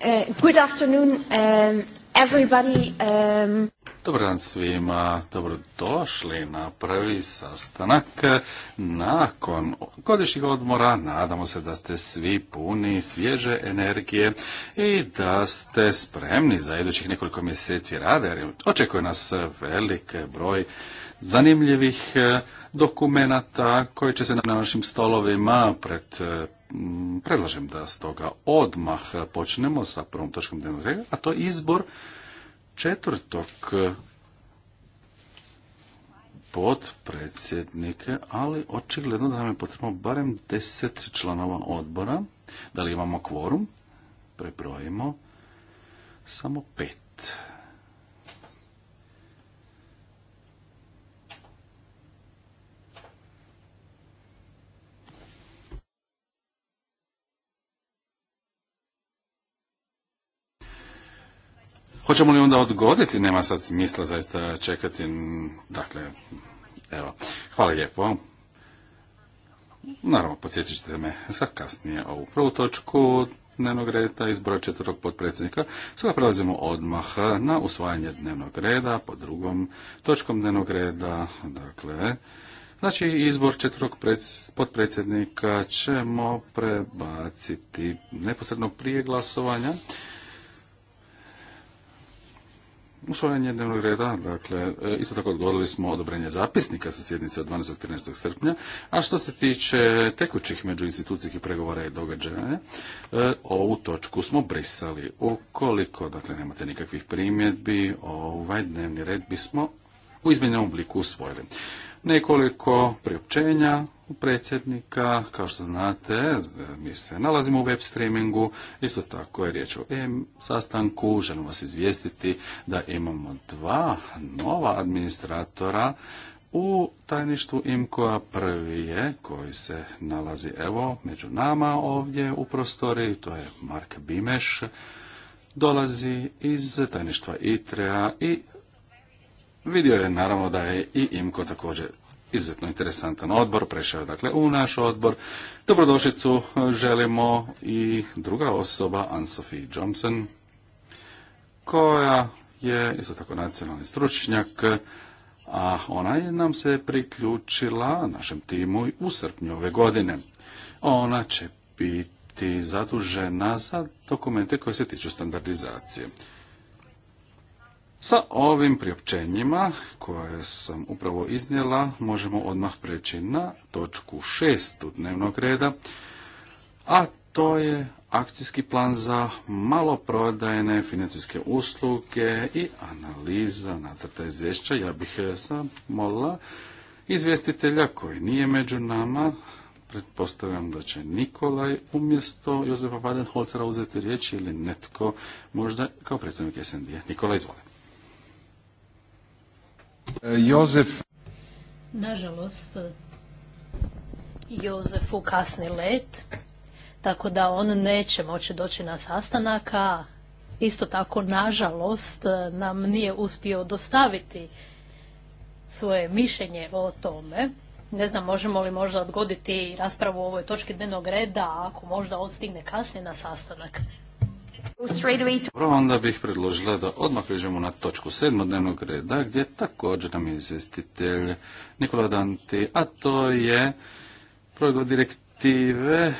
Eh, good afternoon, um, everybody. Um, Dobar dan svima, došli na prvi sastanak nakon godišnjeg odmora. Nadamo se da ste svi puni svježe energije i da ste spremni za idućih nekoliko mjeseci rada, jer očekuje nas velik broj zanimljivih eh, dokumenata koji će se na našim stolovima pred eh, Mm, predlažem da stoga odmah počnemo sa prvom točkom dnevnog reda, a to je izbor četvrtog podpredsjednike, ali očigledno da nam je potrebno barem deset članova odbora. Da li imamo kvorum? Prebrojimo samo pet. Hoćemo li onda odgoditi? Nema sad smisla zaista čekati. Dakle, evo. Hvala lijepo. Naravno, podsjetit ćete me za kasnije ovu prvu točku dnevnog reda, izbora četvrtog potpredsjednika. Sada prelazimo odmah na usvajanje dnevnog reda po drugom točkom dnevnog reda. Dakle, znači izbor četvrtog potpredsjednika ćemo prebaciti neposredno prije glasovanja usvajanje dnevnog reda, dakle, e, isto tako odgovorili smo odobrenje zapisnika sa sjednice od 12. 13. srpnja, a što se tiče tekućih međuinstitucijskih pregovora i događaja, e, ovu točku smo brisali. Ukoliko, dakle, nemate nikakvih primjedbi, ovaj dnevni red bismo u izmenjenom obliku usvojili. Nekoliko priopćenja u predsjednika, kao što znate, mi se nalazimo u web streamingu, isto tako je riječ o EM sastanku, želim vas izvijestiti da imamo dva nova administratora u tajništvu IMKOA prvi je, koji se nalazi evo među nama ovdje u prostori, to je Mark Bimeš, dolazi iz tajništva ITREA i vidio je naravno da je i IMKO također izuzetno interesantan odbor, prešao je dakle u naš odbor. Dobrodošlicu e, želimo i druga osoba, ann sophie Johnson, koja je isto tako nacionalni stručnjak, a ona je nam se priključila našem timu u srpnju ove godine. Ona će biti zadužena za dokumente koje se tiču standardizacije. Sa ovim priopćenjima koje sam upravo iznijela možemo odmah preći na točku šestu dnevnog reda, a to je akcijski plan za maloprodajne financijske usluge i analiza nacrta izvješća. Ja bih e, molila izvjestitelja koji nije među nama, pretpostavljam da će Nikolaj umjesto Jozefa Badenholcera uzeti riječ ili netko možda kao predsjednik SND-a. Nikolaj, Jozef. Nažalost, Jozefu kasni let, tako da on neće moći doći na sastanaka. Isto tako, nažalost, nam nije uspio dostaviti svoje mišljenje o tome. Ne znam, možemo li možda odgoditi raspravu o ovoj točki dnevnog reda, ako možda on stigne kasnije na sastanak. Dobro, onda bih predložila da odmah priđemo na točku dnevnog reda, gdje također nam je Nikola Danti, a to je provedba direktive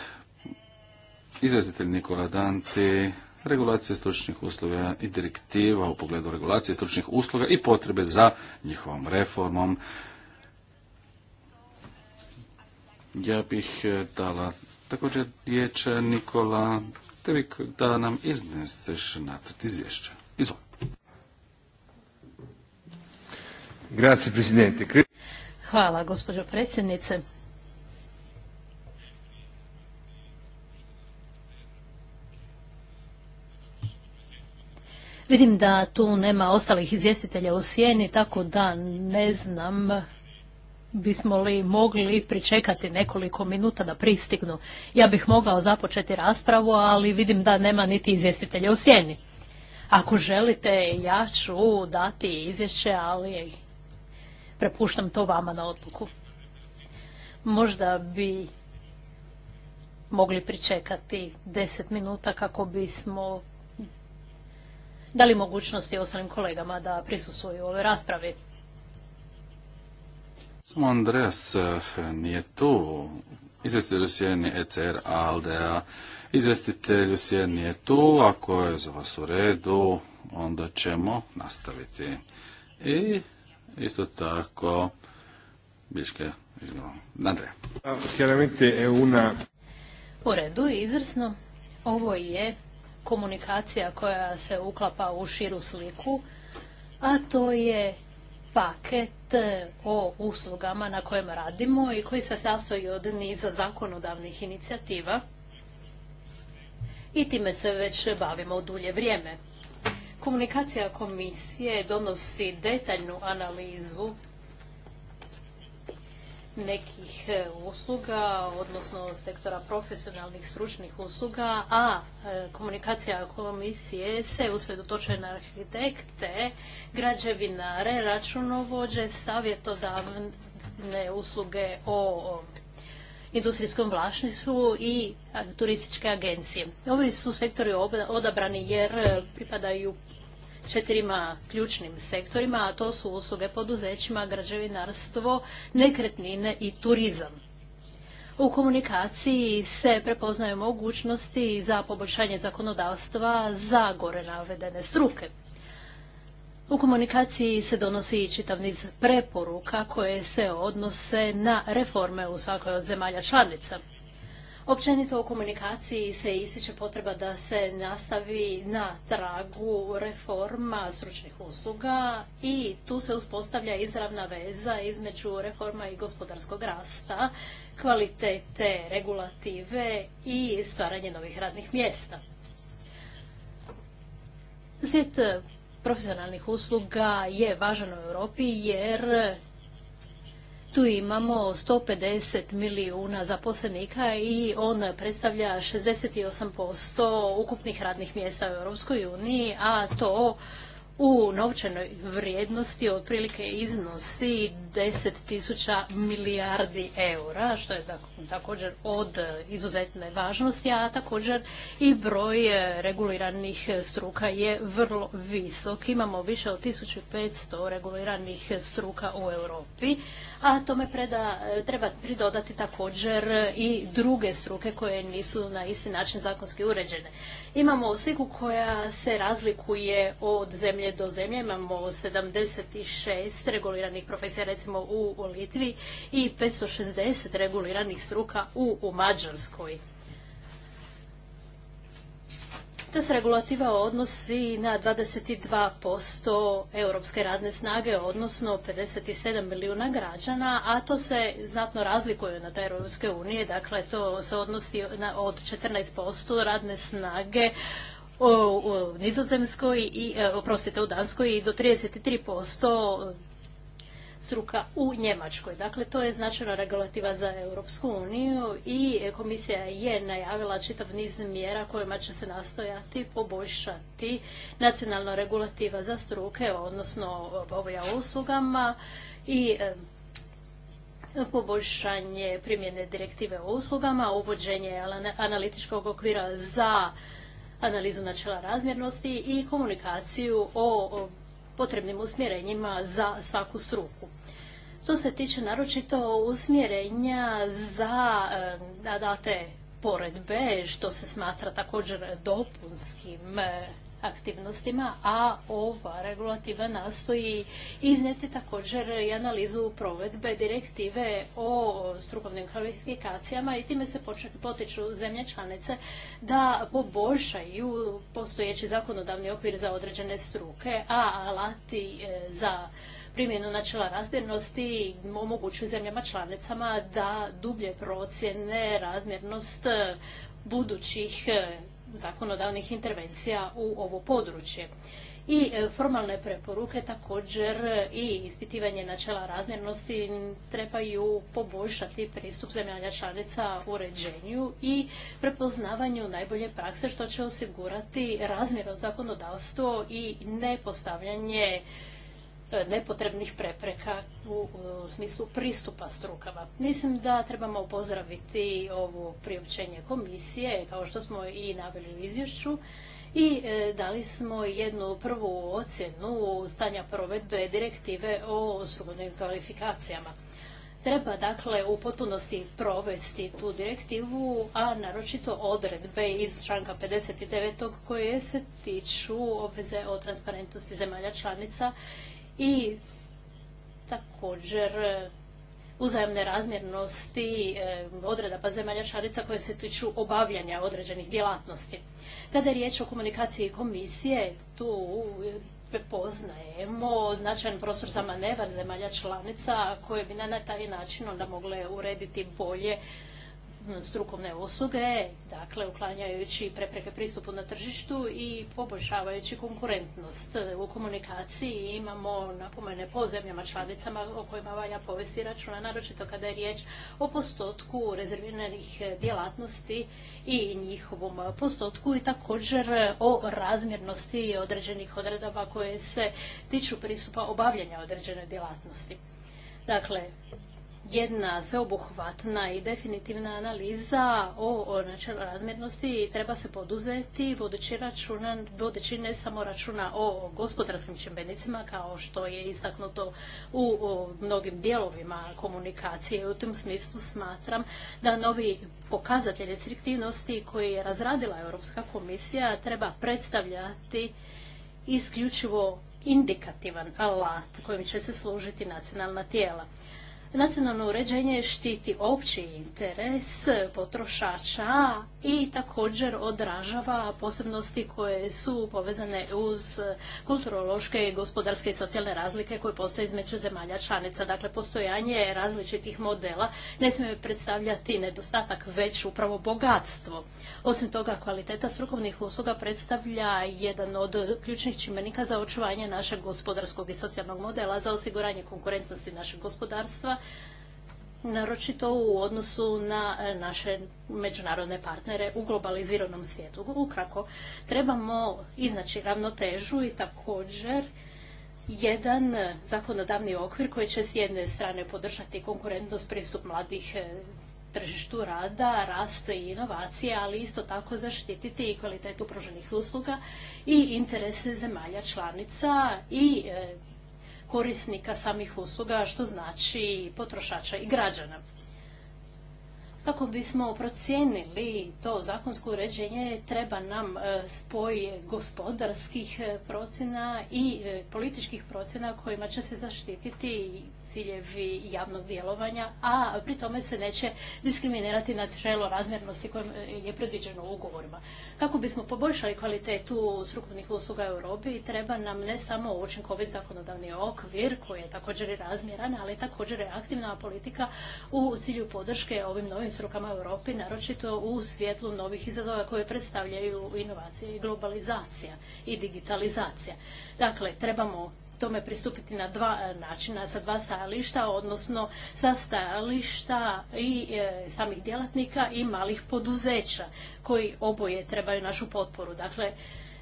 izvjestitelj Nikola Danti, regulacije stručnih usluga i direktiva u pogledu regulacije stručnih usluga i potrebe za njihovom reformom. Ja bih eh, dala također riječ eh, Nikola da nam izneseš nacrt izvješća. Izvoli. Grazie, presidente. Hvala, gospođo predsjednice. Vidim da tu nema ostalih izvjestitelja u sjeni, tako da ne znam bismo li mogli pričekati nekoliko minuta da pristignu. Ja bih mogao započeti raspravu, ali vidim da nema niti izvjestitelja u sjeni. Ako želite, ja ću dati izvješće, ali prepuštam to vama na odluku. Možda bi mogli pričekati deset minuta kako bismo dali mogućnosti ostalim kolegama da prisustvuju u ovoj raspravi. Samo Andreas eh, nije tu. Izvestitelj u sjeni ECR Aldea. Izvestitelj u je tu. Ako je za vas u redu, onda ćemo nastaviti. I isto tako Biške izgledamo. Andreja. U redu, izvrsno. Ovo je komunikacija koja se uklapa u širu sliku, a to je paket e, o uslugama na kojem radimo i koji se sastoji od niza zakonodavnih inicijativa i time se već bavimo dulje vrijeme. Komunikacija komisije donosi detaljnu analizu nekih e, usluga, odnosno sektora profesionalnih stručnih usluga, a e, komunikacija komisije se usredotočuje na arhitekte, građevinare, računovođe, savjetodavne usluge o industrijskom vlasništvu i turističke agencije. Ovi su sektori odabrani jer pripadaju četirima ključnim sektorima, a to su usluge poduzećima, građevinarstvo, nekretnine i turizam. U komunikaciji se prepoznaju mogućnosti za poboljšanje zakonodavstva za gore navedene struke. U komunikaciji se donosi i čitav niz preporuka koje se odnose na reforme u svakoj od zemalja članica. Općenito u komunikaciji se ističe potreba da se nastavi na tragu reforma stručnih usluga i tu se uspostavlja izravna veza između reforma i gospodarskog rasta, kvalitete regulative i stvaranje novih radnih mjesta. Svijet profesionalnih usluga je važan u Europi jer tu imamo 150 milijuna zaposlenika i on predstavlja 68% ukupnih radnih mjesta u Europskoj uniji, a to u novčanoj vrijednosti otprilike iznosi 10 tisuća milijardi eura, što je također od izuzetne važnosti, a također i broj e, reguliranih struka je vrlo visok. Imamo više od 1500 reguliranih struka u Europi, a tome preda, treba pridodati također i druge struke koje nisu na isti način zakonski uređene. Imamo sliku koja se razlikuje od zemlje do zemlje. Imamo 76 reguliranih profesija recimo u Litvi i 560 reguliranih struka u, u Mađarskoj se regulativa odnosi na 22% europske radne snage, odnosno 57 milijuna građana, a to se znatno razlikuje na taj Europske unije. Dakle, to se odnosi na, od 14% radne snage u, Nizozemskoj i, e, oprostite, u Danskoj i do 33% struka u Njemačkoj. Dakle, to je značajna regulativa za Europsku uniju i komisija je najavila čitav niz mjera kojima će se nastojati poboljšati nacionalna regulativa za struke, odnosno ovoja uslugama i poboljšanje primjene direktive o uslugama, uvođenje analitičkog okvira za analizu načela razmjernosti i komunikaciju o potrebnim usmjerenjima za svaku struku. To se tiče naročito usmjerenja za e, date poredbe, što se smatra također dopunskim e, aktivnostima, a ova regulativa nastoji iznijeti također i analizu provedbe direktive o strukovnim kvalifikacijama i time se potiču zemlje članice da poboljšaju postojeći zakonodavni okvir za određene struke, a alati e, za primjenu načela razmjernosti omogućuju zemljama članicama da dublje procjene razmjernost budućih e, zakonodavnih intervencija u ovo područje. I e, formalne preporuke također e, i ispitivanje načela razmjernosti trebaju poboljšati pristup zemalja članica u uređenju i prepoznavanju najbolje prakse što će osigurati razmjerno zakonodavstvo i nepostavljanje E, nepotrebnih prepreka u, smislu pristupa strukama. Mislim da trebamo pozdraviti ovo priopćenje komisije, kao što smo i naveli u izvješću, i e, dali smo jednu prvu ocjenu stanja provedbe direktive o strukovnim kvalifikacijama. Treba dakle u potpunosti provesti tu direktivu, a naročito odredbe iz članka 59. koje se tiču obveze o transparentnosti zemalja članica i također e, uzajemne razmjernosti e, odredaba zemalja članica koje se tiču obavljanja određenih djelatnosti. Kada je riječ o komunikaciji komisije, tu e, prepoznajemo značajan prostor za manevar zemalja članica koje bi na taj način onda mogle urediti bolje strukovne usluge, dakle uklanjajući prepreke pristupu na tržištu i poboljšavajući konkurentnost. U komunikaciji imamo napomene po zemljama članicama o kojima valja povesti računa, naročito kada je riječ o postotku rezerviranih djelatnosti i njihovom postotku i također o razmjernosti određenih odredaba koje se tiču pristupa obavljanja određene djelatnosti. Dakle, jedna sveobuhvatna i definitivna analiza o, načelu razmjernosti treba se poduzeti vodeći, računa, vodeći ne samo računa o gospodarskim čimbenicima kao što je istaknuto u, mnogim dijelovima komunikacije. U tom smislu smatram da novi pokazatelj restriktivnosti koji je razradila Europska komisija treba predstavljati isključivo indikativan alat kojim će se služiti nacionalna tijela. Nacionalno uređenje štiti opći interes potrošača i također odražava posebnosti koje su povezane uz kulturološke, gospodarske i socijalne razlike koje postoje između zemalja članica. Dakle, postojanje različitih modela ne smije predstavljati nedostatak, već upravo bogatstvo. Osim toga, kvaliteta strukovnih usluga predstavlja jedan od ključnih čimenika za očuvanje našeg gospodarskog i socijalnog modela, za osiguranje konkurentnosti našeg gospodarstva, naročito u odnosu na e, naše međunarodne partnere u globaliziranom svijetu. Ukrako, trebamo iznaći ravnotežu i također jedan zakonodavni okvir koji će s jedne strane podržati konkurentnost pristup mladih e, tržištu rada, rast i inovacije, ali isto tako zaštititi i kvalitetu pruženih usluga i interese zemalja članica i e, korisnika samih usluga, što znači potrošača i građana. Kako bismo procijenili to zakonsko uređenje, treba nam e, spoj gospodarskih e, procjena i e, političkih procjena kojima će se zaštititi ciljevi javnog djelovanja, a pri tome se neće diskriminirati načelo razmjernosti kojim je predviđeno u ugovorima. Kako bismo poboljšali kvalitetu strukovnih usluga u Europi, treba nam ne samo učinkovit zakonodavni okvir koji je također i razmjeran, ali također i aktivna politika u cilju podrške ovim novim s rukama Europi, naročito u svjetlu novih izazova koje predstavljaju inovacije i globalizacija i digitalizacija. Dakle, trebamo tome pristupiti na dva e, načina, sa dva stajališta, odnosno sa stajališta i e, samih djelatnika i malih poduzeća koji oboje trebaju našu potporu. Dakle,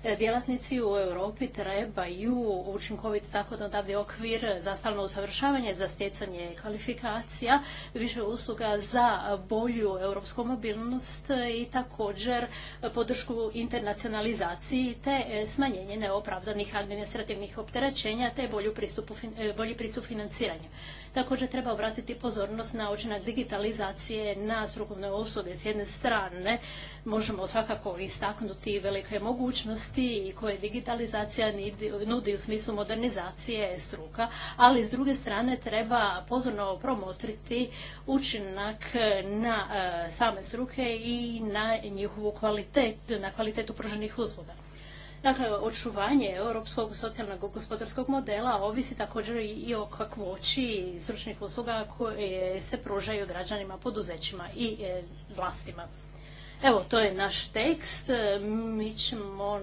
E, djelatnici u Europi trebaju učinkovit zakonodavni okvir za stalno usavršavanje, za stjecanje kvalifikacija, više usluga za bolju europsku mobilnost i također podršku internacionalizaciji te e, smanjenje neopravdanih administrativnih opterećenja te e, bolji pristup financiranju. Također treba obratiti pozornost na učinak digitalizacije na strukovne usluge. S jedne strane možemo svakako istaknuti velike mogućnosti koje digitalizacija nudi u smislu modernizacije struka, ali s druge strane treba pozorno promotriti učinak na e, same struke i na njihovu kvalitetu, na kvalitetu pruženih usluga. Dakle, očuvanje europskog socijalnog gospodarskog modela ovisi također i o kakvoći stručnih usluga koje se pružaju građanima, poduzećima i e, vlastima. Evo, to je naš tekst. E, mi ćemo,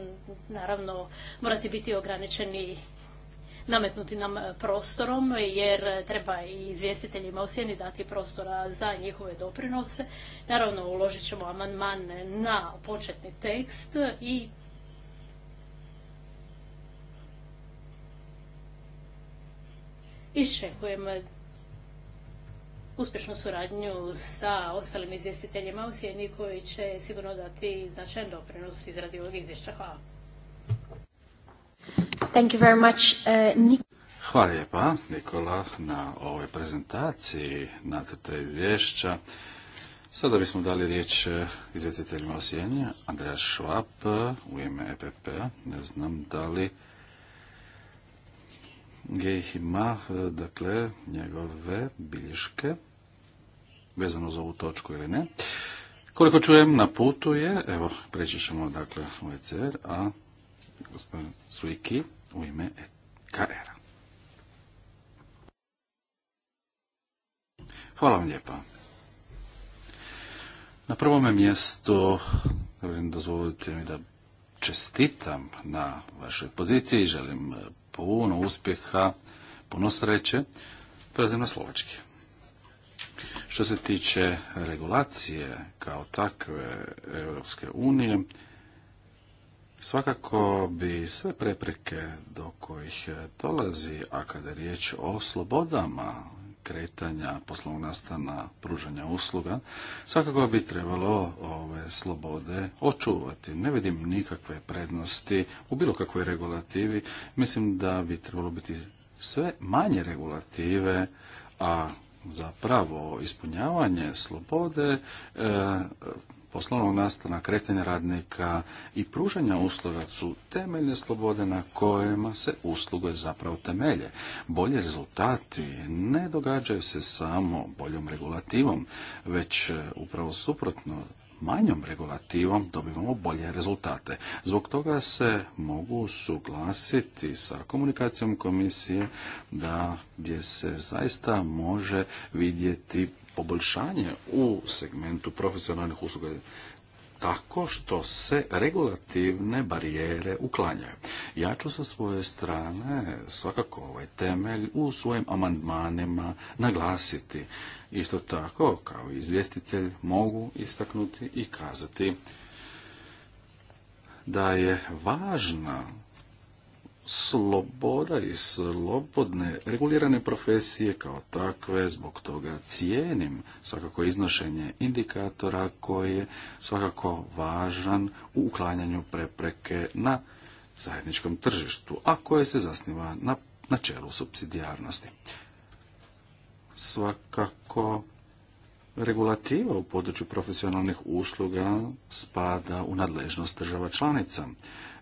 naravno, morati biti ograničeni nametnuti nam prostorom, jer treba i izvjestiteljima u sjeni dati prostora za njihove doprinose. Naravno, uložit ćemo amandman na početni tekst i iščekujem uspješnu suradnju sa ostalim izvjestiteljima u Sjeni koji će sigurno dati značajan doprinos izradi ovog izvješća. Hvala. Thank you very much, uh, Hvala lijepa Nikola na ovoj prezentaciji nacrta izvješća. Sada bismo dali riječ uh, izvjestiteljima Osijenja, Andreas Schwab uh, u ime EPP. P-a. Ne znam da li ih ima, e, dakle, njegove bilješke, vezano za ovu točku ili ne. Koliko čujem, na putu je, evo, preći ćemo, dakle, u ECR, a gospodin Suiki u ime Hvala vam lijepa. Na prvome mjestu, dozvolite mi da čestitam na vašoj poziciji, želim e, puno uspjeha, puno sreće. Prelazim na slovački. Što se tiče regulacije kao takve Europske unije, svakako bi sve prepreke do kojih dolazi, a kada je riječ o slobodama kretanja, poslovnog nastana, pružanja usluga, svakako bi trebalo ove slobode očuvati. Ne vidim nikakve prednosti u bilo kakvoj regulativi. Mislim da bi trebalo biti sve manje regulative, a zapravo ispunjavanje slobode e, poslovnog nastana, kretanja radnika i pružanja usluga su temeljne slobode na kojima se usluge zapravo temelje. Bolje rezultati ne događaju se samo boljom regulativom, već e, upravo suprotno manjom regulativom dobivamo bolje rezultate. Zbog toga se mogu suglasiti sa komunikacijom komisije da gdje se zaista može vidjeti poboljšanje u segmentu profesionalnih usluga tako što se regulativne barijere uklanjaju. Ja ću sa svoje strane svakako ovaj temelj u svojim amandmanima naglasiti. Isto tako, kao izvjestitelj, mogu istaknuti i kazati da je važna sloboda i slobodne regulirane profesije kao takve, zbog toga cijenim svakako iznošenje indikatora koji je svakako važan u uklanjanju prepreke na zajedničkom tržištu, a koje se zasniva na načelu subsidijarnosti. Svakako regulativa u području profesionalnih usluga spada u nadležnost država članica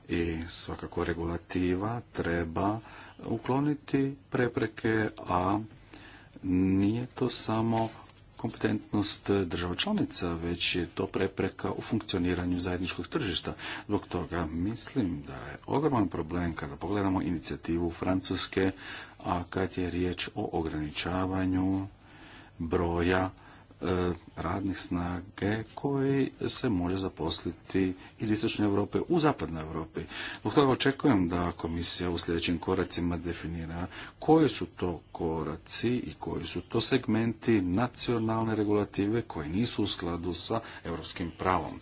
i svakako regulativa treba ukloniti prepreke, a nije to samo kompetentnost država članica, već je to prepreka u funkcioniranju zajedničkog tržišta. Zbog toga mislim da je ogroman problem kada pogledamo inicijativu Francuske, a kad je riječ o ograničavanju broja E, radne snage koji se može zaposliti iz istočne Europe u zapadnoj Europi. Zbog toga očekujem da komisija u sljedećim koracima definira koji su to koraci i koji su to segmenti nacionalne regulative koji nisu u skladu sa europskim pravom.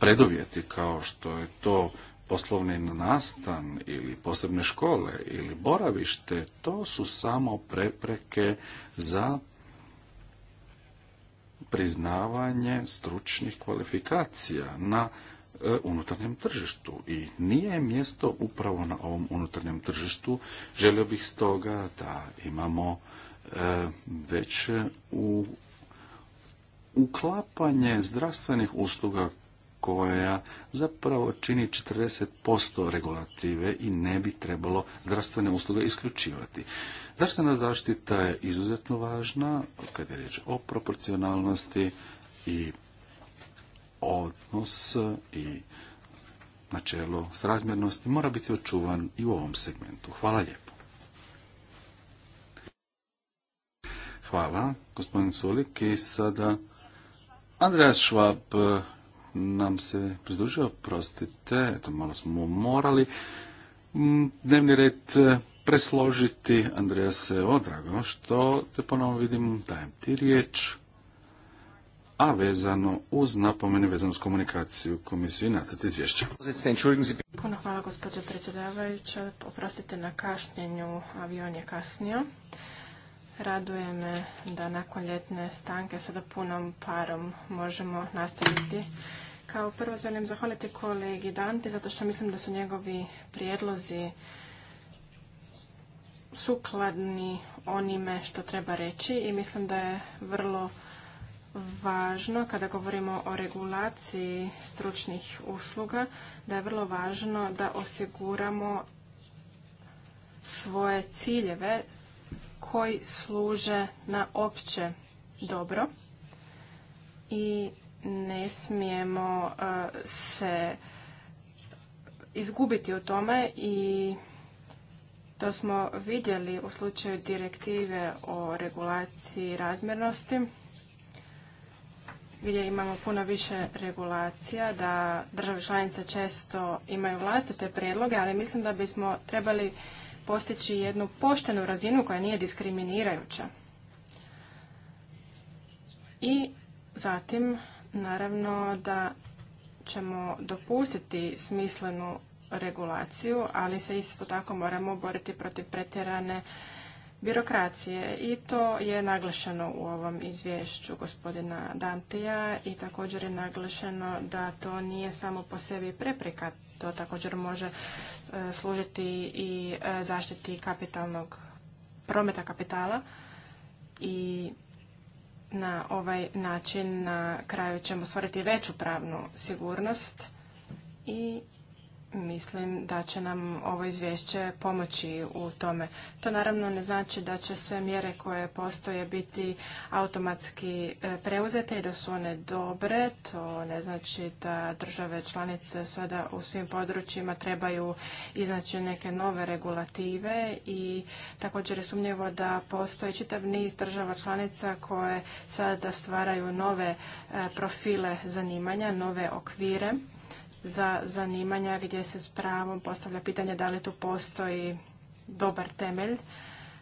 Preduvjeti kao što je to poslovni nastan ili posebne škole ili boravište, to su samo prepreke za priznavanje stručnih kvalifikacija na e, unutarnjem tržištu i nije mjesto upravo na ovom unutarnjem tržištu. Želio bih stoga da imamo e, već u uklapanje zdravstvenih usluga koja zapravo čini 40% regulative i ne bi trebalo zdravstvene usluge isključivati. Zdravstvena zaštita je izuzetno važna kada je riječ o proporcionalnosti i odnos i načelo srazmjernosti mora biti očuvan i u ovom segmentu. Hvala lijepo. Hvala, gospodin Solik. I sada Andreas Schwab nam se pridružio, prostite, eto malo smo morali mm, dnevni red e, presložiti. Andreja se odrago što te ponovo vidim, dajem ti riječ, a vezano uz napomene vezano s komunikaciju komisiju i nacrt izvješća. Puno hvala gospođo predsjedavajuća, oprostite na kašnjenju, avion je kasnio. Raduje me da nakon ljetne stanke sada punom parom možemo nastaviti kao prvo želim zahvaliti kolegi Dante zato što mislim da su njegovi prijedlozi sukladni onime što treba reći i mislim da je vrlo važno kada govorimo o regulaciji stručnih usluga da je vrlo važno da osiguramo svoje ciljeve koji služe na opće dobro i ne smijemo e, se izgubiti u tome i to smo vidjeli u slučaju direktive o regulaciji razmjernosti gdje imamo puno više regulacija, da države članice često imaju vlastite prijedloge, ali mislim da bismo trebali postići jednu poštenu razinu koja nije diskriminirajuća. I zatim Naravno da ćemo dopustiti smislenu regulaciju, ali se isto tako moramo boriti protiv pretjerane birokracije i to je naglašeno u ovom izvješću gospodina Dantija i također je naglašeno da to nije samo po sebi prepreka, to također može e, služiti i e, zaštiti kapitalnog prometa kapitala i na ovaj način na kraju ćemo stvoriti veću pravnu sigurnost i mislim da će nam ovo izvješće pomoći u tome. To naravno ne znači da će sve mjere koje postoje biti automatski e, preuzete i da su one dobre. To ne znači da države članice sada u svim područjima trebaju iznaći neke nove regulative i također je sumnjivo da postoji čitav niz država članica koje sada stvaraju nove e, profile zanimanja, nove okvire za zanimanja gdje se s pravom postavlja pitanje da li tu postoji dobar temelj,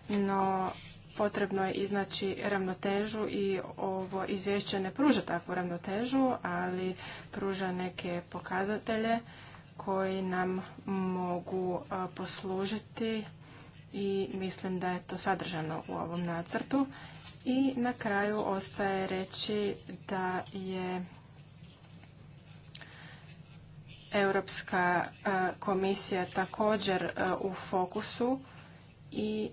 no potrebno je iznaći ravnotežu i ovo izvješće ne pruža takvu ravnotežu, ali pruža neke pokazatelje koji nam mogu poslužiti i mislim da je to sadržano u ovom nacrtu. I na kraju ostaje reći da je Europska e, komisija također e, u fokusu i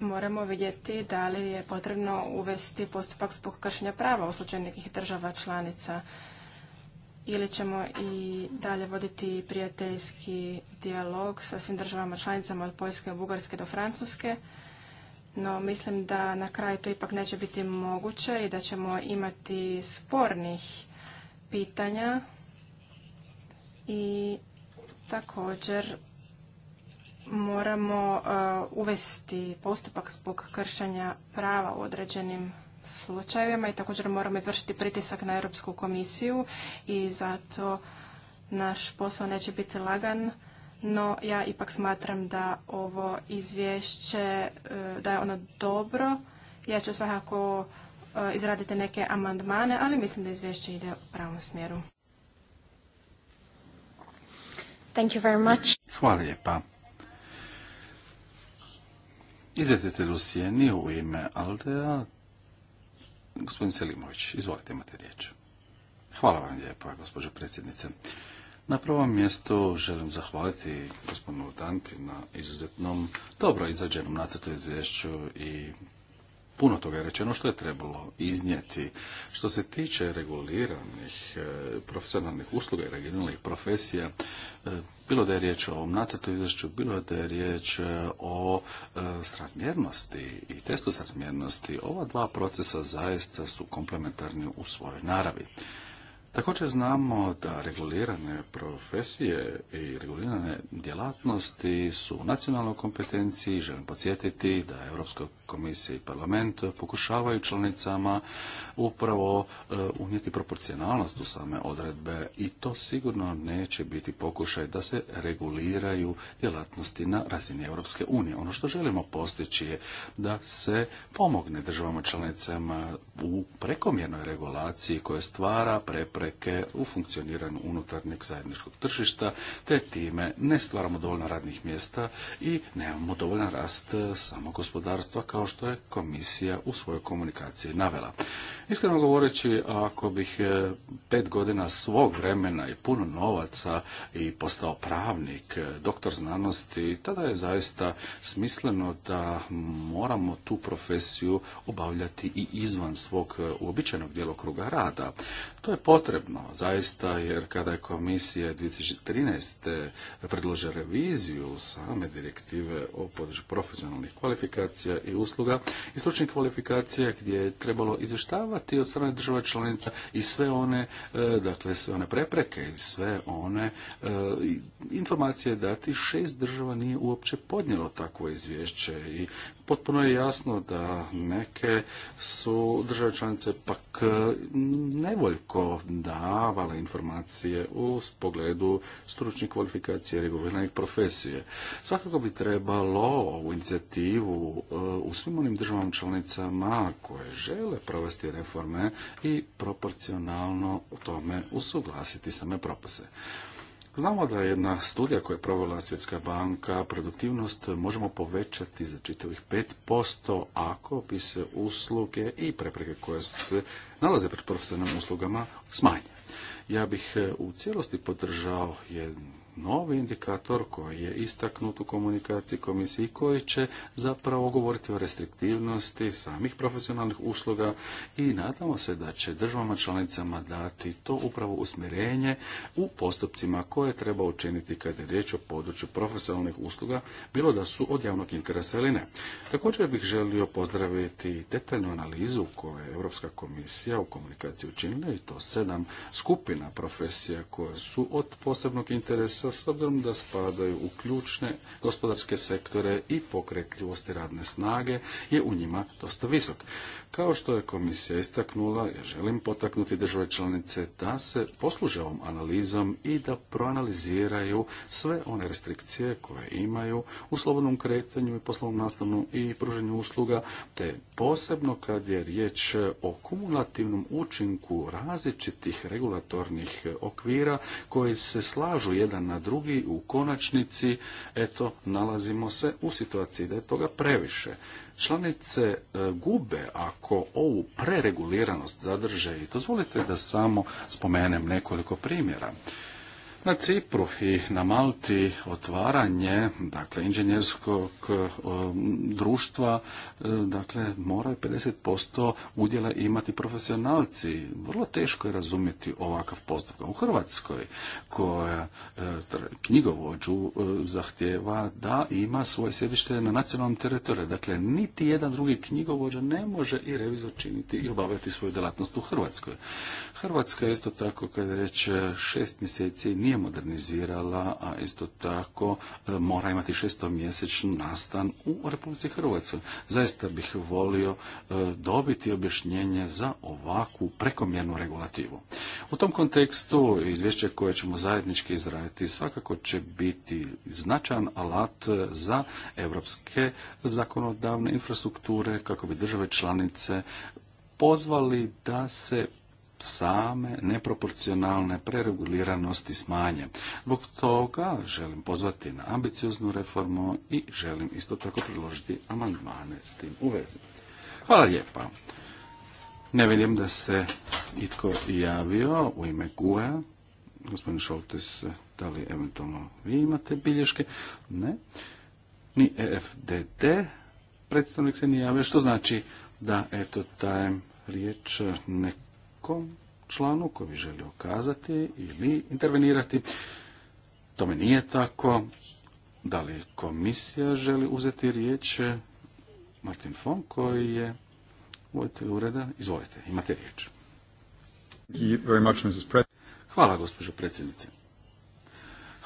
moramo vidjeti da li je potrebno uvesti postupak zbog kršenja prava u slučaju nekih država članica ili ćemo i dalje voditi prijateljski dijalog sa svim državama članicama od Poljske, Bugarske do Francuske. No, mislim da na kraju to ipak neće biti moguće i da ćemo imati spornih pitanja i također moramo e, uvesti postupak zbog kršenja prava u određenim slučajevima i također moramo izvršiti pritisak na Europsku komisiju i zato naš posao neće biti lagan, no ja ipak smatram da ovo izvješće, e, da je ono dobro. Ja ću svakako e, izraditi neke amandmane, ali mislim da izvješće ide u pravom smjeru. Thank you very Hvala lijepa. Izvjetite u u ime Aldea, gospodin Selimović, izvolite, imate riječ. Hvala vam lijepa, gospođo predsjednice. Na prvom mjestu želim zahvaliti gospodinu Danti na izuzetnom dobro izrađenom nacrtu izvješću i puno toga je rečeno što je trebalo iznijeti. Što se tiče reguliranih e, profesionalnih usluga i regionalnih profesija, e, bilo da je riječ o ovom nacrtu izvješću, bilo da je riječ e, o srazmjernosti i testu srazmjernosti, ova dva procesa zaista su komplementarni u svojoj naravi. Također znamo da regulirane profesije i regulirane djelatnosti su u nacionalnoj kompetenciji. Želim podsjetiti da Europska komisija i parlament pokušavaju članicama upravo e, unijeti proporcionalnost u same odredbe i to sigurno neće biti pokušaj da se reguliraju djelatnosti na razini Europske unije. Ono što želimo postići je da se pomogne državama članicama u prekomjernoj regulaciji koja stvara prepre prepreke u funkcioniranju unutarnjeg zajedničkog tržišta, te time ne stvaramo dovoljno radnih mjesta i nemamo dovoljan rast samog gospodarstva kao što je komisija u svojoj komunikaciji navela. Iskreno govoreći, ako bih e, pet godina svog vremena i puno novaca i postao pravnik, e, doktor znanosti, tada je zaista smisleno da moramo tu profesiju obavljati i izvan svog e, uobičajenog djelokruga rada. To je potrebno, zaista, jer kada je komisija 2013. predložila reviziju same direktive o području profesionalnih kvalifikacija i usluga i stručnih kvalifikacija gdje je trebalo izvještavati ti od strane država članica i sve one, e, dakle, sve one prepreke i sve one e, informacije dati šest država nije uopće podnijelo takvo izvješće i potpuno je jasno da neke su države članice pak e, nevoljko davale informacije u pogledu stručnih kvalifikacija reguliranih profesije. Svakako bi trebalo ovu inicijativu u svim onim državama članicama koje žele provesti reformu reforme i proporcionalno tome usuglasiti same propise. Znamo da je jedna studija koju je provela Svjetska banka, produktivnost možemo povećati za čitavih 5% ako bi se usluge i prepreke koje se nalaze pred profesionalnim uslugama smanje. Ja bih eh, u cijelosti podržao jednu novi indikator koji je istaknut u komunikaciji komisiji koji će zapravo govoriti o restriktivnosti samih profesionalnih usluga i nadamo se da će državama članicama dati to upravo usmjerenje u postupcima koje treba učiniti kada je riječ o području profesionalnih usluga, bilo da su od javnog interesa ili ne. Također bih želio pozdraviti detaljnu analizu koju je Europska komisija u komunikaciji učinila i to sedam skupina profesija koje su od posebnog interesa s obzirom da spadaju u ključne gospodarske sektore i pokretljivosti radne snage je u njima dosta visok. Kao što je komisija istaknula, ja želim potaknuti države članice da se posluže ovom analizom i da proanaliziraju sve one restrikcije koje imaju u slobodnom kretanju i poslovnom nastavnom i pruženju usluga, te posebno kad je riječ o kumulativnom učinku različitih regulatornih okvira koji se slažu jedan na drugi u konačnici, eto, nalazimo se u situaciji da je toga previše članice e, gube ako ovu prereguliranost zadrže i dozvolite da samo spomenem nekoliko primjera. Na Cipru i na Malti otvaranje dakle inženjerskog e, društva e, dakle moraju 50% udjela imati profesionalci. Vrlo teško je razumjeti ovakav postupak. U Hrvatskoj koja e, knjigovođu zahtjeva da ima svoje sjedište na nacionalnom teritoriju. Dakle, niti jedan drugi knjigovođa ne može i revizor činiti i obavljati svoju djelatnost u Hrvatskoj. Hrvatska isto tako kada reče šest mjeseci nije modernizirala, a isto tako e, mora imati šestomjesečni nastan u Republici Hrvatskoj. Zaista bih volio e, dobiti objašnjenje za ovakvu prekomjernu regulativu. U tom kontekstu izvješće koje ćemo zajednički izraditi svakako će biti značajan alat za europske zakonodavne infrastrukture kako bi države članice pozvali da se same neproporcionalne prereguliranosti smanje. Zbog toga želim pozvati na ambicioznu reformu i želim isto tako priložiti amandmane s tim u vezi. Hvala lijepa. Ne vidim da se itko javio u ime gue Gospodin Šoltes, da li eventualno vi imate bilješke? Ne. Ni EFDD predstavnik se nije javio, što znači da eto dajem riječ ne nekom članu koji bi želio kazati ili intervenirati. Tome nije tako. Da li komisija želi uzeti riječ? Martin Fon koji je voditelj ureda. Izvolite, imate riječ. Hvala, gospođo predsjednice.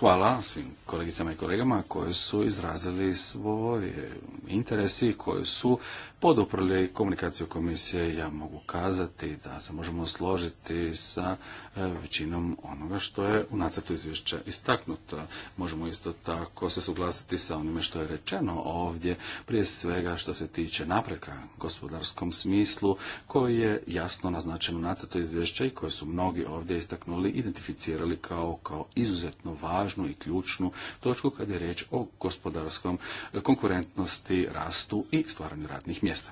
Hvala svim kolegicama i kolegama koji su izrazili svoje interesi i koji su poduprli komunikaciju komisije. Ja mogu kazati da se možemo složiti sa e, većinom onoga što je u nacrtu izvješća istaknuto. Možemo isto tako se suglasiti sa onime što je rečeno ovdje, prije svega što se tiče napreka gospodarskom smislu koji je jasno naznačen u nacrtu izvješća i koje su mnogi ovdje istaknuli, identificirali kao, kao izuzetno važno i ključnu točku kad je riječ o gospodarskom konkurentnosti, rastu i stvaranju radnih mjesta.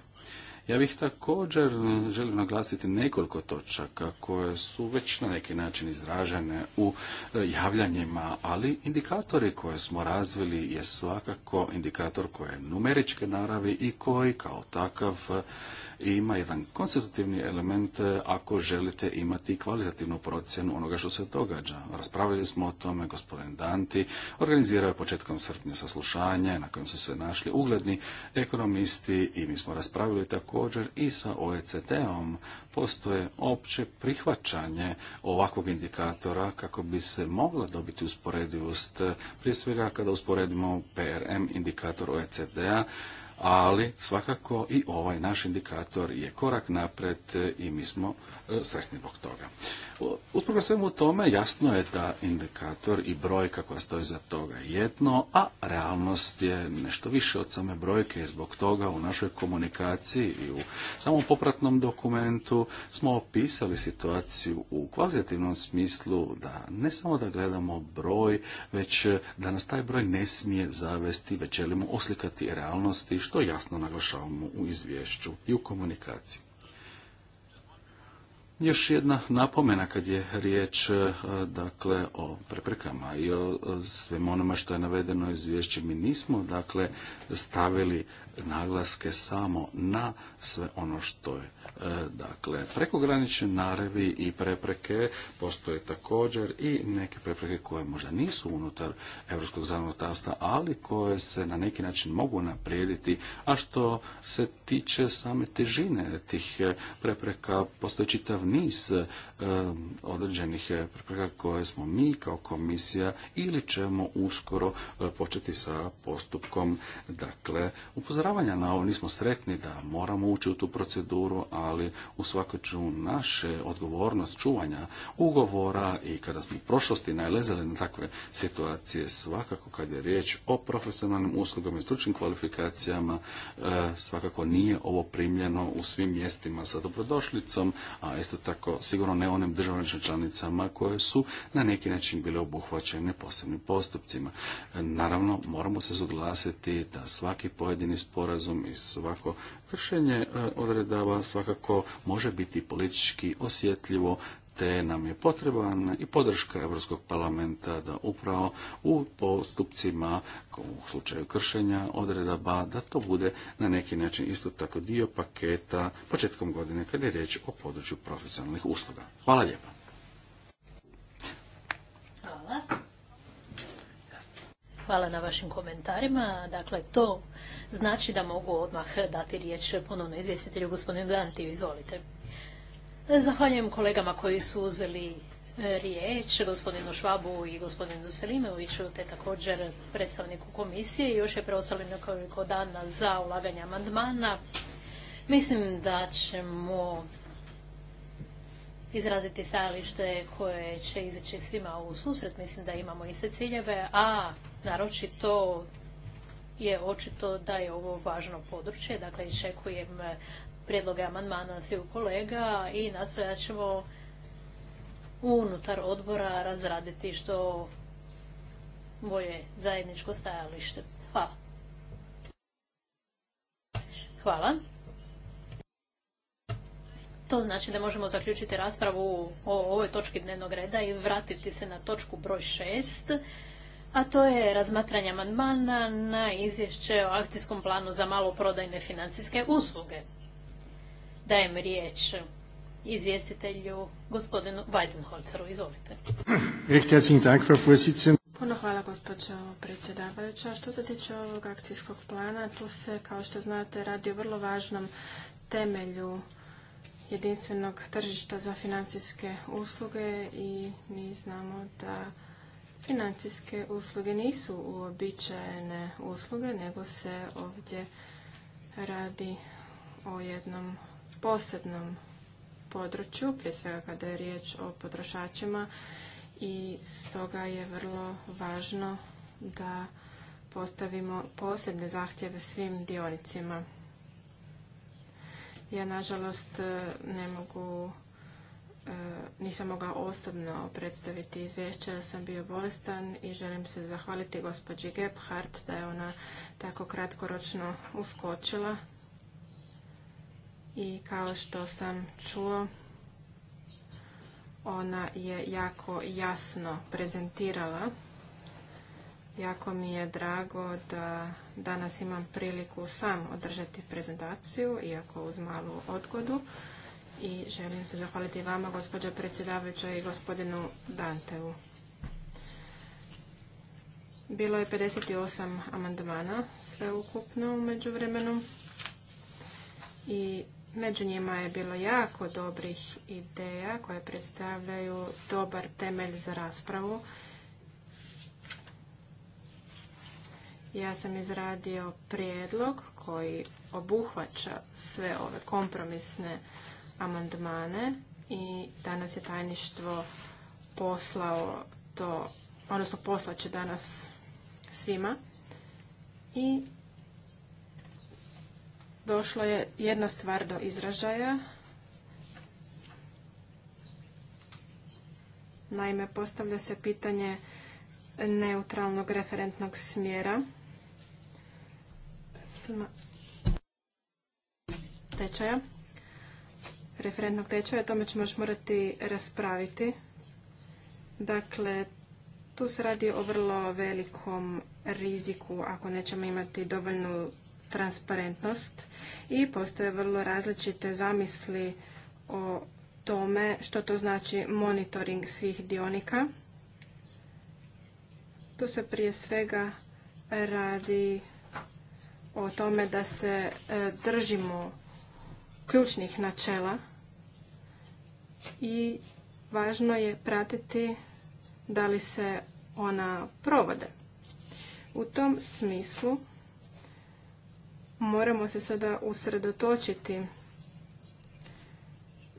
Ja bih također želio naglasiti nekoliko točaka koje su već na neki način izražene u e, javljanjima, ali indikatori koje smo razvili je svakako indikator koji je numeričke naravi i koji kao takav i ima jedan konstitutivni element e, ako želite imati kvalitativnu procjenu onoga što se događa. Raspravljali smo o tome, gospodin Danti organizirao je početkom srpnja saslušanje na kojem su se našli ugledni ekonomisti i mi smo raspravili također i sa OECD-om. Postoje opće prihvaćanje ovakvog indikatora kako bi se mogla dobiti usporedivost, prije svega kada usporedimo PRM indikator OECD-a ali svakako i ovaj naš indikator je korak napred i mi smo E, sretni zbog toga. Usprkos svemu tome jasno je da indikator i brojka koja stoji za toga je jedno, a realnost je nešto više od same brojke i zbog toga u našoj komunikaciji i u samom popratnom dokumentu smo opisali situaciju u kvalitativnom smislu da ne samo da gledamo broj, već da nas taj broj ne smije zavesti, već želimo oslikati realnosti što jasno naglašavamo u izvješću i u komunikaciji. Još jedna napomena kad je riječ e, dakle o preprekama i o e, svemu onome što je navedeno u izvješću. Mi nismo dakle stavili naglaske samo na sve ono što je e, dakle prekogranične narevi i prepreke postoje također i neke prepreke koje možda nisu unutar europskog zakonodavstva ali koje se na neki način mogu naprijediti a što se tiče same težine tih e, prepreka postoji čitav niz određenih eh, prepreka koje smo mi kao komisija ili ćemo uskoro eh, početi sa postupkom dakle upozoravanja na ovo nismo sretni da moramo ući u tu proceduru ali u svakoj ću naše odgovornost čuvanja ugovora i kada smo u prošlosti najlezali na takve situacije svakako kad je riječ o profesionalnim uslugama i stručnim kvalifikacijama eh, svakako nije ovo primljeno u svim mjestima sa dobrodošlicom a isto tako sigurno ne onim državnim članicama koje su na neki način bile obuhvaćene posebnim postupcima. Naravno, moramo se suglasiti da svaki pojedini sporazum i svako kršenje e, odredava svakako može biti politički osjetljivo te nam je potreban i podrška Europskog parlamenta da upravo u postupcima u slučaju kršenja odredaba da to bude na neki način isto tako dio paketa početkom godine kada je riječ o području profesionalnih usluga. Hvala lijepa. Hvala. Hvala na vašim komentarima. Dakle, to znači da mogu odmah dati riječ ponovno izvjestitelju gospodinu Dantiju. Izvolite. Zahvaljujem kolegama koji su uzeli e, riječ, gospodinu Švabu i gospodinu Selimoviću, te također predstavniku komisije. Još je preostali nekoliko dana za ulaganje amandmana. Mislim da ćemo izraziti stajalište koje će izaći svima u susret. Mislim da imamo iste ciljeve, a naročito je očito da je ovo važno područje. Dakle, iščekujem prijedloge amandmana svih kolega i nastojat ćemo unutar odbora razraditi što moje zajedničko stajalište. Hvala. Hvala. To znači da možemo zaključiti raspravu o ovoj točki dnevnog reda i vratiti se na točku broj 6, a to je razmatranje amandmana na izvješće o akcijskom planu za maloprodajne financijske usluge. Dajem riječ izvjestitelju gospodinu Weidenholzeru. Izvolite. Puno hvala gospođo predsjedavajuća. Što se tiče ovog akcijskog plana, tu se kao što znate radi o vrlo važnom temelju jedinstvenog tržišta za financijske usluge i mi znamo da financijske usluge nisu uobičajene usluge, nego se ovdje radi o jednom posebnom području, prije svega kada je riječ o potrošačima i stoga je vrlo važno da postavimo posebne zahtjeve svim dionicima. Ja nažalost ne mogu e, nisam mogao osobno predstaviti izvješće, da sam bio bolestan i želim se zahvaliti gospođi Gebhardt da je ona tako kratkoročno uskočila i kao što sam čuo, ona je jako jasno prezentirala. Jako mi je drago da danas imam priliku sam održati prezentaciju, iako uz malu odgodu. I želim se zahvaliti vama, gospođo predsjedavajuća i gospodinu Dantevu. Bilo je 58 amandmana sveukupno ukupno u međuvremenu i Među njima je bilo jako dobrih ideja koje predstavljaju dobar temelj za raspravu. Ja sam izradio prijedlog koji obuhvaća sve ove kompromisne amandmane i danas je tajništvo poslao to, odnosno poslaće danas svima. I došla je jedna stvar do izražaja. Naime, postavlja se pitanje neutralnog referentnog smjera tečaja, referentnog tečaja, o tome ćemo još morati raspraviti. Dakle, tu se radi o vrlo velikom riziku ako nećemo imati dovoljnu transparentnost i postoje vrlo različite zamisli o tome što to znači monitoring svih dionika. Tu se prije svega radi o tome da se e, držimo ključnih načela i važno je pratiti da li se ona provode. U tom smislu Moramo se sada usredotočiti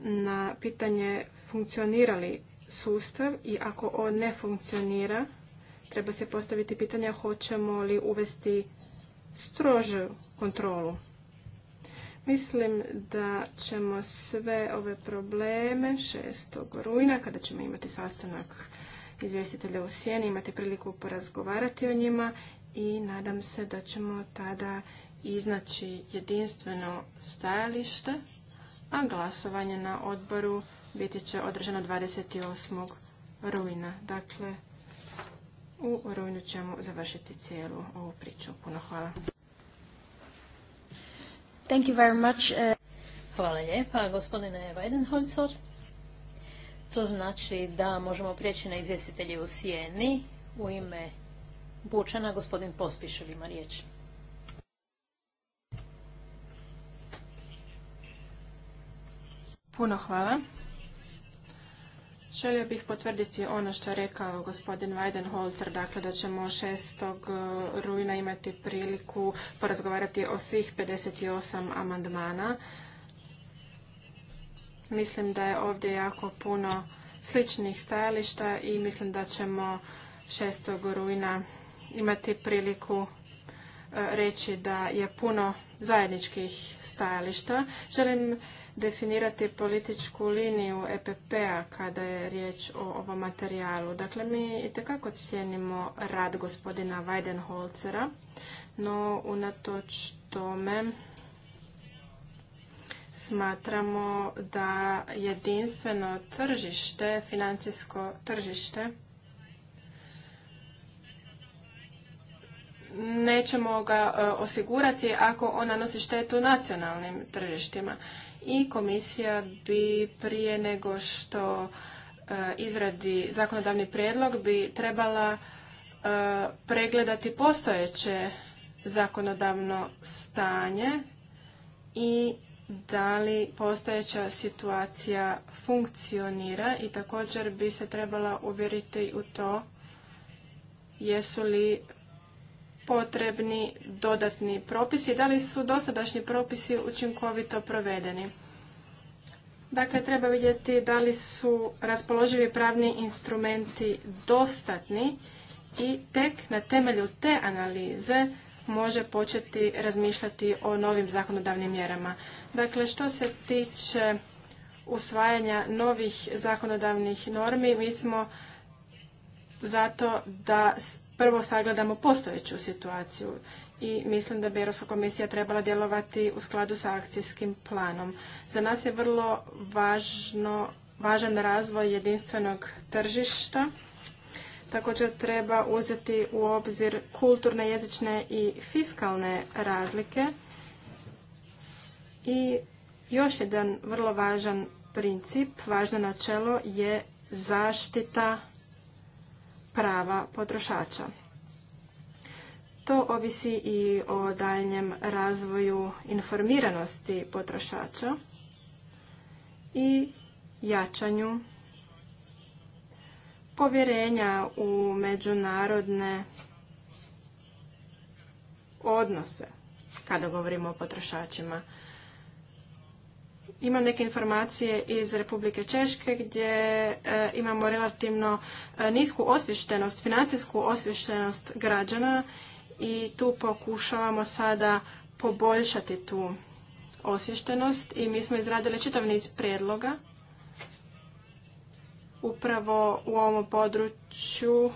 na pitanje funkcionira li sustav i ako on ne funkcionira, treba se postaviti pitanje hoćemo li uvesti strožu kontrolu. Mislim da ćemo sve ove probleme 6. rujna, kada ćemo imati sastanak izvjestitelja u Sjeni, imati priliku porazgovarati o njima i nadam se da ćemo tada iznaći jedinstveno stajalište, a glasovanje na odboru biti će održano 28. rujna. Dakle, u rujnu ćemo završiti cijelu ovu priču. Puno hvala. Thank you very much. Uh, hvala lijepa, gospodine Weidenholzer. To znači da možemo prijeći na izvjestitelje u Sijeni. U ime Bučana, gospodin Pospišel ima riječ. Puno hvala. Želio bih potvrditi ono što je rekao gospodin Weidenholzer, dakle da ćemo 6. E, rujna imati priliku porazgovarati o svih 58 amandmana. Mislim da je ovdje jako puno sličnih stajališta i mislim da ćemo 6. rujna imati priliku reći da je puno zajedničkih stajališta. Želim definirati političku liniju EPP-a kada je riječ o ovom materijalu. Dakle, mi itekako cijenimo rad gospodina Weidenholzera, no unatoč tome smatramo da jedinstveno tržište, financijsko tržište, nećemo ga e, osigurati ako ona nanosi štetu nacionalnim tržištima. I komisija bi prije nego što e, izradi zakonodavni prijedlog bi trebala e, pregledati postojeće zakonodavno stanje i da li postojeća situacija funkcionira i također bi se trebala uvjeriti u to jesu li potrebni dodatni propisi i da li su dosadašnji propisi učinkovito provedeni. Dakle, treba vidjeti da li su raspoloživi pravni instrumenti dostatni i tek na temelju te analize može početi razmišljati o novim zakonodavnim mjerama. Dakle, što se tiče usvajanja novih zakonodavnih normi, mi smo zato da prvo sagledamo postojeću situaciju i mislim da bi Europska komisija trebala djelovati u skladu sa akcijskim planom. Za nas je vrlo važno, važan razvoj jedinstvenog tržišta. Također treba uzeti u obzir kulturne, jezične i fiskalne razlike. I još jedan vrlo važan princip, važno načelo je zaštita prava potrošača. To ovisi i o daljnjem razvoju informiranosti potrošača i jačanju povjerenja u međunarodne odnose kada govorimo o potrošačima. Imam neke informacije iz Republike Češke gdje e, imamo relativno e, nisku osvještenost, financijsku osvještenost građana i tu pokušavamo sada poboljšati tu osvještenost i mi smo izradili čitav niz prijedloga upravo u ovom području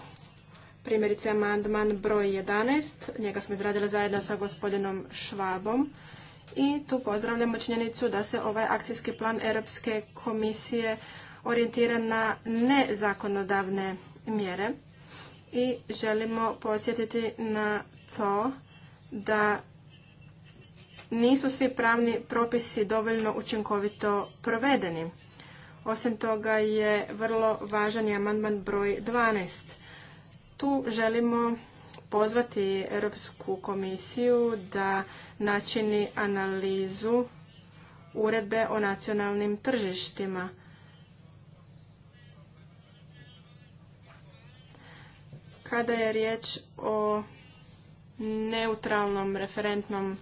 primjerice amandman broj 11, njega smo izradili zajedno sa gospodinom Švabom i tu pozdravljamo činjenicu da se ovaj akcijski plan Europske komisije orijentira na nezakonodavne mjere i želimo podsjetiti na to da nisu svi pravni propisi dovoljno učinkovito provedeni. Osim toga je vrlo važan je amandman broj 12. Tu želimo pozvati Europsku komisiju da načini analizu uredbe o nacionalnim tržištima. Kada je riječ o neutralnom referentnom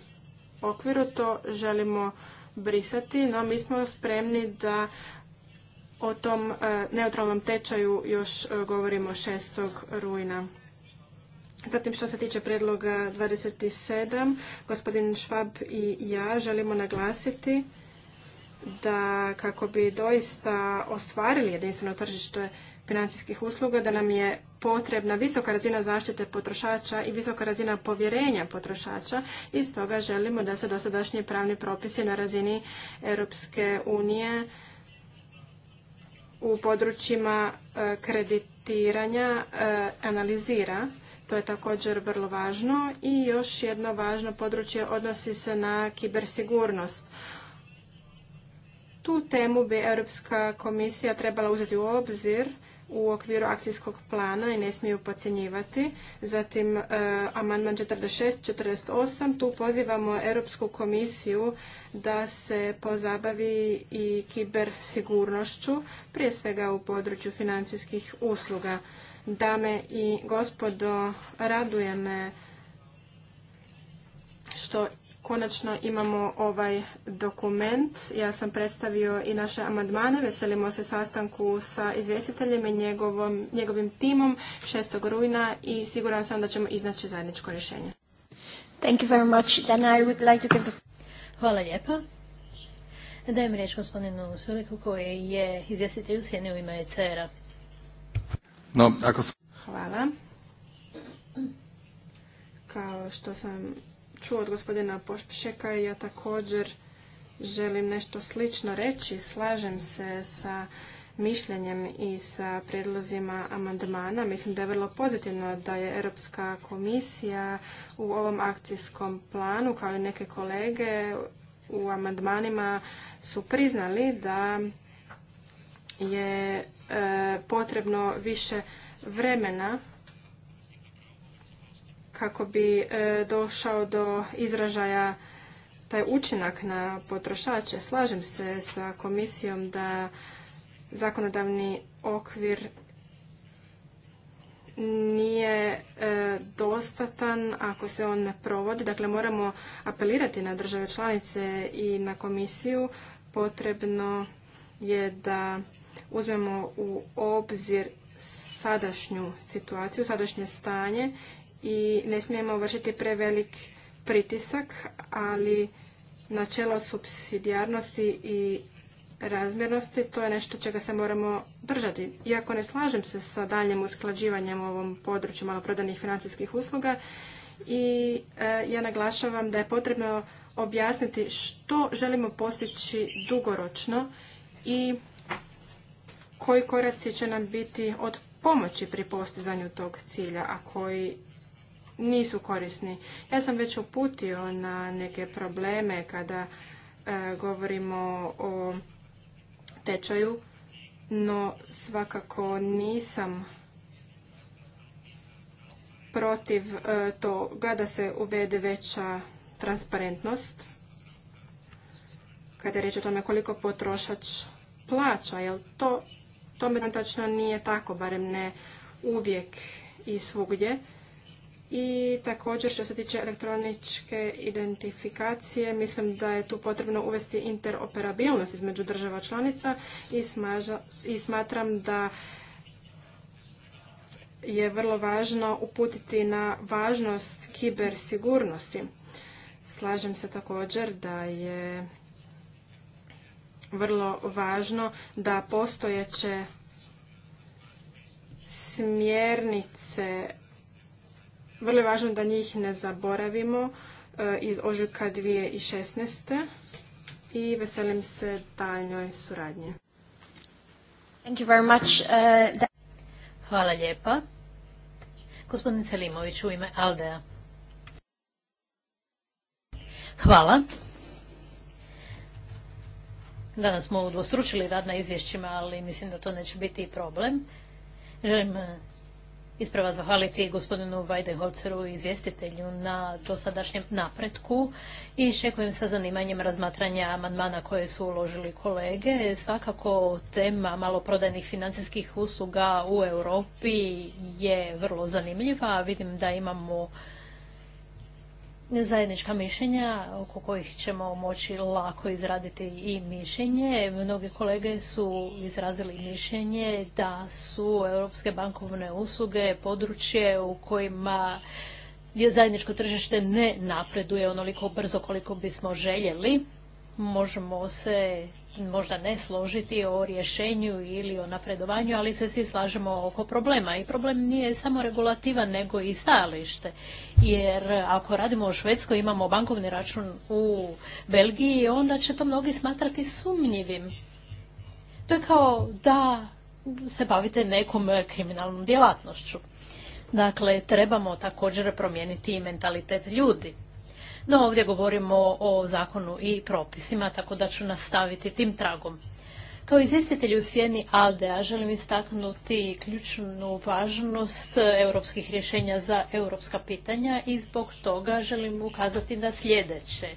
okviru, to želimo brisati, no mi smo spremni da o tom e, neutralnom tečaju još e, govorimo 6. rujna. Zatim što se tiče predloga 27, gospodin Švab i ja želimo naglasiti da kako bi doista ostvarili jedinstveno tržište financijskih usluga, da nam je potrebna visoka razina zaštite potrošača i visoka razina povjerenja potrošača i stoga želimo da se dosadašnji pravni propisi na razini Europske unije u područjima e, kreditiranja e, analizira to je također vrlo važno. I još jedno važno područje odnosi se na kibersigurnost. Tu temu bi Europska komisija trebala uzeti u obzir u okviru akcijskog plana i ne smiju podcjenjivati. Zatim eh, amandman 46, 48, tu pozivamo Europsku komisiju da se pozabavi i kibersigurnošću, prije svega u području financijskih usluga. Dame i gospodo, raduje me što konačno imamo ovaj dokument. Ja sam predstavio i naše amandmane. Veselimo se sastanku sa izvjestiteljem i njegovim timom 6. rujna i siguran sam da ćemo iznaći zajedničko rješenje. Hvala lijepa. Dajem riječ gospodinu Suriku koji je izvjestitelj u sjeni u ime ecr Hvala. Kao što sam čuo od gospodina Pošpišeka, ja također želim nešto slično reći. Slažem se sa mišljenjem i sa predlozima amandmana. Mislim da je vrlo pozitivno da je Europska komisija u ovom akcijskom planu, kao i neke kolege u amandmanima, su priznali da je e, potrebno više vremena kako bi e, došao do izražaja taj učinak na potrošače. Slažem se sa komisijom da zakonodavni okvir nije e, dostatan ako se on ne provodi. Dakle, moramo apelirati na države članice i na komisiju. Potrebno je da uzmemo u obzir sadašnju situaciju, sadašnje stanje i ne smijemo vršiti prevelik pritisak, ali načelo subsidijarnosti i razmjernosti, to je nešto čega se moramo držati. Iako ne slažem se sa daljnjim usklađivanjem u ovom području maloprodanih financijskih usluga i e, ja naglašavam da je potrebno objasniti što želimo postići dugoročno i koji koraci će nam biti od pomoći pri postizanju tog cilja, a koji nisu korisni. Ja sam već uputio na neke probleme kada e, govorimo o tečaju, no svakako nisam protiv e, toga da se uvede veća transparentnost kada je reč o tome koliko potrošač plaća, jer to tome tačno nije tako, barem ne uvijek i svugdje. I također što se tiče elektroničke identifikacije, mislim da je tu potrebno uvesti interoperabilnost između država članica i, i smatram da je vrlo važno uputiti na važnost kibersigurnosti. Slažem se također da je vrlo važno da postojeće smjernice, vrlo je važno da njih ne zaboravimo e, iz ožujka 2016. i veselim se daljnjoj suradnji. Thank you uh, Hvala lijepa. Gospodin Selimović u ime Aldea. Hvala. Danas smo udvostručili rad na izvješćima, ali mislim da to neće biti problem. Želim eh, isprava zahvaliti gospodinu Vajdenholceru i izvjestitelju na dosadašnjem napretku i šekujem sa zanimanjem razmatranja amandmana koje su uložili kolege. Svakako tema maloprodajnih financijskih usluga u Europi je vrlo zanimljiva. Vidim da imamo zajednička mišljenja oko kojih ćemo moći lako izraditi i mišljenje. Mnogi kolege su izrazili mišljenje da su europske bankovne usluge područje u kojima je zajedničko tržište ne napreduje onoliko brzo koliko bismo željeli. Možemo se možda ne složiti o rješenju ili o napredovanju, ali se svi slažemo oko problema. I problem nije samo regulativa, nego i stajalište. Jer ako radimo u Švedskoj, imamo bankovni račun u Belgiji, onda će to mnogi smatrati sumnjivim. To je kao da se bavite nekom kriminalnom djelatnošću. Dakle, trebamo također promijeniti i mentalitet ljudi. No ovdje govorimo o zakonu i propisima, tako da ću nastaviti tim tragom. Kao izvjestitelj u sjeni Aldea želim istaknuti ključnu važnost europskih rješenja za europska pitanja i zbog toga želim ukazati na sljedeće.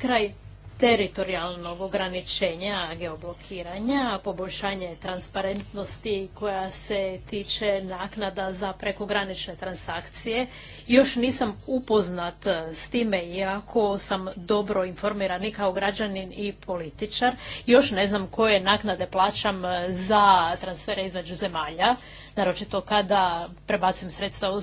Kraj teritorijalnog ograničenja, geoblokiranja, poboljšanje transparentnosti koja se tiče naknada za prekogranične transakcije. Još nisam upoznat s time, iako sam dobro informiran i kao građanin i političar. Još ne znam koje naknade plaćam e, za transfere između zemalja naročito kada prebacujem sredstva u,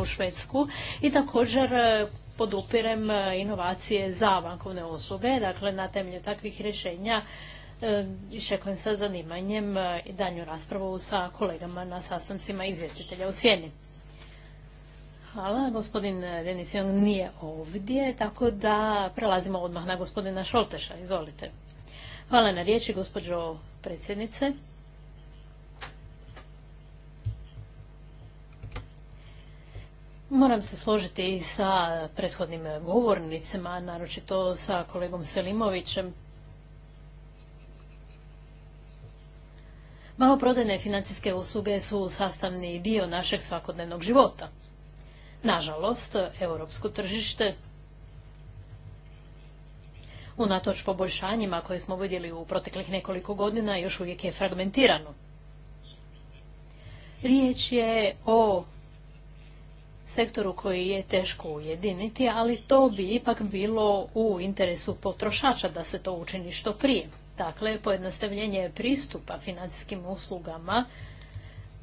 u Švedsku i također e, podupirem e, inovacije za bankovne usluge. Dakle, na temelju takvih rješenja e, iščekujem sa zanimanjem e, i danju raspravu sa kolegama na sastancima izvjestitelja u Sjeni. Hvala. Gospodin Denis nije ovdje, tako da prelazimo odmah na gospodina Šolteša. Izvolite. Hvala na riječi, gospođo predsjednice. Moram se složiti i sa prethodnim govornicima, naročito sa kolegom Selimovićem. Maloprodajne financijske usluge su sastavni dio našeg svakodnevnog života. Nažalost, europsko tržište unatoč poboljšanjima koje smo vidjeli u proteklih nekoliko godina još uvijek je fragmentirano. Riječ je o sektoru koji je teško ujediniti, ali to bi ipak bilo u interesu potrošača da se to učini što prije. Dakle, pojednostavljenje pristupa financijskim uslugama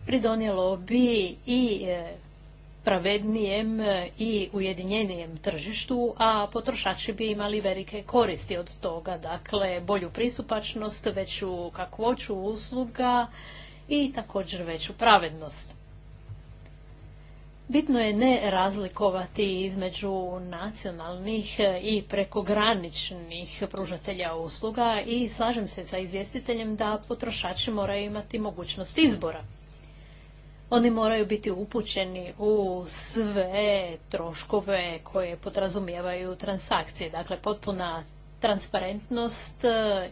pridonijelo bi i e, pravednijem e, i ujedinjenijem tržištu, a potrošači bi imali velike koristi od toga, dakle bolju pristupačnost, veću kakvoću usluga i također veću pravednost. Bitno je ne razlikovati između nacionalnih i prekograničnih pružatelja usluga i slažem se sa izvjestiteljem da potrošači moraju imati mogućnost izbora. Oni moraju biti upućeni u sve troškove koje podrazumijevaju transakcije, dakle potpuna transparentnost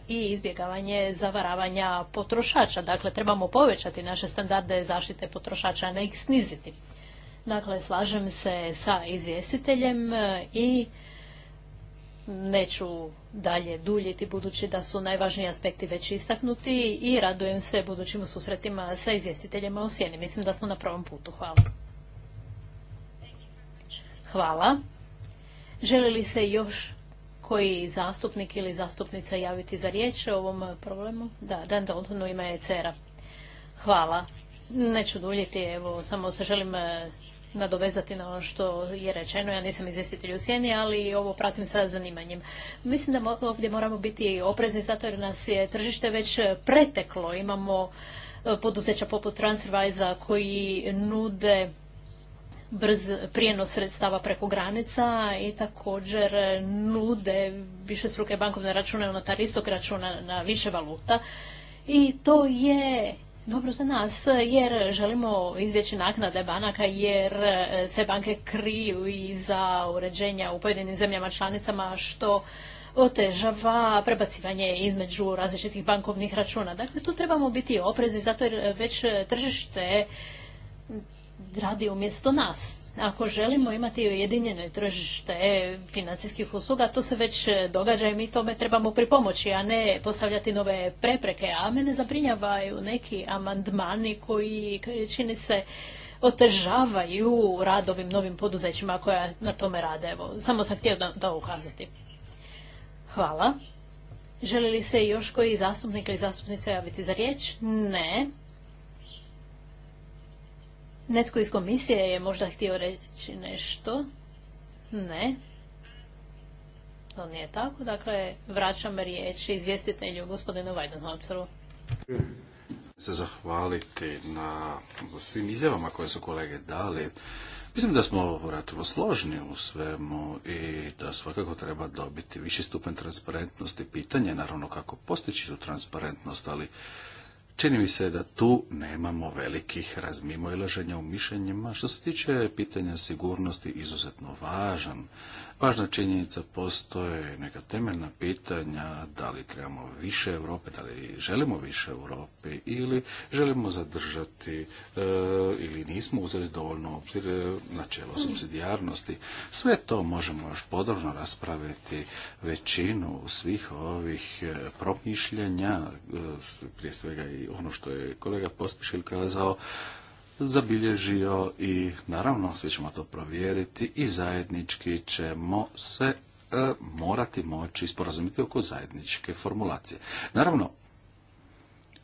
i izbjegavanje zavaravanja potrošača. Dakle, trebamo povećati naše standarde zaštite potrošača, a ne ih sniziti. Dakle, slažem se sa izvjestiteljem e, i neću dalje duljiti budući da su najvažniji aspekti već istaknuti i radujem se budućim susretima sa izvjestiteljima u sjeni. Mislim da smo na prvom putu. Hvala. Hvala. Želi li se još koji zastupnik ili zastupnica javiti za riječ o ovom problemu? Da, Dan Daltonu ima je cera. Hvala. Neću duljiti, evo, samo se želim e, nadovezati na ono što je rečeno. Ja nisam izvjestitelj u sjeni, ali ovo pratim sa zanimanjem. Mislim da ovdje moramo biti oprezni zato jer nas je tržište već preteklo. Imamo e, poduzeća poput TransferWise-a koji nude brz prijenos sredstava preko granica i također nude više struke bankovne račune unutar istog računa na više valuta. I to je dobro za nas jer želimo izvjeći naknade banaka jer e, se banke kriju i za uređenja u pojedinim zemljama članicama što otežava prebacivanje između različitih bankovnih računa. Dakle, tu trebamo biti oprezni zato jer već tržište radi umjesto nas. Ako želimo imati ujedinjeno tržište financijskih usluga, to se već događa i mi tome trebamo pripomoći, a ne postavljati nove prepreke. A mene zabrinjavaju neki amandmani koji čini se otežavaju rad ovim novim poduzećima koja na tome rade. Evo, samo sam htio da, ukazati. Hvala. Želi li se još koji zastupnik ili zastupnica javiti za riječ? Ne. Netko iz komisije je možda htio reći nešto? Ne. To nije tako. Dakle, vraćam riječ izvjestitelju gospodinu Weidenholzeru. Se zahvaliti na svim izjavama koje su kolege dali. Mislim da smo vratilo složni u svemu i da svakako treba dobiti viši stupanj transparentnosti. Pitanje naravno kako postići tu transparentnost, ali Čini mi se da tu nemamo velikih razmimoilaženja u mišljenjima. Što se tiče pitanja sigurnosti, izuzetno važan važna činjenica, postoje neka temeljna pitanja, da li trebamo više Europe, da li želimo više Europe ili želimo zadržati e, ili nismo uzeli dovoljno obzir e, načelo subsidijarnosti. Sve to možemo još podobno raspraviti većinu svih ovih e, promišljanja, prije svega i ono što je kolega Pospišil kazao, zabilježio i naravno svi ćemo to provjeriti i zajednički ćemo se e, morati moći sporazumiti oko zajedničke formulacije. Naravno,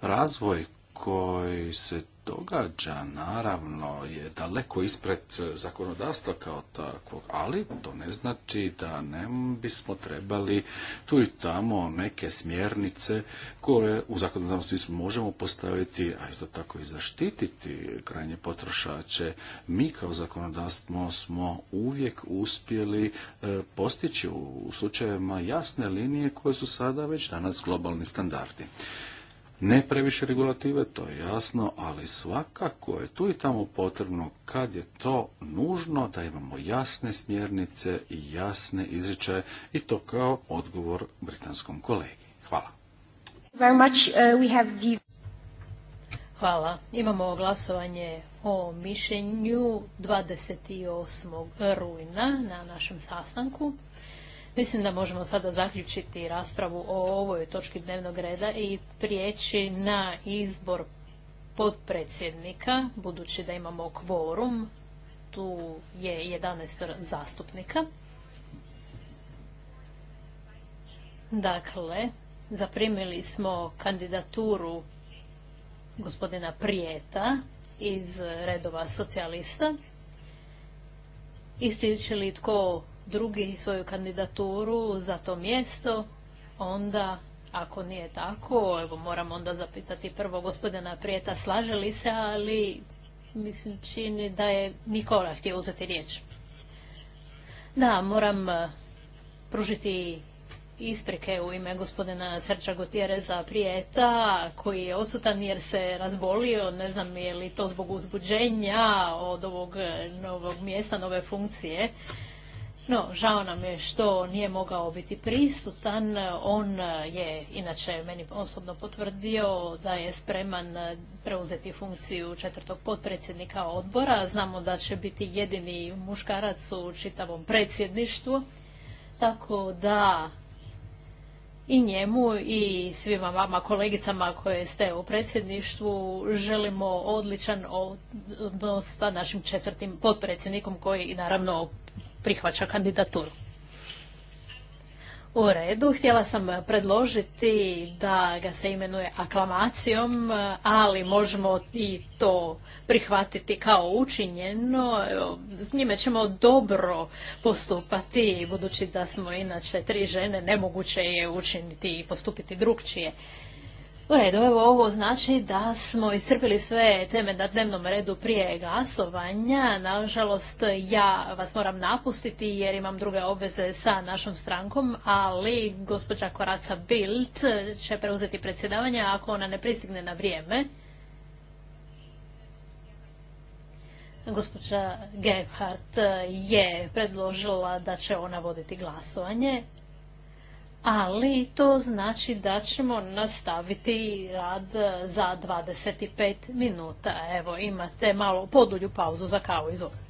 razvoj koji se događa, naravno, je daleko ispred zakonodavstva kao takvog, ali to ne znači da ne bismo trebali tu i tamo neke smjernice koje u zakonodavstvu možemo postaviti, a isto tako i zaštititi krajnje potrošače. Mi kao zakonodavstvo smo uvijek uspjeli e, postići u slučajevima jasne linije koje su sada već danas globalni standardi ne previše regulative, to je jasno, ali svakako je tu i tamo potrebno kad je to nužno da imamo jasne smjernice i jasne izričaje i to kao odgovor britanskom kolegi. Hvala. Uh, Hvala. Imamo glasovanje o mišljenju 28. rujna na našem sastanku. Mislim da možemo sada zaključiti raspravu o ovoj točki dnevnog reda i prijeći na izbor podpredsjednika, budući da imamo kvorum, tu je 11 zastupnika. Dakle, zaprimili smo kandidaturu gospodina Prijeta iz redova socijalista. Ističe li tko drugi svoju kandidaturu za to mjesto, onda ako nije tako, evo moram onda zapitati prvo gospodina Prijeta slaže li se, ali mislim čini da je Nikola htio uzeti riječ. Da, moram eh, pružiti isprike u ime gospodina Srča Gutjereza Prijeta, koji je odsutan jer se razbolio, ne znam je li to zbog uzbuđenja od ovog eh, novog mjesta, nove funkcije. No, žao nam je što nije mogao biti prisutan. On je, inače, meni osobno potvrdio da je spreman preuzeti funkciju četvrtog potpredsjednika odbora. Znamo da će biti jedini muškarac u čitavom predsjedništvu. Tako da i njemu i svima vama kolegicama koje ste u predsjedništvu želimo odličan odnos sa našim četvrtim potpredsjednikom koji naravno prihvaća kandidaturu. U redu, htjela sam predložiti da ga se imenuje aklamacijom, ali možemo i to prihvatiti kao učinjeno. S njime ćemo dobro postupati, budući da smo inače tri žene, nemoguće je učiniti i postupiti drugčije. U redu, evo ovo znači da smo iscrpili sve teme na dnevnom redu prije glasovanja. Nažalost, ja vas moram napustiti jer imam druge obveze sa našom strankom, ali gospođa Koraca Bild će preuzeti predsjedavanje ako ona ne pristigne na vrijeme. Gospođa Gebhardt je predložila da će ona voditi glasovanje ali to znači da ćemo nastaviti rad eh, za 25 minuta. Evo, imate malo podulju pauzu za kavu, izvolite.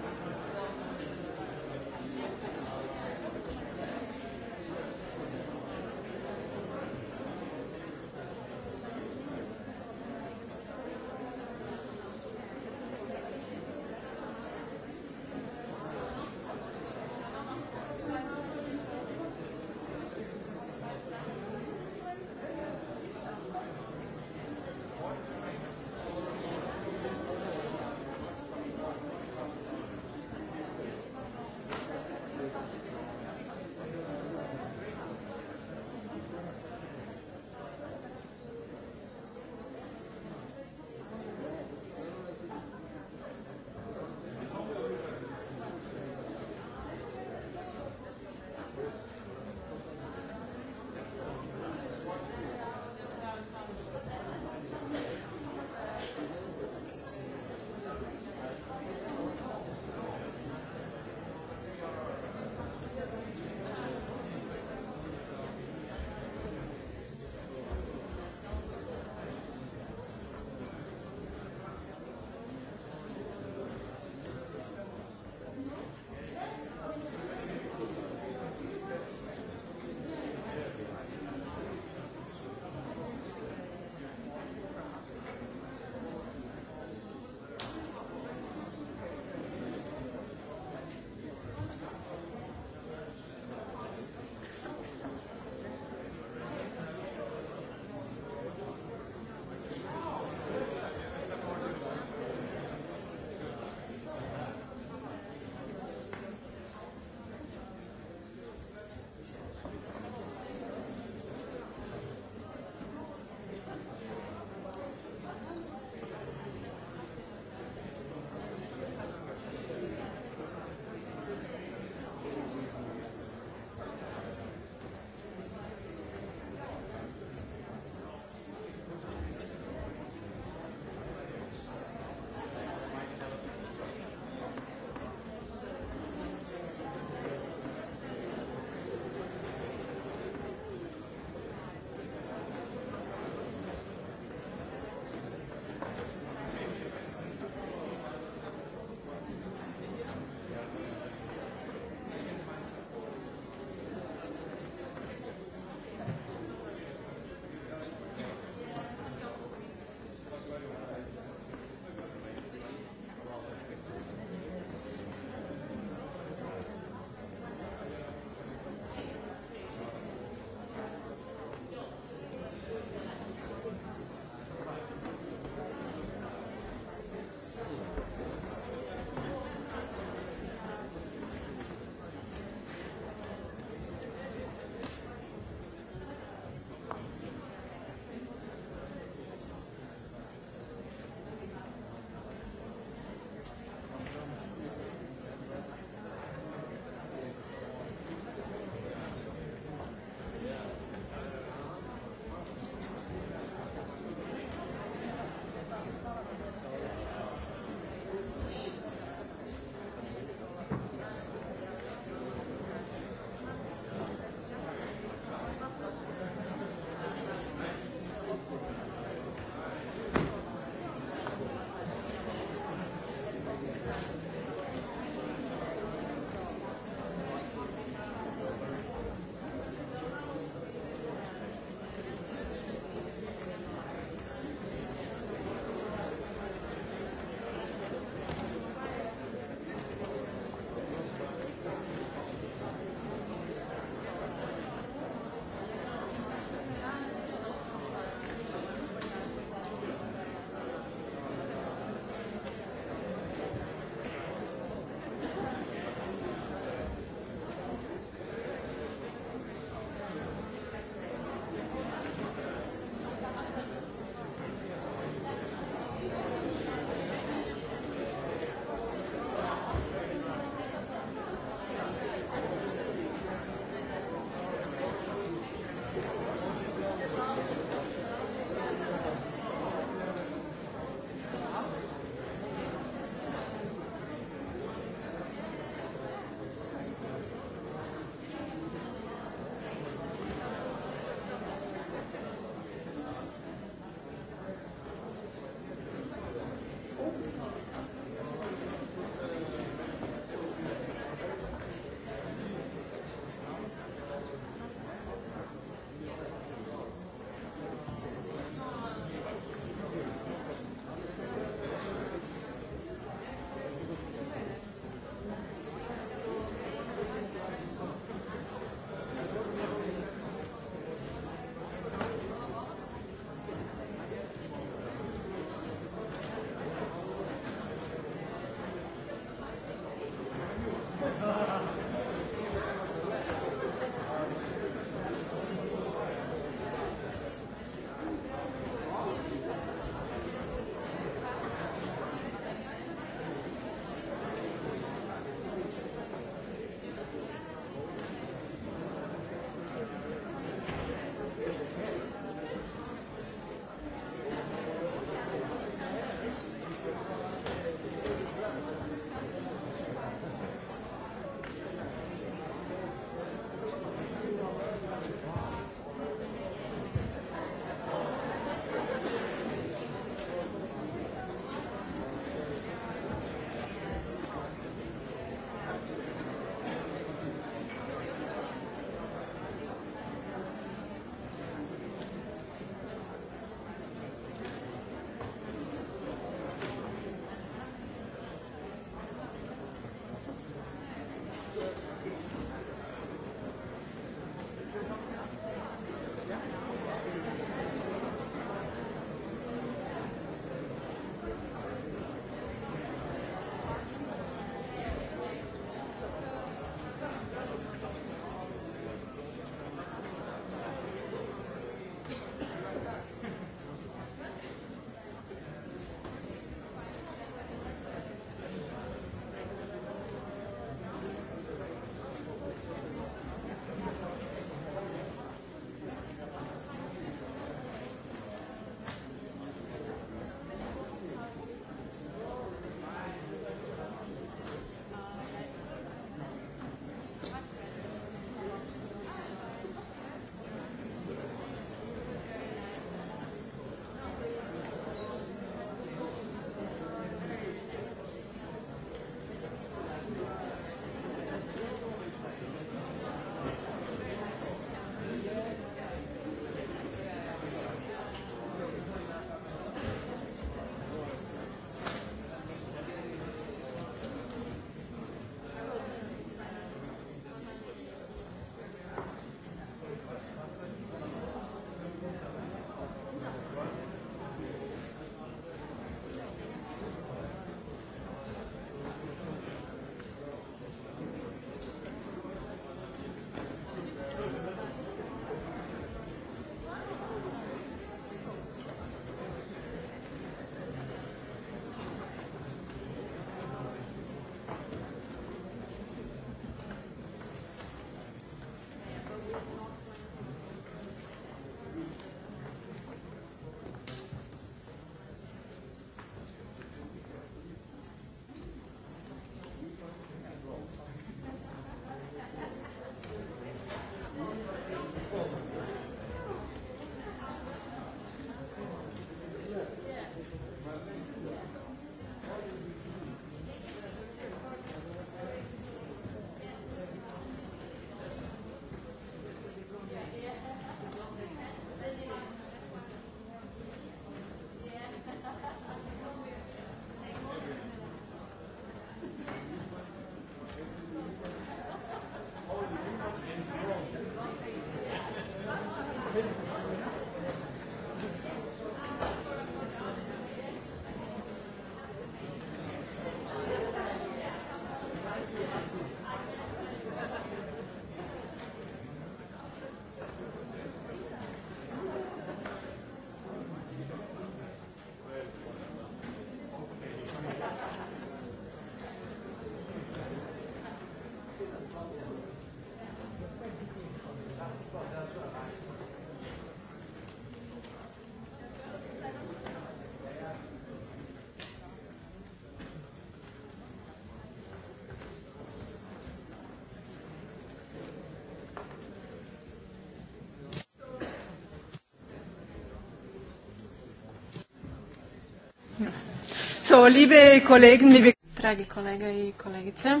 liebe Kollegen, liebe... Dragi kolega i kolegice,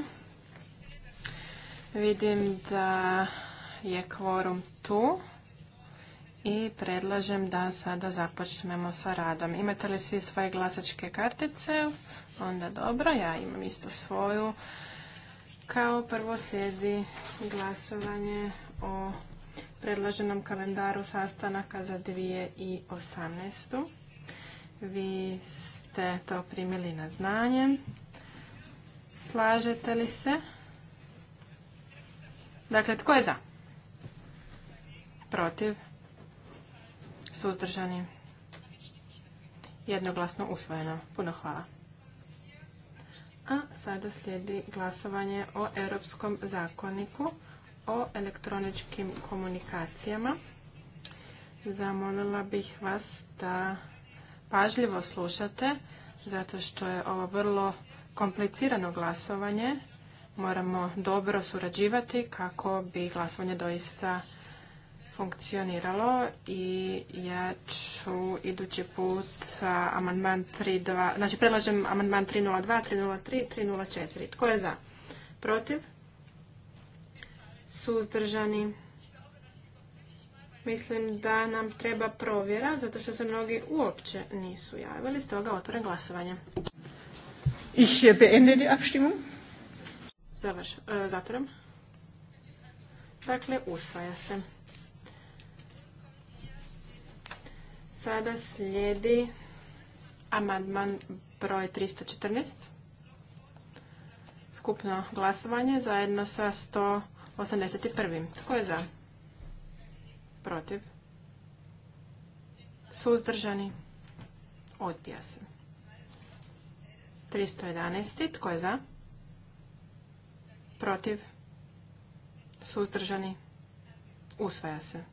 vidim da je kvorum tu i predlažem da sada započnemo sa radom. Imate li svi svoje glasačke kartice? Onda dobro, ja imam isto svoju. Kao prvo slijedi glasovanje o predloženom kalendaru sastanaka za 2018. Vi ste ste to primili na znanje. Slažete li se? Dakle, tko je za? Protiv? Suzdržani? Jednoglasno usvojeno. Puno hvala. A sada slijedi glasovanje o Europskom zakoniku o elektroničkim komunikacijama. Zamolila bih vas da pažljivo slušate, zato što je ovo vrlo komplicirano glasovanje. Moramo dobro surađivati kako bi glasovanje doista funkcioniralo i ja ću idući put sa amandman 32, znači predlažem amandman 302, 303, 304. Tko je za? Protiv? Suzdržani? Mislim da nam treba provjera, zato što se mnogi uopće nisu javili, stoga otvoren glasovanje. Ich eh, beende die Abstimmung. Završ, eh, zatvoram. Dakle, usvaja se. Sada slijedi amandman broj 314. Skupno glasovanje zajedno sa 181. Tko je za? protiv, suzdržani, odbija se. 311. Tko je za? Protiv, suzdržani, usvaja se.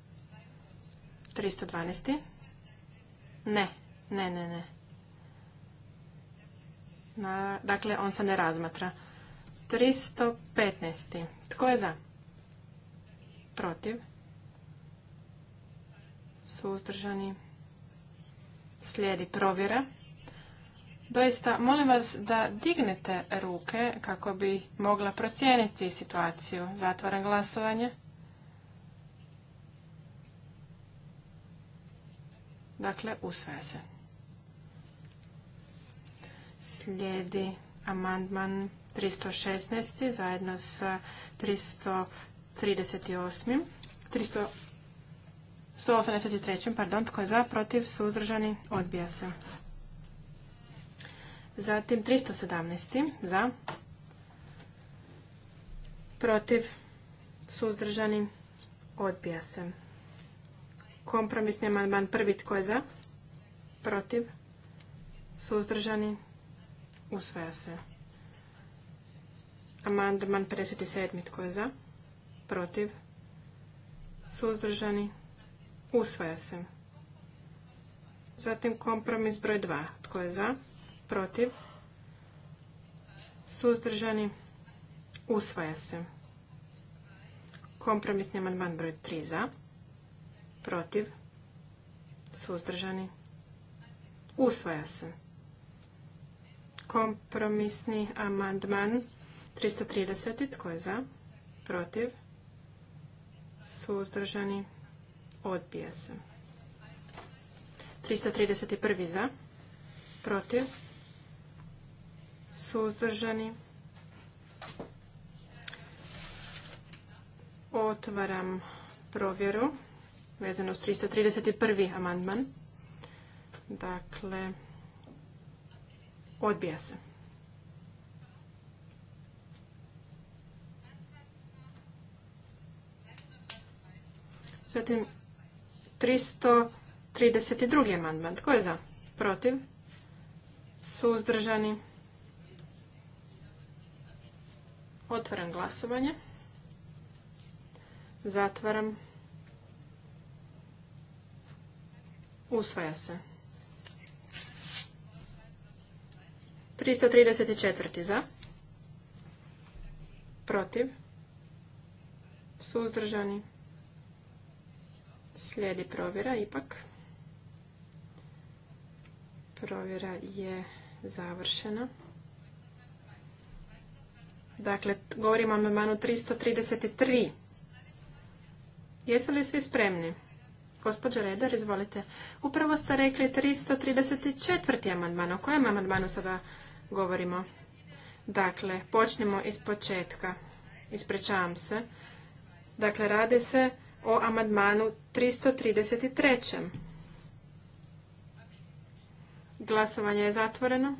312. Ne, ne, ne, ne. dakle, on se ne razmatra. 315. Tko je za? Protiv suzdržani, slijedi provjera. Doista, molim vas da dignete ruke kako bi mogla procijeniti situaciju. zatvora glasovanje. Dakle, usve se. Slijedi amandman 316. zajedno sa 338. 300 183. pardon, tko je za, protiv, suzdržani, odbija se. Zatim 317. za, protiv, suzdržani, odbija se. Kompromisni amandman prvi tko je za, protiv, suzdržani, usvaja se. Amandman 57. tko je za, protiv, suzdržani, Usvaja se. Zatim kompromis broj 2. Tko je za? Protiv? Suzdržani? Usvaja se. Kompromisni amandman broj 3 za. Protiv? Suzdržani? Usvaja se. Kompromisni amandman 330. Tko je za? Protiv? Suzdržani? Odbija se. 331. za. Protiv. Suzdržani. Otvaram provjeru vezano s 331. amandman. Dakle, odbija se. Zatim 332. amandman. Tko je za? Protiv? Suzdržani? Otvaram glasovanje. Zatvaram. Usvaja se. 334. za. Protiv. Suzdržani. Slijedi provjera ipak. Provjera je završena. Dakle, govorimo o amandmanu 333. Jesu li svi spremni? Gospođo Redar, izvolite. Upravo ste rekli 334. amandman. O kojem amandmanu sada govorimo? Dakle, počnemo iz početka. Ispričavam se. Dakle, radi se o amandmanu 333. Glasovanje je zatvoreno.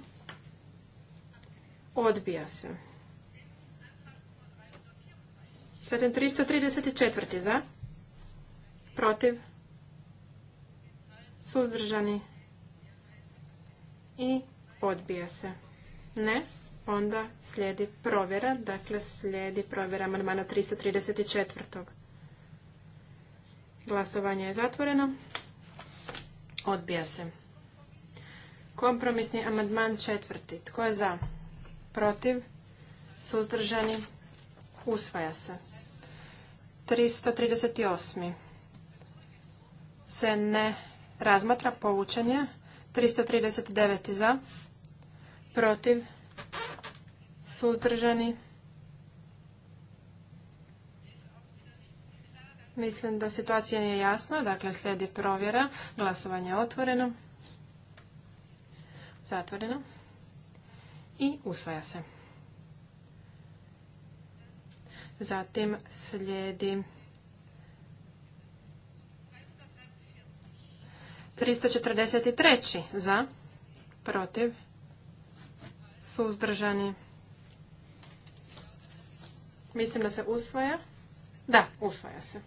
Odbija se. Zatim 334. za. Protiv. Suzdržani. I odbija se. Ne. Onda slijedi provjera. Dakle, slijedi provjera amandmana 334. Glasovanje je zatvoreno. Odbija se. Kompromisni amandman četvrti. Tko je za? Protiv? Suzdržani? Usvaja se. 338. Se ne razmatra povučenje. 339. za. Protiv? Suzdržani? Mislim da situacija je jasna, dakle slijedi provjera, glasovanje je otvoreno, zatvoreno i usvaja se. Zatim slijedi 343. za, protiv, suzdržani. Mislim da se usvaja. Da, usvaja se.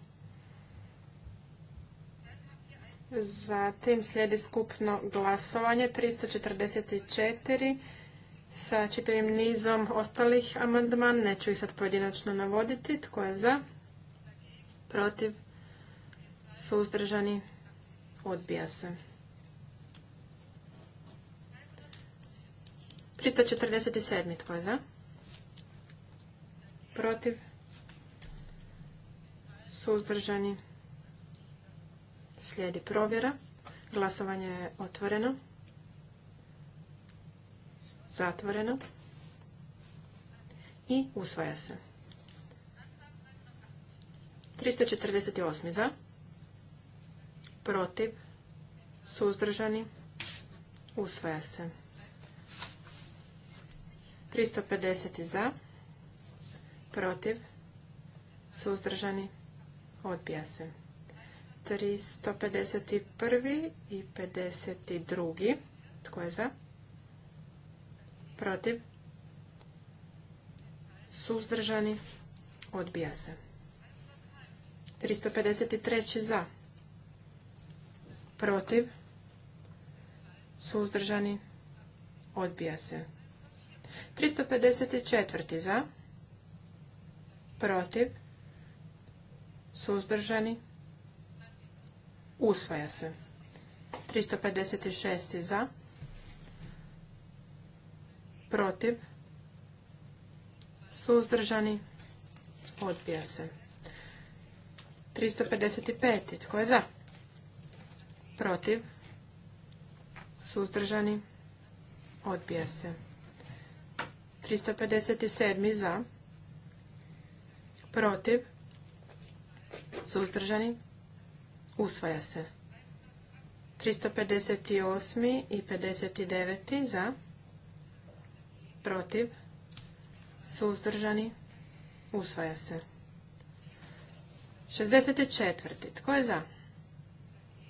Zatim slijedi skupno glasovanje 344 sa čitavim nizom ostalih amandman. Neću ih sad pojedinačno navoditi. Tko je za? Protiv? Suzdržani? Odbija se. 347. Tko je za? Protiv? Suzdržani? Slijedi provjera. Glasovanje je otvoreno. Zatvoreno. I usvaja se. 348. za. Protiv. Suzdržani. Usvaja se. 350. za. Protiv. Suzdržani. Odbija se. 351. i 52. Tko je za? Protiv? Suzdržani? Odbija se. 353. za? Protiv? Suzdržani? Odbija se. 354. za? Protiv? Suzdržani? Usvaja se. 356. za. Protiv. Suzdržani. Odbija se. 355. Tko je za? Protiv. Suzdržani. Odbija se. 357. za. Protiv. Suzdržani. Usvaja se. 358. i 59. za. Protiv. Suzdržani. Usvaja se. 64. Tko je za?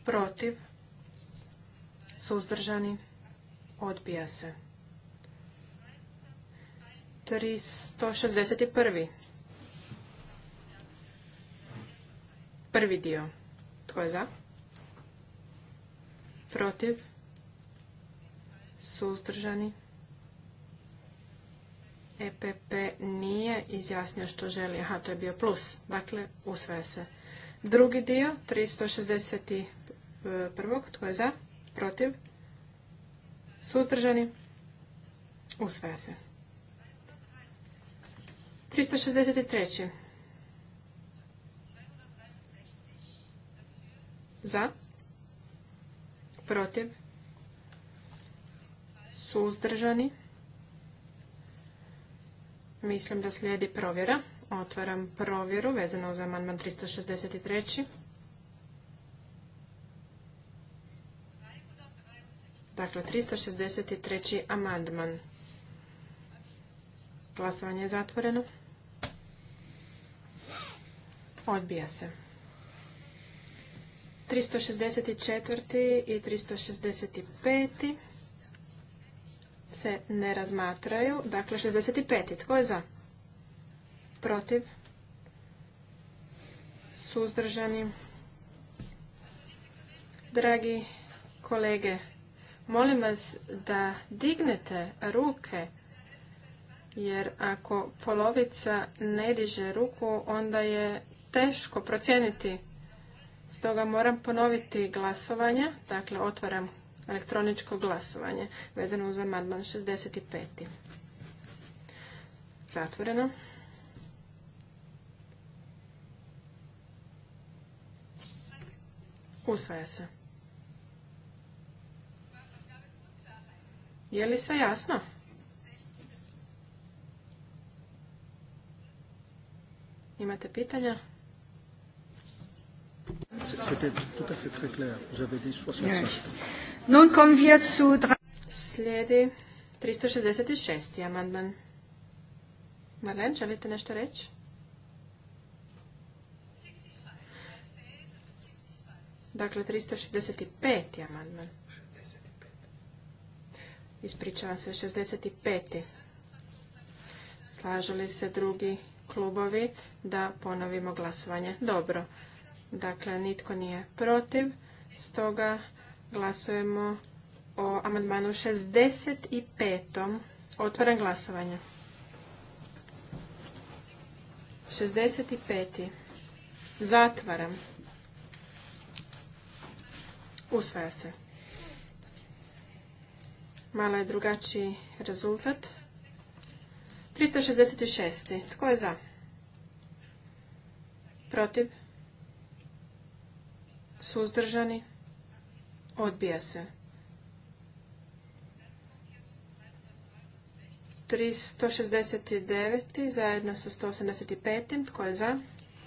Protiv. Suzdržani. Odbija se. 361. Prvi dio. Tko je za? Protiv? Suzdržani? EPP nije izjasnio što želi. Aha, to je bio plus. Dakle, usvaja se. Drugi dio, 361. Tko je za? Protiv? Suzdržani? Usvaja se. 363. Za. Protiv. Suzdržani. Mislim da slijedi provjera. Otvaram provjeru vezano za amandman 363. Dakle, 363. amandman. Glasovanje je zatvoreno. Odbija se. 364. i 365. se ne razmatraju. Dakle, 65. Tko je za? Protiv? Suzdržani? Dragi kolege, molim vas da dignete ruke jer ako polovica ne diže ruku, onda je teško procijeniti Stoga moram ponoviti glasovanje. Dakle, otvaram elektroničko glasovanje vezano uz amandman 65. Zatvoreno. Usvaja se. Je li sve jasno? Imate pitanja? C'était tout à fait très clair. Vous avez dit 65. Nun kommen wir zu... Slijedi 366. amandman. Marlene, želite nešto reći? 65. Dakle, 365. amandman. Ispričavam se, 65. Slažu li se drugi klubovi da ponovimo glasovanje? Dobro. Dakle, nitko nije protiv. Stoga glasujemo o amandmanu 65. Otvaram glasovanje. 65. Zatvaram. Usvaja se. Malo je drugačiji rezultat. 366. Tko je za? Protiv? suzdržani, odbija se. 369. zajedno sa 185. Tko je za?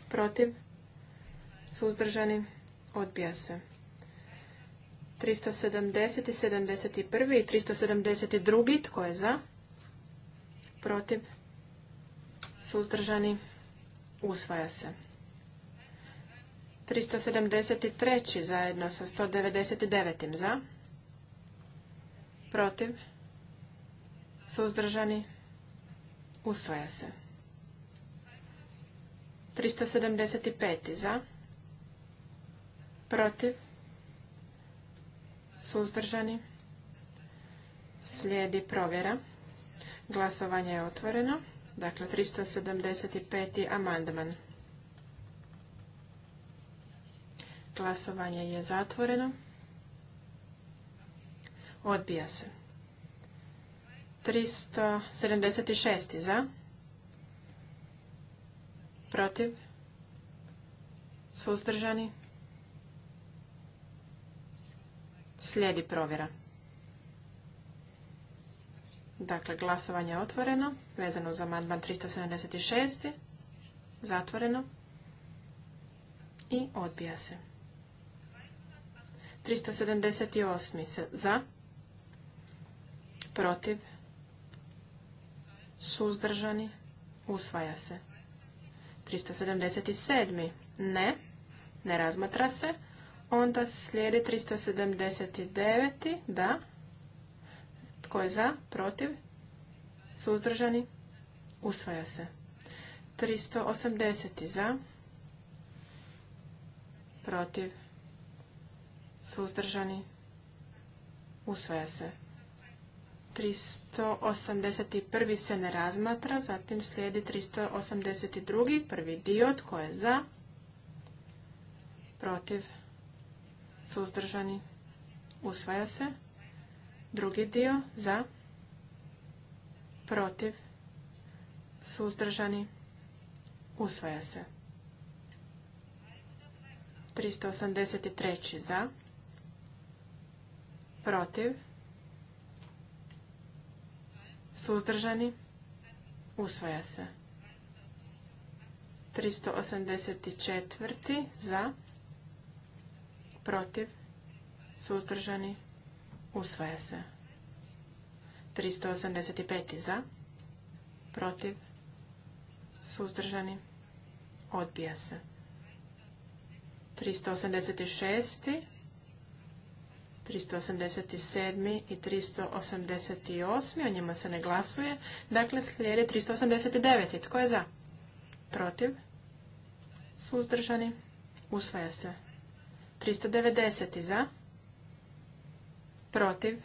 Protiv? Suzdržani? Odbija se. 370. i 71. i 372. Tko je za? Protiv? Suzdržani? Usvaja se. 373. zajedno sa 199. za. Protiv. Suzdržani. Usvaja se. 375. za. Protiv. Suzdržani. Slijedi provjera. Glasovanje je otvoreno. Dakle, 375. amandman. Glasovanje je zatvoreno. Odbija se. 376. za. Protiv. Suzdržani. Slijedi provjera. Dakle, glasovanje je otvoreno, vezano za amandman 376. Zatvoreno. I odbija se. 378. Za. Protiv. Suzdržani. Usvaja se. 377. Ne. Ne razmatra se. Onda slijedi 379. Da. Tko je za? Protiv. Suzdržani. Usvaja se. 380. Za. Protiv suzdržani, usvaja se. 381. se ne razmatra, zatim slijedi 382. prvi dio, tko je za, protiv, suzdržani, usvaja se. Drugi dio, za, protiv, suzdržani, usvaja se. 383. za, protiv, suzdržani, usvaja se. 384. za, protiv, suzdržani, usvaja se. 385. za, protiv, suzdržani, odbija se. 386. 387. i 388. O njima se ne glasuje. Dakle, slijedi 389. Tko je za? Protiv? Suzdržani? Usvaja se. 390. za? Protiv?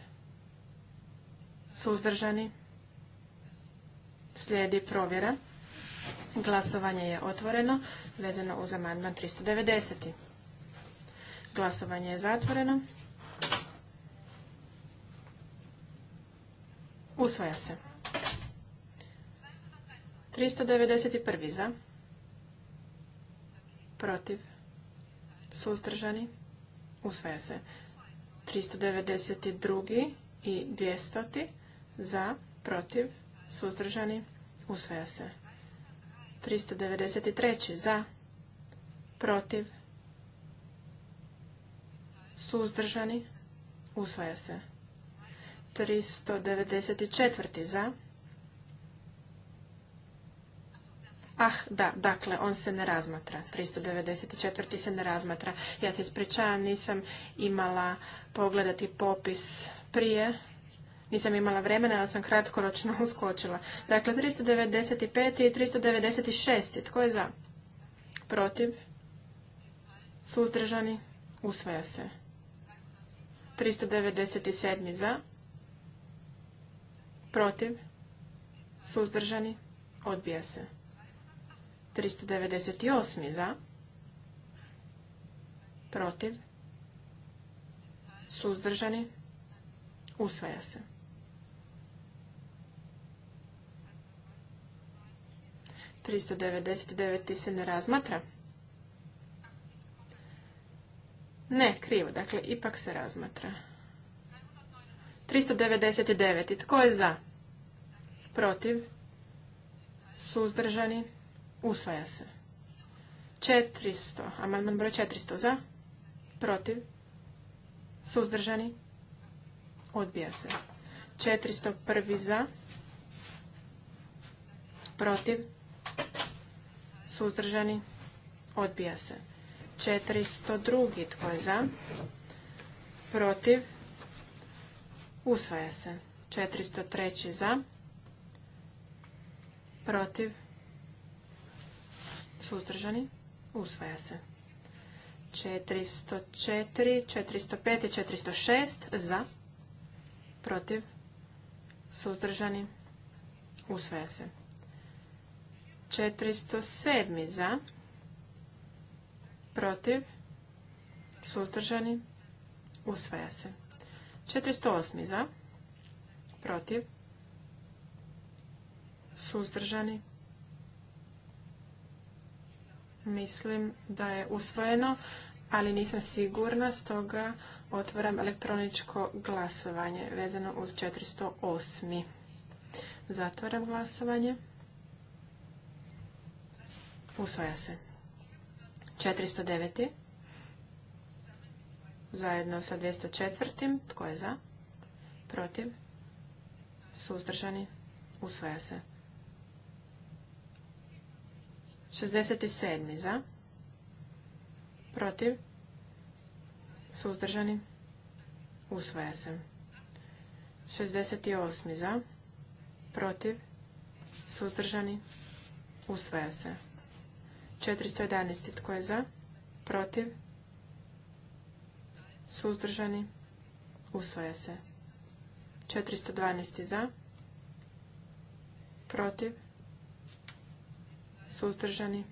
Suzdržani? Slijedi provjera. Glasovanje je otvoreno, vezano uz amandman 390. Glasovanje je zatvoreno. Usvaja se. 391. za. Protiv. Suzdržani. Usvaja se. 392. i 200. za. Protiv. Suzdržani. Usvaja se. 393. za. Protiv. Suzdržani. Usvaja se. 394. za. Ah, da, dakle, on se ne razmatra. 394. se ne razmatra. Ja se ispričavam, nisam imala pogledati popis prije. Nisam imala vremena, ali sam kratkoročno uskočila. Dakle, 395. i 396. Tko je za? Protiv? Suzdržani? Usvaja se. 397. za? protiv, suzdržani, odbija se. 398. za, protiv, suzdržani, usvaja se. 399. se ne razmatra. Ne, krivo. Dakle, ipak se razmatra. 399. Tko je za? Protiv? Suzdržani? Usvaja se. 400. Amandman broj 400. Za? Protiv? Suzdržani? Odbija se. 401. Za? Protiv? Suzdržani? Odbija se. 402. Tko je za? Protiv? Usvaja se. 403. za. Protiv. Suzdržani. Usvaja se. 404, 405 i 406 za. Protiv. Suzdržani. Usvaja se. 407 za. Protiv. Suzdržani. Usvaja se. 408. za, protiv, suzdržani. Mislim da je usvojeno, ali nisam sigurna, stoga otvaram elektroničko glasovanje vezano uz 408. Zatvaram glasovanje. Usvaja se. 409 zajedno sa 204. Tko je za? Protiv? Suzdržani? Usvaja se. 67. Za? Protiv? Suzdržani? Usvaja se. 68. Za? Protiv? Suzdržani? Usvaja se. 411. Tko je za? Protiv? suzdržani, usvaja se. 412 za, protiv, suzdržani.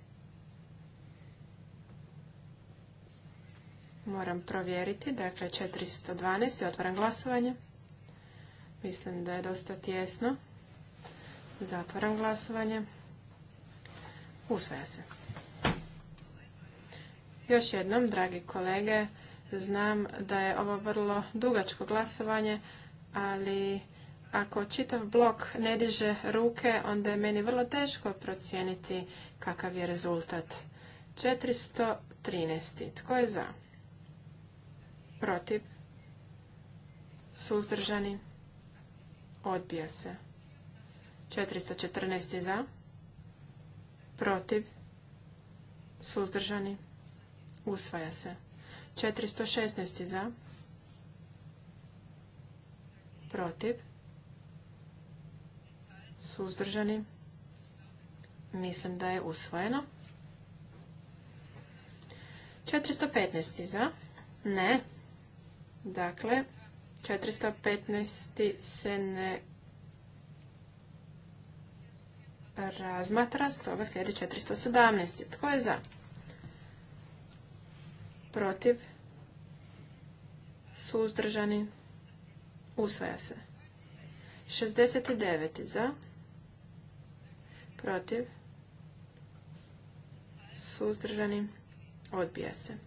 Moram provjeriti, dakle 412, otvaram glasovanje. Mislim da je dosta tjesno. Zatvaram glasovanje. Usvaja se. Još jednom, dragi kolege, Znam da je ovo vrlo dugačko glasovanje, ali ako čitav blok ne diže ruke, onda je meni vrlo teško procijeniti kakav je rezultat. 413. Tko je za? Protiv? Suzdržani? Odbija se. 414. za? Protiv? Suzdržani? Usvaja se. 416. za. Protiv. Suzdržani. Mislim da je usvojeno. 415. za. Ne. Dakle, 415. se ne razmatra, stoga slijedi 417. Tko je za? Protiv? suzdržani, usvaja se. 69. za, protiv, suzdržani, odbija se.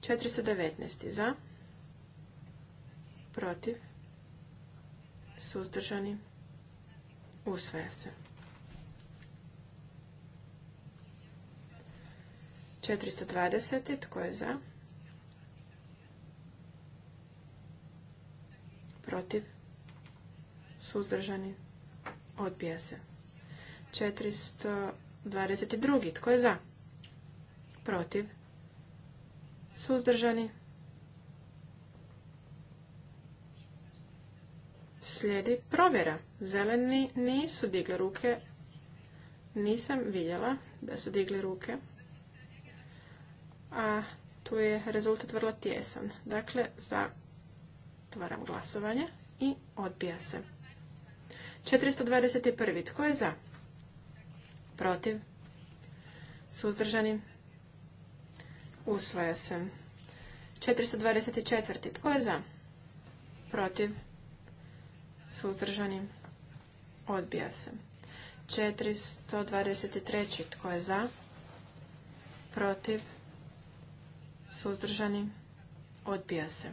419. za, protiv, suzdržani, usvaja se. 420. tko je za? protiv, suzdržani, odbija se. 422. Tko je za? Protiv, suzdržani, slijedi provjera. Zeleni nisu digli ruke. Nisam vidjela da su digli ruke. A tu je rezultat vrlo tjesan. Dakle, za Otvaram glasovanje i odbija se. 421. Tko je za? Protiv? Suzdržani? Usvaja se. 424. Tko je za? Protiv? Suzdržani? Odbija se. 423. Tko je za? Protiv? Suzdržani? Odbija se.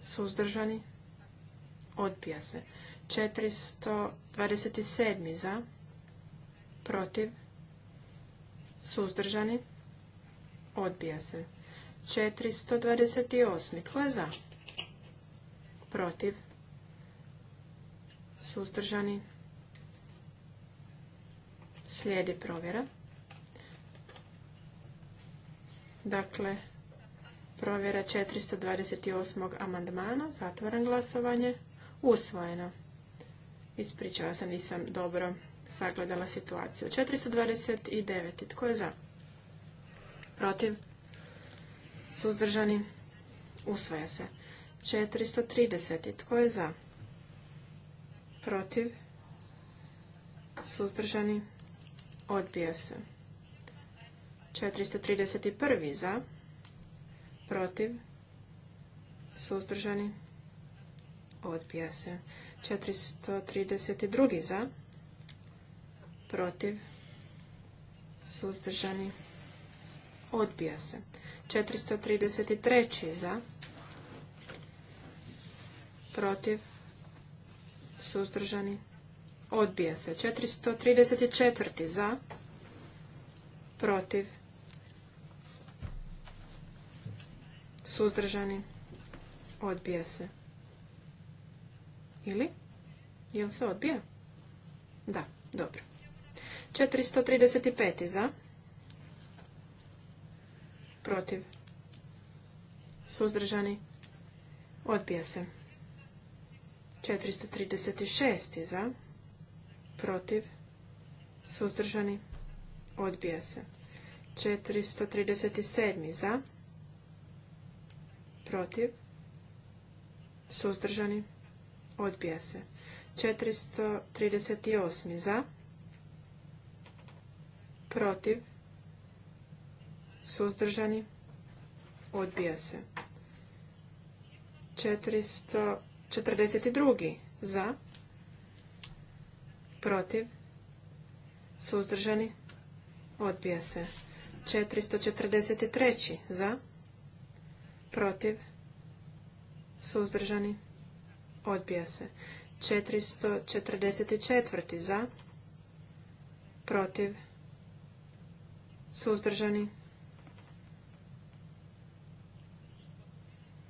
suzdržani, odbija se. 427. za, protiv, suzdržani, odbija se. 428. Tko je za? Protiv, suzdržani, slijedi provjera. Dakle, Provjera 428. amandmana. Zatvaram glasovanje. Usvojeno. Ispričavam se, nisam dobro sagledala situaciju. 429. Tko je za? Protiv? Suzdržani? Usvoja se. 430. Tko je za? Protiv? Suzdržani? Odbija se. 431. Za? protiv, suzdržani, odbija se. 432. za, protiv, suzdržani, odbija se. 433. za, protiv, suzdržani, odbija se. 434. za, protiv, Suzdržani? Odbija se. Ili? Jel se odbija? Da, dobro. 435. za. Protiv. Suzdržani. Odbija se. 436. za. Protiv. Suzdržani. Odbija se. 437. za protiv, suzdržani, odbija se. 438. za, protiv, suzdržani, odbija se. 442. za, protiv, suzdržani, odbija se. 443. za, protiv, suzdržani, odbija se. 444. za, protiv, suzdržani,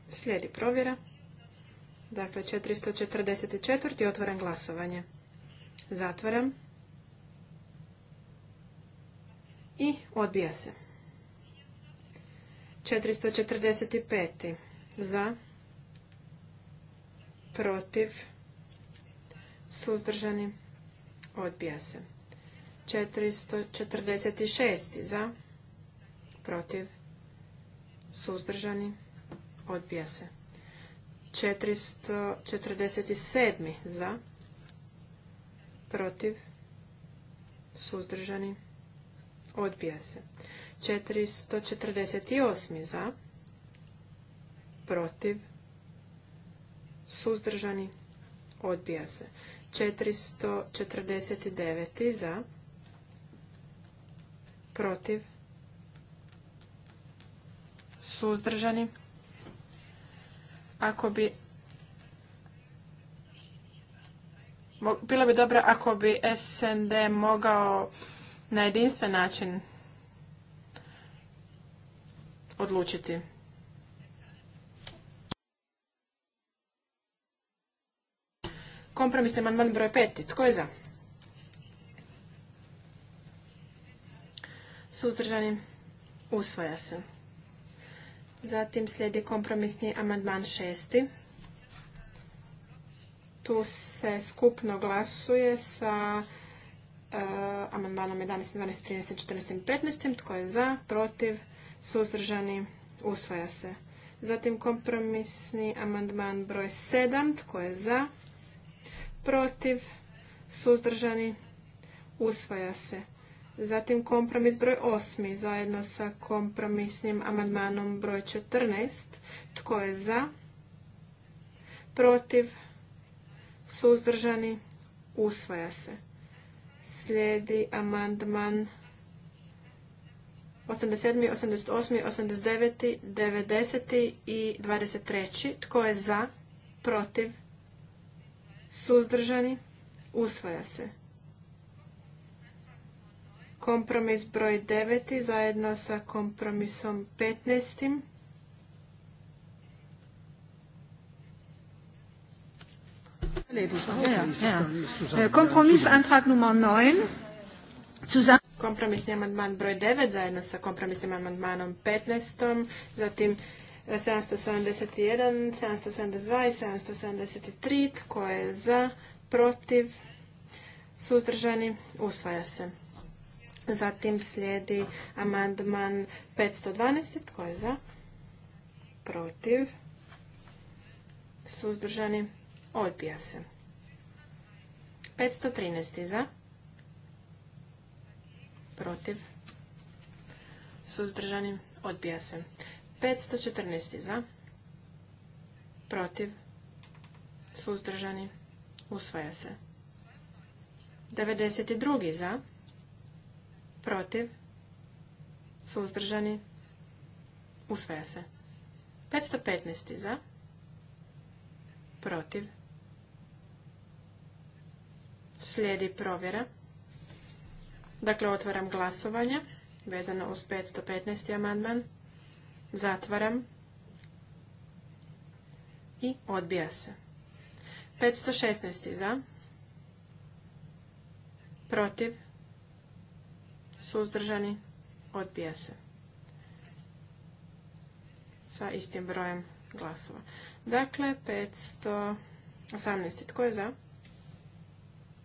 slijedi provjera. Dakle, 444. otvoren glasovanje. Zatvaram. I odbija se. 445. Za. Protiv. Suzdržani. Odbija se. 446. Za. Protiv. Suzdržani. Odbija se. 447. Za. Protiv. Suzdržani. Odbija se. 448. za, protiv, suzdržani, odbija se. 449. za, protiv, suzdržani. Ako bi bilo bi dobro ako bi SND mogao na jedinstven način odlučiti. Kompromisni amandman broj peti. Tko je za? Suzdržani. Usvaja se. Zatim slijedi kompromisni amandman šesti. Tu se skupno glasuje sa eh, amandmanom 11, 12, 13, 14 15. Tko je za? Protiv? suzdržani, usvaja se. Zatim kompromisni amandman broj 7, tko je za, protiv, suzdržani, usvaja se. Zatim kompromis broj 8, zajedno sa kompromisnim amandmanom broj 14, tko je za, protiv, suzdržani, usvaja se. Slijedi amandman 87., 88., 89., 90. i 23. Tko je za? Protiv? Suzdržani? Usvaja se. Kompromis broj 9. zajedno sa kompromisom 15. Kompromis Antrag Nummer 9. Zusammen kompromisni amandman broj 9 zajedno sa kompromisnim amandmanom 15, zatim 771, 772 i 773. Tko je za, protiv, suzdržani, usvaja se. Zatim slijedi amandman 512. Tko je za, protiv, suzdržani, odbija se. 513. za, protiv, suzdržani, odbija se. 514. za, protiv, suzdržani, usvaja se. 92. za, protiv, suzdržani, usvaja se. 515. za, protiv, slijedi provjera. Dakle, otvaram glasovanje vezano uz 515. amandman. Zatvaram i odbija se. 516. za, protiv, suzdržani, odbija se. Sa istim brojem glasova. Dakle, 518. Tko je za?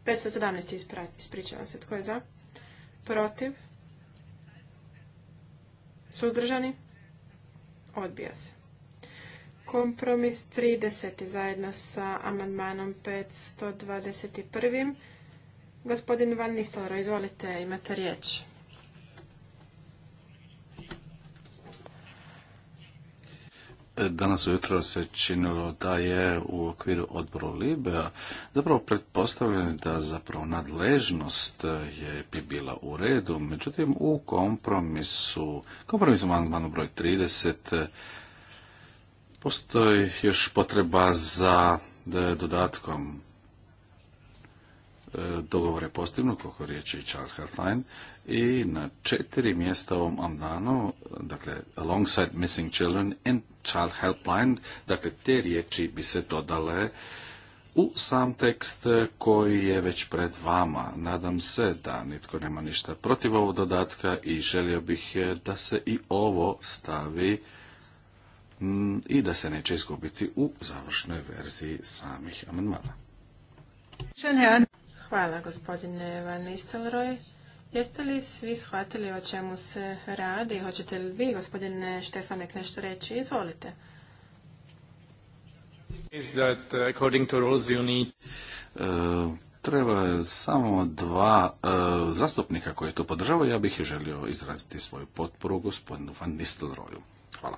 517. ispričavam se. Tko je za? protiv, suzdržani, odbija se. Kompromis 30. zajedno sa amandmanom 521. Gospodin Van Nistelro, izvolite, imate riječ. Danas ujutro se činilo da je u okviru odboru Libea zapravo pretpostavljeno da zapravo nadležnost je bi bila u redu, međutim u kompromisu, kompromisu amandmanu broj 30 postoji još potreba za e, dodatkom e, dogovore postignut, koliko riječi Charles Hartline, i na četiri mjesta ovom amdanu, dakle alongside missing children and child helpline, dakle te riječi bi se dodale u sam tekst koji je već pred vama. Nadam se da nitko nema ništa protiv ovog dodatka i želio bih da se i ovo stavi mm, i da se neće izgubiti u završnoj verziji samih amandmana. Hvala gospodine Van Nistelroj. Jeste li svi shvatili o čemu se radi? Hoćete li vi, gospodine Štefanek, nešto reći? Izvolite. Is that uh, according to e, treba samo dva e, zastupnika koje to podržavaju. Ja bih želio izraziti svoju potporu gospodinu Van Nistelroju. Hvala.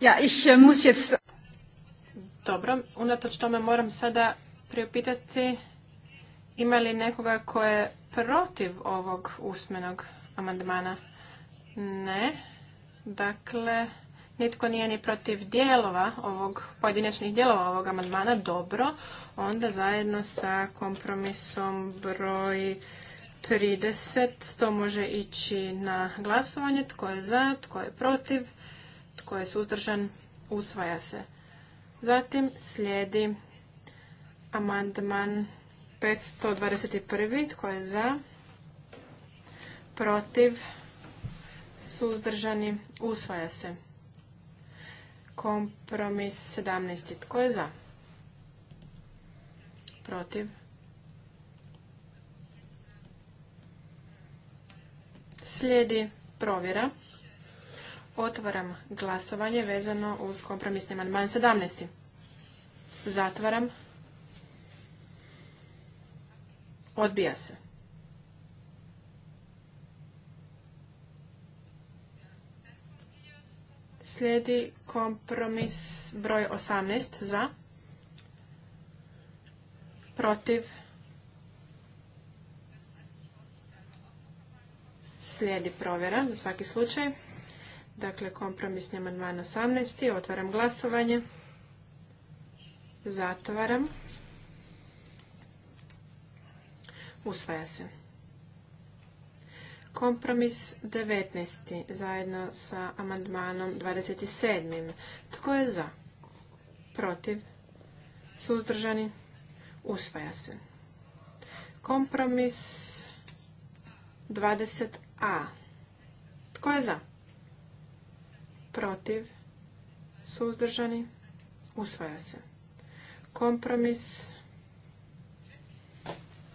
Ja, ich e, muss jetzt... Dobro, unatoč tome moram sada priopitati ima li nekoga ko je protiv ovog usmenog amandmana? Ne. Dakle, nitko nije ni protiv dijelova ovog, pojedinačnih dijelova ovog amandmana. Dobro. Onda zajedno sa kompromisom broj 30 to može ići na glasovanje. Tko je za, tko je protiv, tko je suzdržan, usvaja se. Zatim slijedi amandman 521. Tko je za? Protiv? Suzdržani? Usvaja se. Kompromis 17. Tko je za? Protiv? Slijedi provjera. Otvaram glasovanje vezano uz kompromisni amandman 17. Zatvaram Odbija se. Slijedi kompromis broj 18 za, protiv, slijedi provjera za svaki slučaj. Dakle, kompromis kompromisni amandman 18. Otvaram glasovanje. Zatvaram. Usvaja se. Kompromis 19. zajedno sa amandmanom 27. Tko je za? Protiv? Suzdržani? Usvaja se. Kompromis 20a. Tko je za? Protiv? Suzdržani? Usvaja se. Kompromis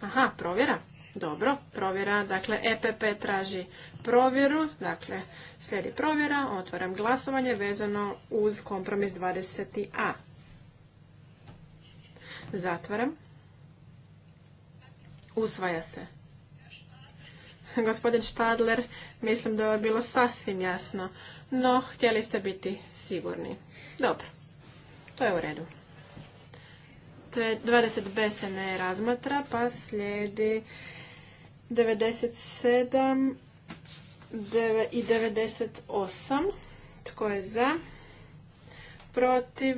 Aha, provjera. Dobro, provjera. Dakle, EPP traži provjeru. Dakle, slijedi provjera. Otvaram glasovanje vezano uz kompromis 20a. Zatvaram. Usvaja se. Gospodin Štadler, mislim da je bilo sasvim jasno, no htjeli ste biti sigurni. Dobro, to je u redu. 20b dakle, se ne razmatra, pa slijedi 97 i 98. Tko je za? Protiv?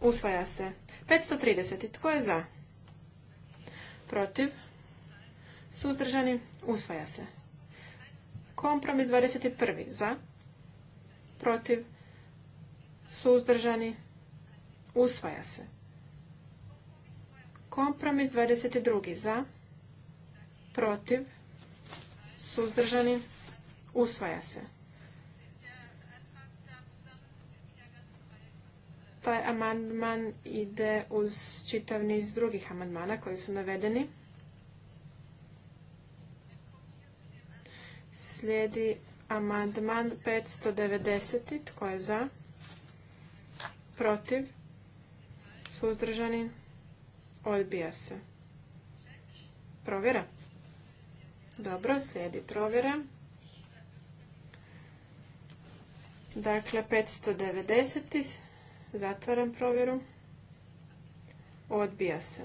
Usvaja se. 530. Tko je za? Protiv? Suzdržani? Usvaja se. Kompromis 21. Za? Protiv? Suzdržani? Usvaja se. Kompromis 22. Za. Protiv. Suzdržani. Usvaja se. Taj amandman ide uz čitav niz drugih amandmana koji su navedeni. Slijedi amandman 590. Tko je za? Protiv? Suzdržani? Odbija se. Provjera. Dobro, slijedi provjera. Dakle, 590. Zatvaram provjeru. Odbija se.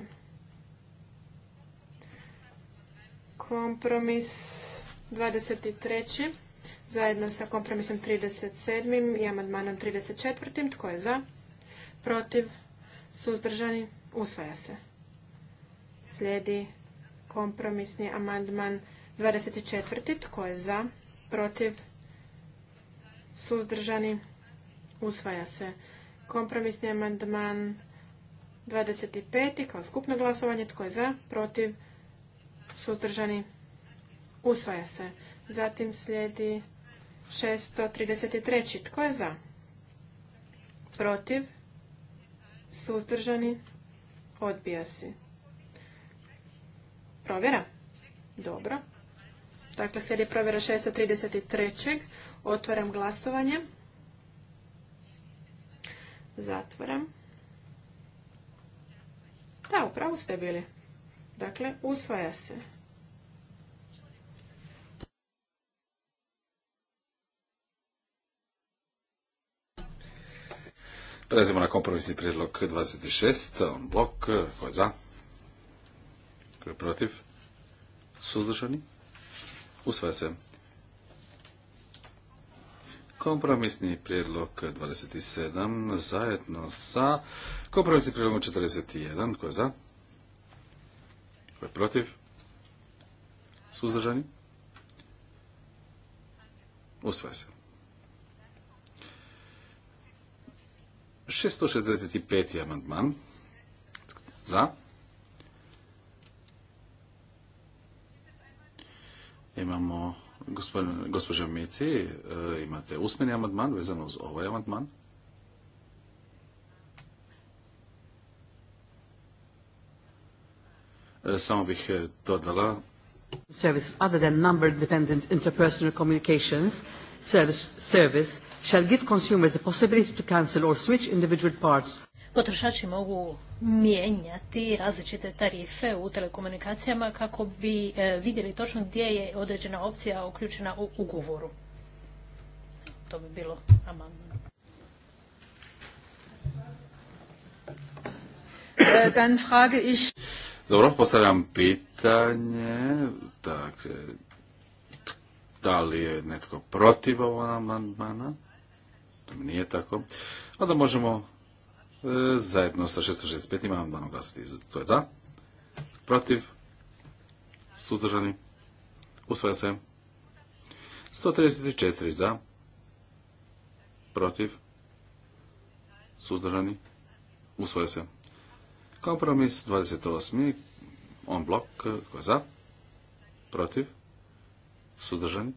Kompromis 23. Zajedno sa kompromisom 37. i amadmanom 34. Tko je za? Protiv? suzdržani, usvaja se. Slijedi kompromisni amandman 24. Tko je za, protiv, suzdržani, usvaja se. Kompromisni amandman 25. kao skupno glasovanje. Tko je za, protiv, suzdržani, usvaja se. Zatim slijedi 633. Tko je za? Protiv? Suzdržani? Odbija se. Provjera? Dobro. Dakle, slijedi provjera 633. Otvaram glasovanje. Zatvaram. Da, upravo ste bili. Dakle, usvaja se. Prelazimo na kompromisni prijedlog 26, on blok, ko je za, ko je protiv, suzdržani, usvaja se. Kompromisni prijedlog 27 zajedno sa kompromisnim prijedlogom 41, ko je za, ko je protiv, suzdržani, usvaja se. 665. amandman. Za. Imamo gospođa Mici, e, imate usmeni amandman vezano uz ovaj amandman. E, samo bih e, dodala service other than number dependent interpersonal communications service shall give consumers the possibility to cancel or switch individual parts. Potrošači mogu mijenjati različite tarife u telekomunikacijama kako bi e, vidjeli točno gdje je određena opcija uključena u ugovoru. To bi bilo amandno. E, dan frage ich... Dobro, postavljam pitanje. Dakle, da li je netko protiv ovog amandmana? nije tako, da možemo e, zajedno sa 665 imamo glasiti. To je za, protiv, sudržani, usvaja se. 134 za, protiv, suzdržani, usvoje se. Kompromis 28. On blok, za, protiv, suzdržani,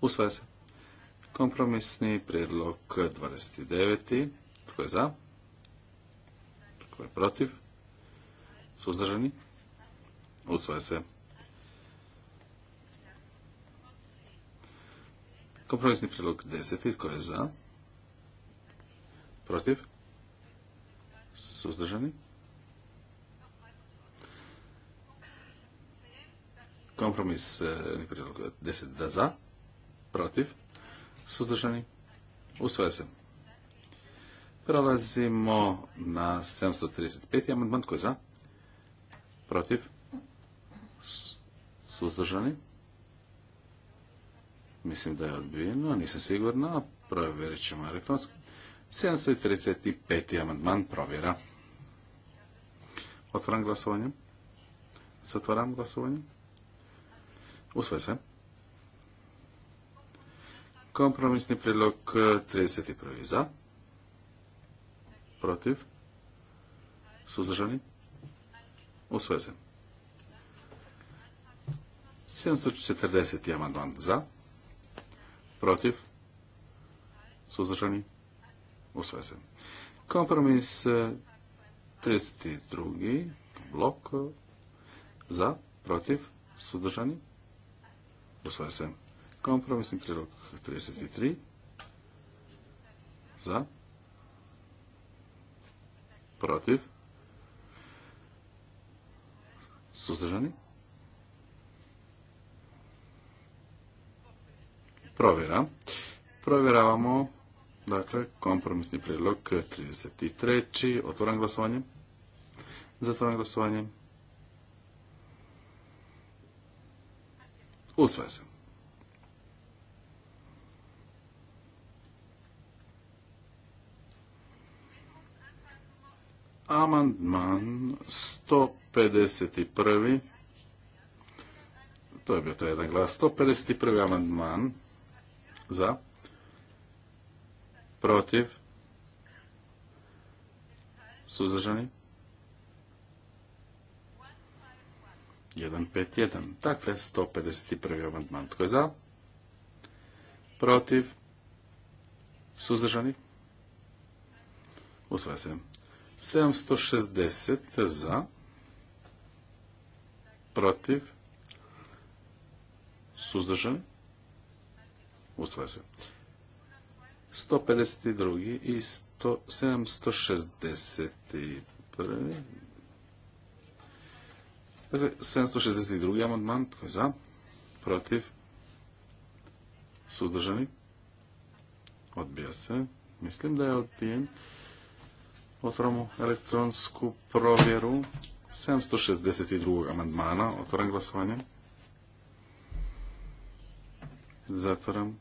Usvaja se. Kompromisni prijedlog 29. Tko je za? Tko je protiv? Suzdržani? usvoje se. Kompromisni prijedlog 10. Tko je za? Protiv? Suzdržani? Kompromisni prijedlog 10. Da za? Protiv? Suzdržani? u se. Prelazimo na 735. amandman. Tko je za? Protiv? Suzdržani? Mislim da je odbijeno, nisam sigurna. Provjerit ćemo elektronski. 735. amandman provjera. Otvaram glasovanje. Zatvaram glasovanje. Usve se. Kompromisni predlog 31. E, za. Protiv. Suzdržani. U se. 740. amandman za. Protiv. Suzdržani. u se. Kompromis 32. E, blok za. Protiv. Suzdržani. u se. Kompromisni prilog 33. Za. Protiv. Suzdržani. Provjera. Provjeravamo dakle kompromisni prilog 33. otvaram glasovanje. Zatvoram glasovanje. Usvaja se. Amandman 151. To je bio taj jedan glas. 151. amandman za, protiv, suzdržani. 151. Dakle, 151. amandman. Tko je za? Protiv? Suzdržani? Usvaja se. 760 za, protiv, suzdržani, usvaja se. 152. i 761. 762. amandman, tko je za, protiv, suzdržani, odbija se. Mislim da je odbijen. Otvoramo elektronsku provjeru 762. amandmana. Otvoram glasovanje. Zatvoram.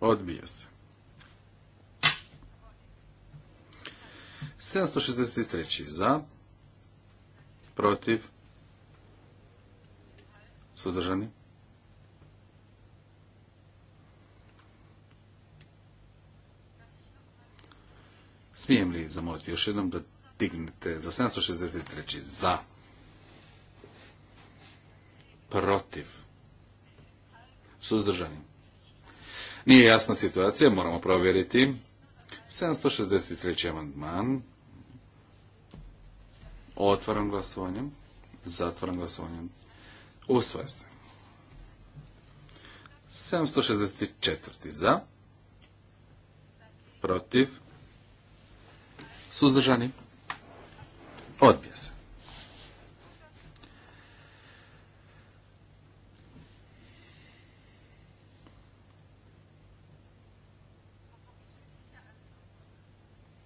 Odbije se. 763. za. Protiv. Suzdržani. Smijem li zamoliti još jednom da dignete za 763. za. Protiv. Suzdržani. Nije jasna situacija, moramo provjeriti. 763. amandman. Otvaram glasovanjem. Zatvaram glasovanjem. Usvaja se. 764. za. Protiv. Suzdržani? Odbija se.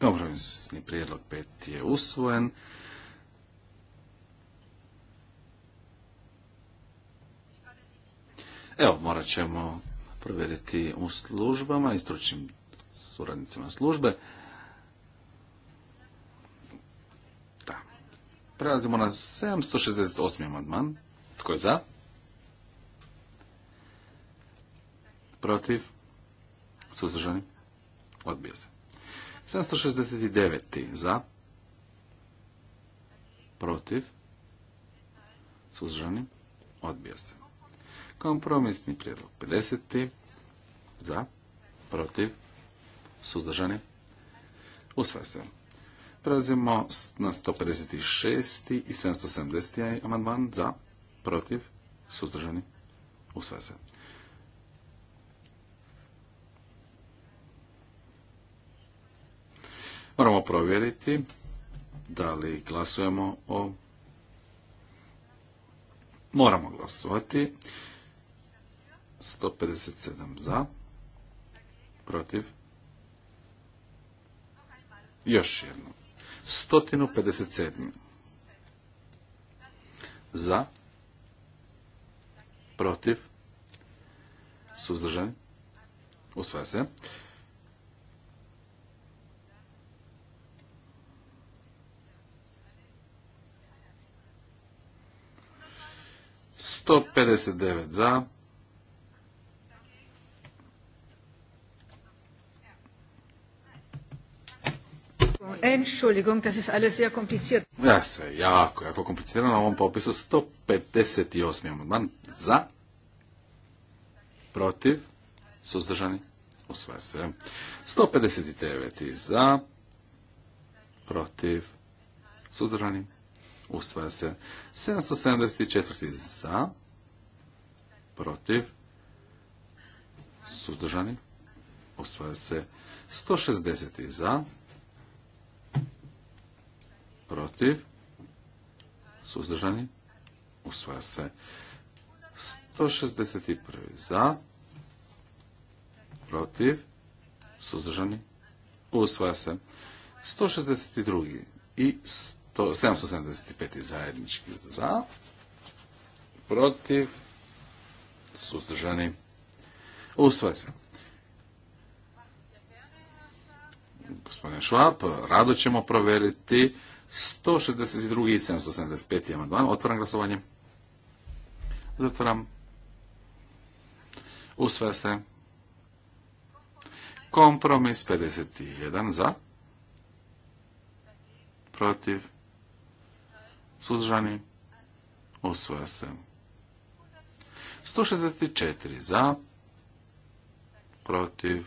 Kompromisni prijedlog pet je usvojen. Evo, morat ćemo provjeriti u službama i stručnim suradnicima službe. Prelazimo na 768. amandman. Tko je za? Protiv? Suzdržani? Odbija se. 769. za? Protiv? Suzdržani? Odbija se. Kompromisni prijedlog 50. za? Protiv? Suzdržani? Usvaja se. Prelazimo na 156. i 770. amandman za, protiv, suzdržani, sve se. Moramo provjeriti da li glasujemo o... Moramo glasovati. 157 za, protiv. Još jednom. 157. Za. Protiv. Suzdržani. Usvaja se. Sto pedeset za Entschuldigung, das ist alles sehr kompliziert. Ja, sve jako, jako komplicirano na ovom popisu. 158. amandman za, protiv, suzdržani, usvaja se. 159. za, protiv, suzdržani, usvaja se. 774. za, protiv, suzdržani, usvaja se. 160. za, protiv, suzdržani, usvaja se. 161. za, protiv, suzdržani, usvaja se. 162. i 775. zajednički za, protiv, suzdržani, usvaja se. Gospodine Švab, rado ćemo provjeriti 162. i 775. amandman. Otvoram glasovanje. Zatvaram. Usvaja se. Kompromis 51 za. Protiv. Suzdržani. Usvaja se. 164 za. Protiv.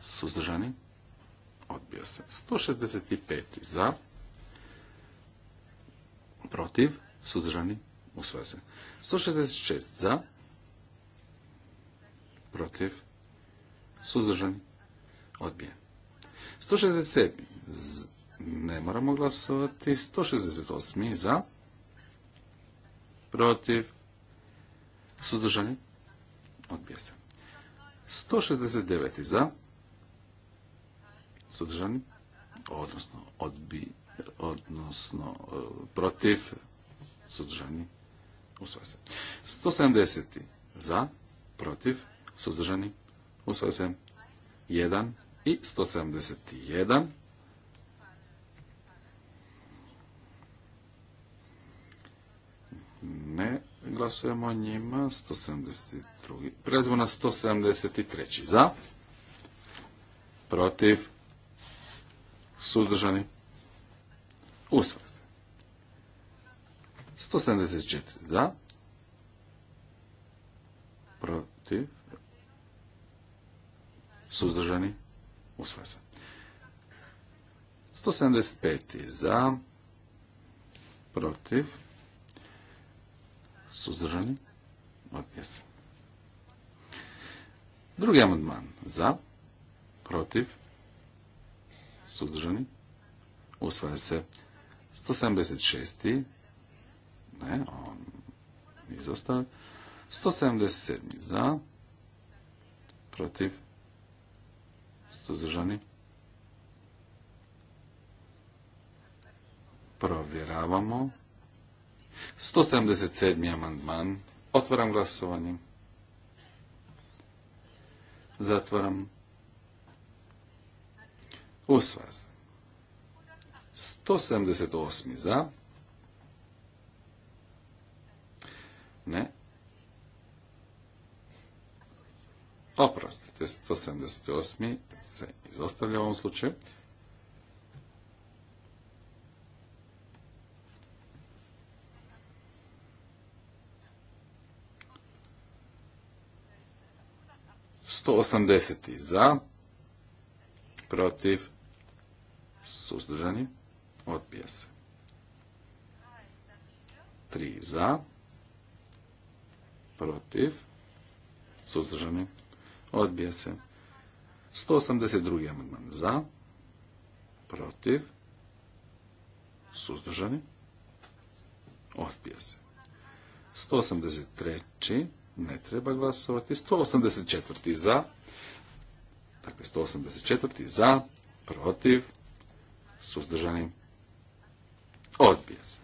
Suzdržani odbio se. 165. za, protiv, suzdržani, usvoja se. 166. za, protiv, suzdržani, odbijen. 167. ne moramo glasovati. 168. za, protiv, suzdržani, odbija se. 169. za, suzdržani, odnosno odbi, odnosno e, protiv, suzdržani, usvaja se. 170. za, protiv, suzdržani, usvaja se. 1 i 171. Ne glasujemo o njima. 172. Prelazimo na 173. Za. Protiv suzdržani, usvaja se. 174 za, protiv, suzdržani, Sto se. 175 za, protiv, suzdržani, odbija se. Drugi amandman za, protiv, suzdržani, usvaja se 176. Ne, on izostaje. 177. za, protiv, suzdržani. Provjeravamo. 177. amandman. Otvaram glasovanje. Zatvaram Osvaz. 178. za. Ne. Oprostite, 178. se izostavlja u ovom slučaju. Sto osamdeseti za, protiv, Suzdržani? Odbija se. 3 za. Protiv. Suzdržani? Odbija se. 182. amandman za. Protiv. Suzdržani? Odbija se. 183. ne treba glasovati. 184. za. Dakle, 184. za. Protiv suzdržani, odbija se.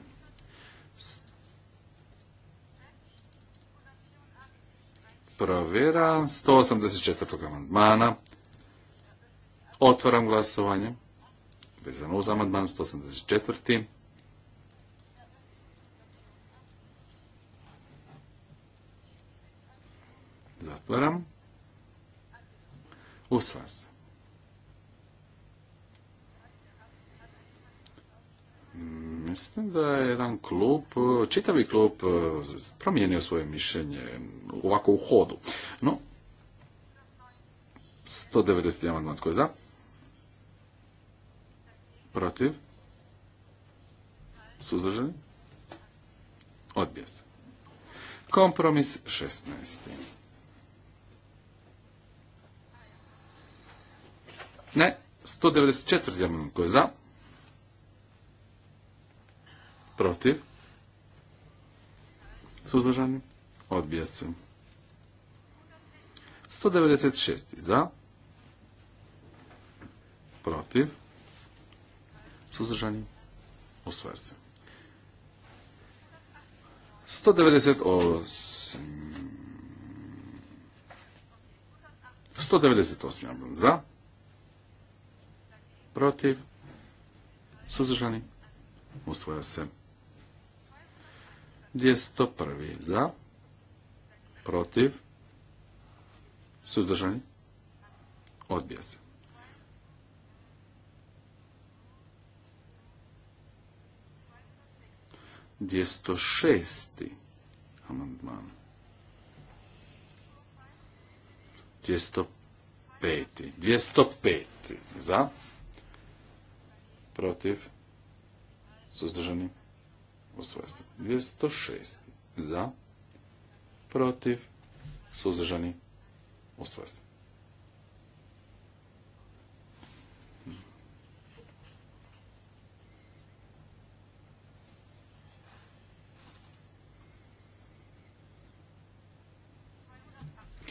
184. amandmana. Otvoram glasovanje. Vezano uz amandman 184. Zatvaram. Usva se. Mislim da je jedan klub, čitavi klub e, promijenio svoje mišljenje ovako u hodu. No, 190. amandman tko je za? Protiv? Suzdržani? Odbija Kompromis 16. Ne, 194. amandman tko je za? Protiv? Suzdržani? Odbija se. 196. Za? Protiv? Suzdržani? Usvaja se. 198. 198. Za? Protiv? Suzdržani? Usvaja se. 201. za, protiv, suzdržani, odbija se. Dvjesto šesti amandman. Dvjesto peti. peti za, protiv, suzdržani, 206 za, protiv, suzržani u 217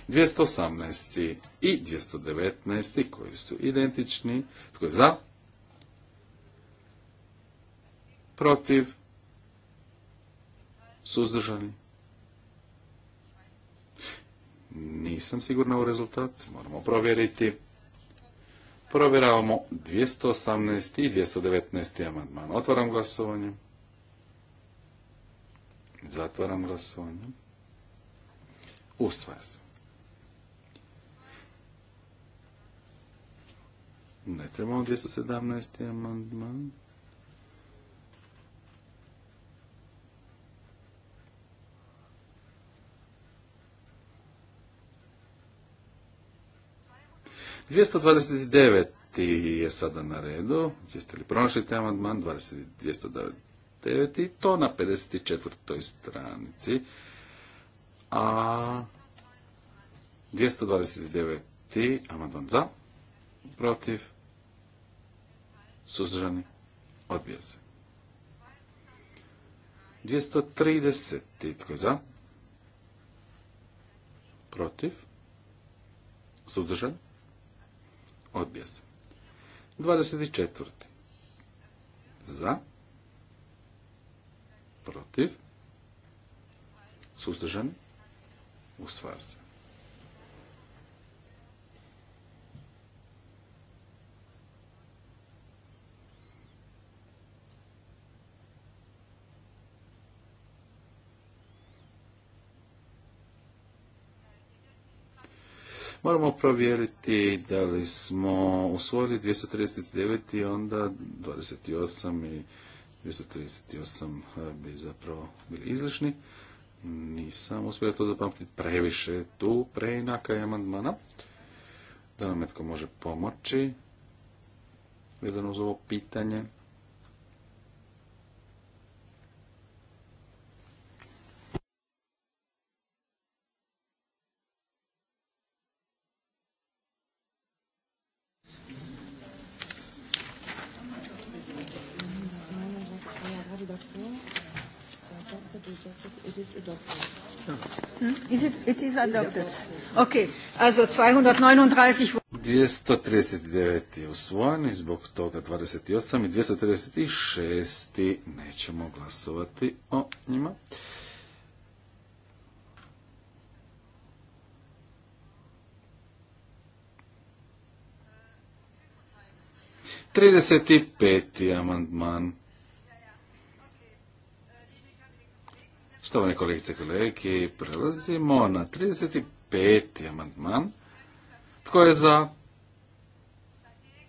Dvjesto i dvjesto devetnaest koji su identični, tko je za, protiv, Suzdržani? Nisam sigurna u rezultat, moramo provjeriti. Provjeravamo 218. i 219. amandman. Otvaram glasovanje. Zatvaram glasovanje. Usvaja se. Ne trebamo 217. amandman. 229. je sada na redu. Jeste li pronašli taj amandman? 229. I to na 54. stranici. A 229. amandman za, protiv, suzdržani, odbija se. 230. Tko je za? Protiv? Suzdržan? Odbija se. 24. Za. Protiv. suzdržan, Usvaja se. Moramo provjeriti da li smo usvojili 239 i onda 28 i 238 eh, bi zapravo bili izlišni. Nisam uspio to zapamtiti previše tu preinaka i amandmana. Da nam netko može pomoći vezano uz ovo pitanje. It is adopted. Okay. Also 239. 239 je usvojen i zbog toga 28 i 236 nećemo glasovati o njima. 35. amendment. amandman. Štovane kolegice i kolege, prelazimo na 35. amandman. Tko je za?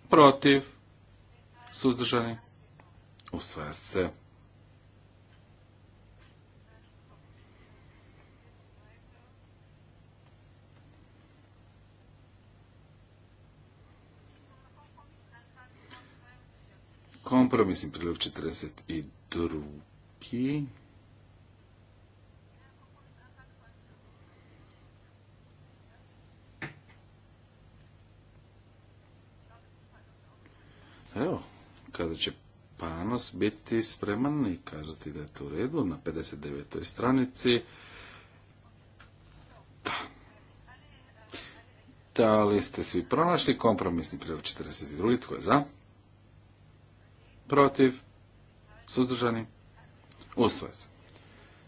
Protiv? Suzdržani? Usvaja se. Kompromisni prilog 42. Evo, kada će Panos biti spreman i kazati da je to u redu na 59. stranici. Da. li ste svi pronašli kompromisni prilog 42. Tko je za? Protiv? Suzdržani? Usvoje se.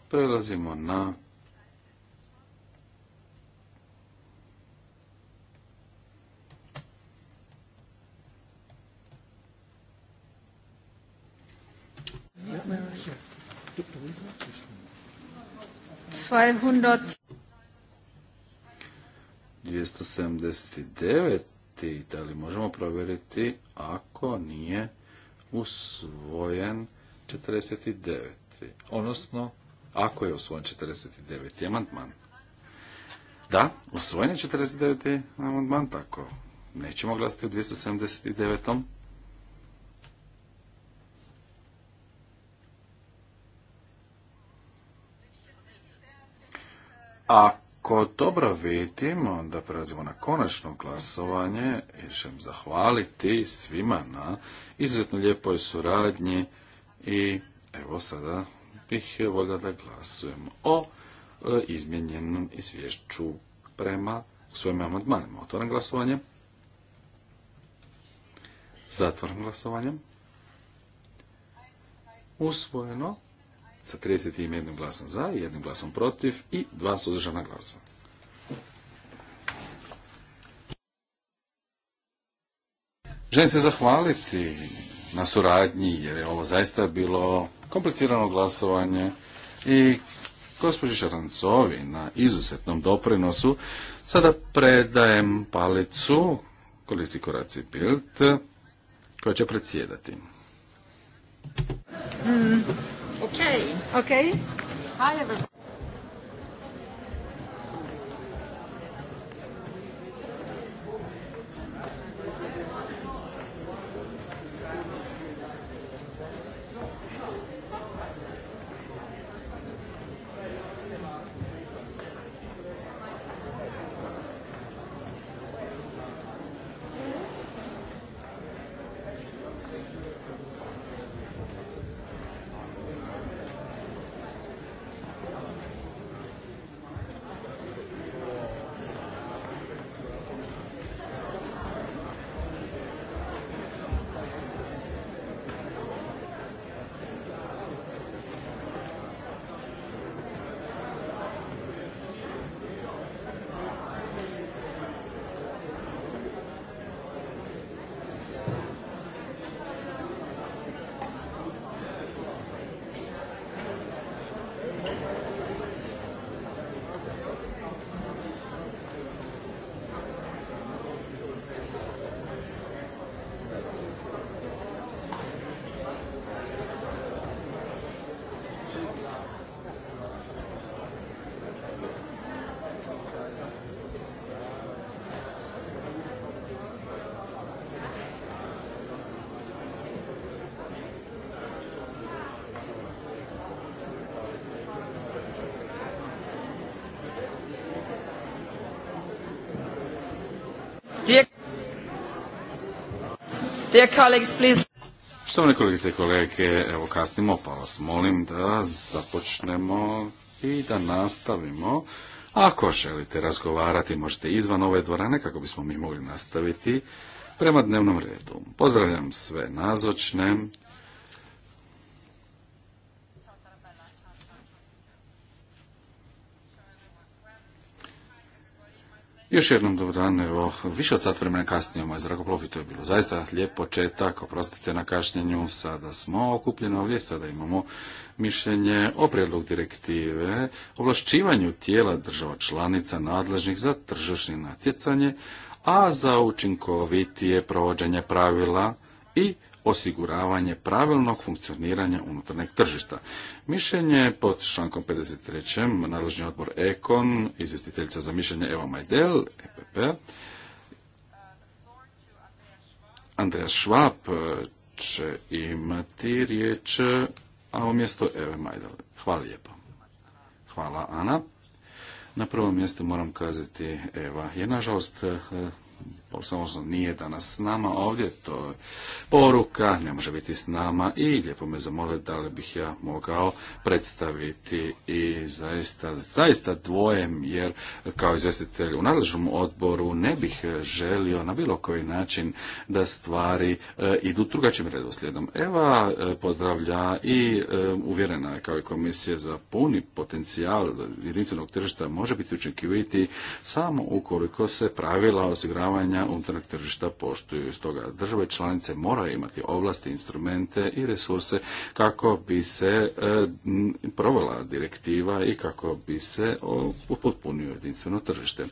Prelazimo na 279. Da li možemo provjeriti ako nije usvojen 49. Odnosno, ako je usvojen 49. amandman. Da, usvojen je 49. amandman, tako. Nećemo glasiti u 279. Ako dobro vidim, onda prelazimo na konačno glasovanje zahvaliti svima na izuzetno lijepoj suradnji i evo sada bih volja da glasujem o e, izmjenjenom izvješću prema svojim amandmanima. Otvoram glasovanje. Zatvoram glasovanje. Usvojeno sa 31 glasom za, jednim glasom protiv i dva suzdržana glasa. Želim se zahvaliti na suradnji jer je ovo zaista bilo komplicirano glasovanje i gospođi Šarancovi na izuzetnom doprinosu sada predajem palicu kolici koraci Bild koja će predsjedati. Mm. Okay. Okay. Hi everybody. Dear colleagues, kolegice i kolege, evo kasnimo, pa vas molim da započnemo i da nastavimo. Ako želite razgovarati, možete izvan ove dvorane kako bismo mi mogli nastaviti prema dnevnom redu. Pozdravljam sve nazočne, Još jednom dobro dan, evo, više od sat vremena kasnije moj zrakoplovi, to je bilo zaista lijep početak, oprostite na kašnjenju, sada smo okupljeni ovdje, sada imamo mišljenje o prijedlog direktive, ovlašćivanju tijela država članica nadležnih za tržišno natjecanje, a za učinkovitije provođenje pravila i osiguravanje pravilnog funkcioniranja unutarnjeg tržišta. Mišljenje pod člankom 53. nadležni odbor Ekon, izvjestiteljica za mišljenje Eva Majdel, EPP, Andreas Švab će imati riječ, a umjesto Eve Majdel. Hvala lijepo. Hvala, Ana. Na prvom mjestu moram kazati, Eva je nažalost odnosno nije danas s nama ovdje, to je poruka, ne može biti s nama i lijepo me zamole da li bih ja mogao predstaviti i zaista, zaista dvojem jer kao izvjestitelj u nadležnom odboru ne bih želio na bilo koji način da stvari e, idu drugačijim redoslijedom. Eva e, pozdravlja i e, uvjerena je kao i komisija za puni potencijal jedinstvenog tržišta može biti učinkiviti samo ukoliko se pravila osiguravanja pitanja unutarnjeg tržišta poštuju. Stoga države članice moraju imati ovlasti, instrumente i resurse kako bi se e, provela direktiva i kako bi se upotpunio jedinstveno tržište.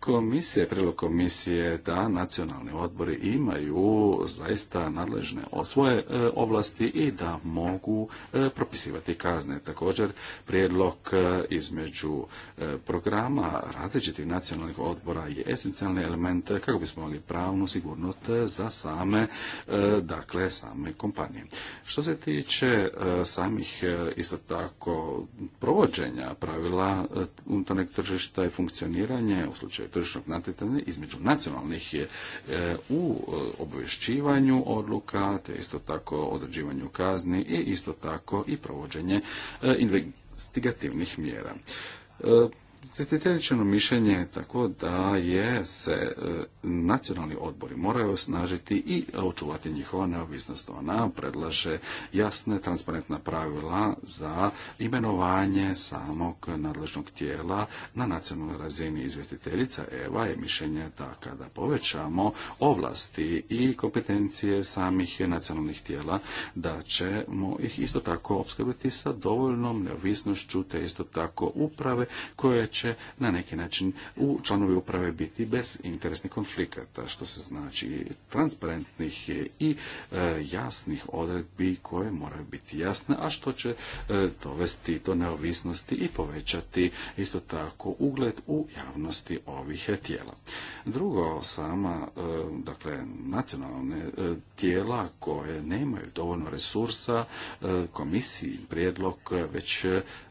Komisije, prilog komisije da nacionalni odbori imaju zaista nadležne svoje e, ovlasti i da mogu e, propisivati kazne. Također, prijedlog između programa različitih nacionalnih odbora je esencijalni element kako bismo bismo imali pravnu sigurnost za same, e, dakle, same kompanije. Što se tiče e, samih e, isto tako provođenja pravila unutarnjeg tržišta i funkcioniranje u slučaju tržišnog natjecanja između nacionalnih je u obavješćivanju odluka, te isto tako određivanju kazni i isto tako i provođenje investigativnih mjera. Izvjestitelj mišljenje je tako da je se e, nacionalni odbori moraju osnažiti i očuvati njihova neovisnost. Ona predlaže jasne, transparentna pravila za imenovanje samog nadležnog tijela na nacionalnoj razini. Izvjestiteljica Eva je mišljenje da kada povećamo ovlasti i kompetencije samih nacionalnih tijela, da ćemo ih isto tako opskrbiti sa dovoljnom neovisnošću, te isto tako uprave koje će na neki način u članovi uprave biti bez interesnih konflikata, što se znači transparentnih i e, jasnih odredbi koje moraju biti jasne, a što će e, dovesti do neovisnosti i povećati isto tako ugled u javnosti ovih tijela. Drugo, sama e, dakle, nacionalne tijela koje nemaju dovoljno resursa, komisiji prijedlog već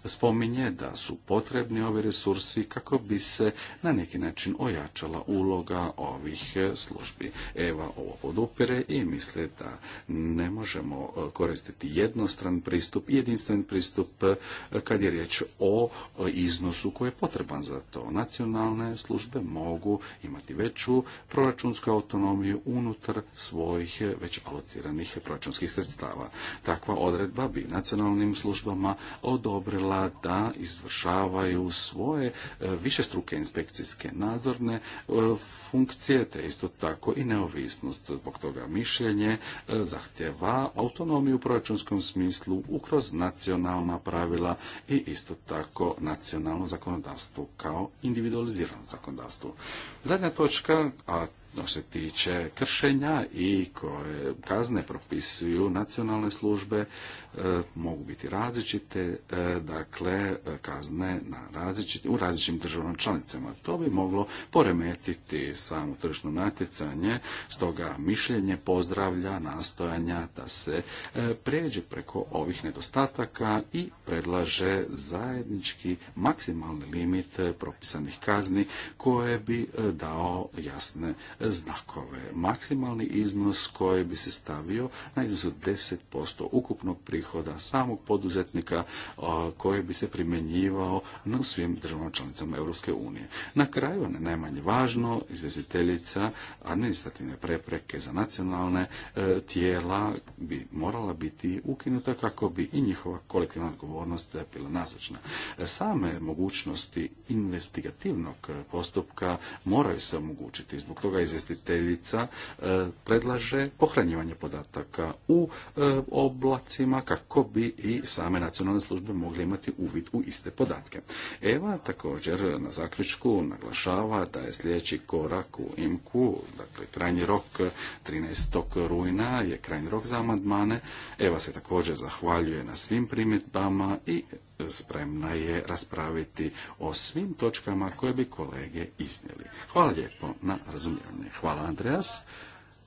spominje da su potrebni ovi resursi resursi kako bi se na neki način ojačala uloga ovih e, službi. Eva ovo podupire i misle da ne možemo e, koristiti jednostran pristup, jedinstven pristup e, kad je riječ o iznosu koji je potreban za to. Nacionalne službe mogu imati veću proračunsku autonomiju unutar svojih već alociranih proračunskih sredstava. Takva odredba bi nacionalnim službama odobrila da izvršavaju svoje E, više struke inspekcijske nadzorne e, funkcije, te isto tako i neovisnost. Zbog toga mišljenje e, zahtjeva autonomiju u proračunskom smislu ukroz nacionalna pravila i isto tako nacionalno zakonodavstvo kao individualizirano zakonodavstvo. Zadnja točka, a što se tiče kršenja i koje kazne propisuju nacionalne službe e, mogu biti različite, e, dakle kazne na različit, u različitim državama članicama. To bi moglo poremetiti samo tržišno natjecanje, stoga mišljenje pozdravlja nastojanja da se prijeđe pređe preko ovih nedostataka i predlaže zajednički maksimalni limit propisanih kazni koje bi e, dao jasne znakove. Maksimalni iznos koji bi se stavio na iznos od 10% ukupnog prihoda samog poduzetnika koji bi se primjenjivao na svim državama članicama Europske unije. Na kraju, ne najmanje važno, izvjestiteljica administrativne prepreke za nacionalne e, tijela bi morala biti ukinuta kako bi i njihova kolektivna odgovornost bila nazočna. Same mogućnosti investigativnog postupka moraju se omogućiti. Zbog toga je izvjestiteljica e, predlaže pohranjivanje podataka u e, oblacima kako bi i same nacionalne službe mogle imati uvid u iste podatke. Eva također na zaključku naglašava da je sljedeći korak u IMKU, dakle krajnji rok 13. E, rujna je krajnji rok za amandmane. Eva se također zahvaljuje na svim primjedbama i spremna je raspraviti o svim točkama koje bi kolege iznijeli. Hvala lijepo na razumijevanje. Hvala Andreas.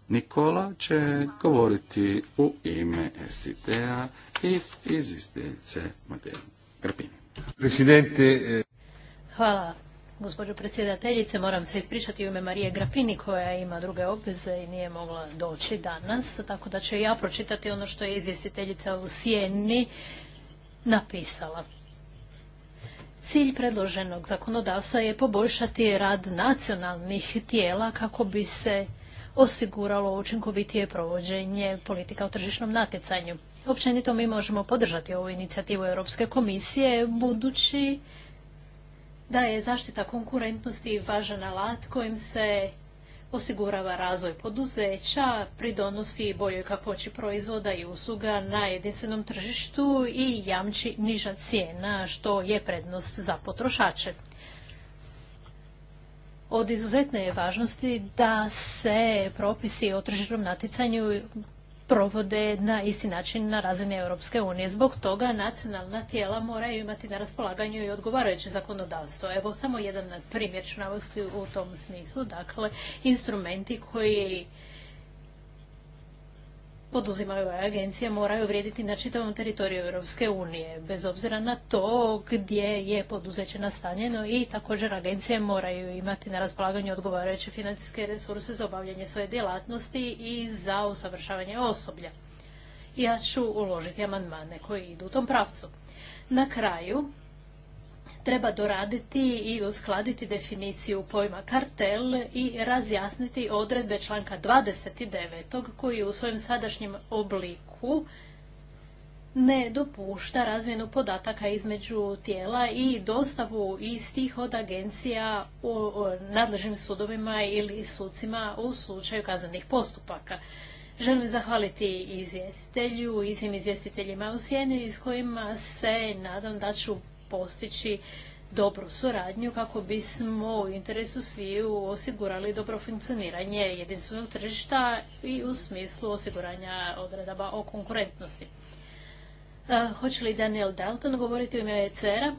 Nikola će govoriti u ime sit a i izvjestiteljice Madeleine Grpini. Eh. Hvala, gospođo predsjedateljice. Moram se ispričati u ime Marije Grapini koja ima druge obveze i nije mogla doći danas, tako da ću ja pročitati ono što je izvjestiteljica u Sjeni napisala. Cilj predloženog zakonodavstva je poboljšati rad nacionalnih tijela kako bi se osiguralo učinkovitije provođenje politika o tržišnom natjecanju. Općenito mi možemo podržati ovu inicijativu Europske komisije budući da je zaštita konkurentnosti važan alat kojim se osigurava razvoj poduzeća, pridonosi boljoj kakvoći proizvoda i usluga na jedinstvenom tržištu i jamči niža cijena, što je prednost za potrošače. Od izuzetne je važnosti da se propisi o tržišnom natjecanju provode na isti način na razini Europske unije. Zbog toga nacionalna tijela moraju imati na raspolaganju i odgovarajuće zakonodavstvo. Evo samo jedan primjer navesti u tom smislu. Dakle, instrumenti koji poduzimaju agencije moraju vrijediti na čitavom teritoriju Europske unije, bez obzira na to gdje je poduzeće nastanjeno i također agencije moraju imati na raspolaganju odgovarajuće financijske resurse za obavljanje svoje djelatnosti i za usavršavanje osoblja. Ja ću uložiti amandmane koji idu u tom pravcu. Na kraju, treba doraditi i uskladiti definiciju pojma kartel i razjasniti odredbe članka 29. koji u svojem sadašnjem obliku ne dopušta razmjenu podataka između tijela i dostavu istih od agencija u nadležnim sudovima ili sucima u slučaju kaznenih postupaka. Želim zahvaliti izvjestitelju i svim izvjestiteljima u sjeni s kojima se nadam da ću postići dobru suradnju kako bismo u interesu sviju osigurali dobro funkcioniranje jedinstvenog tržišta i u smislu osiguranja odredaba o konkurentnosti. E, hoće li Daniel Dalton govoriti u ime ECR-a?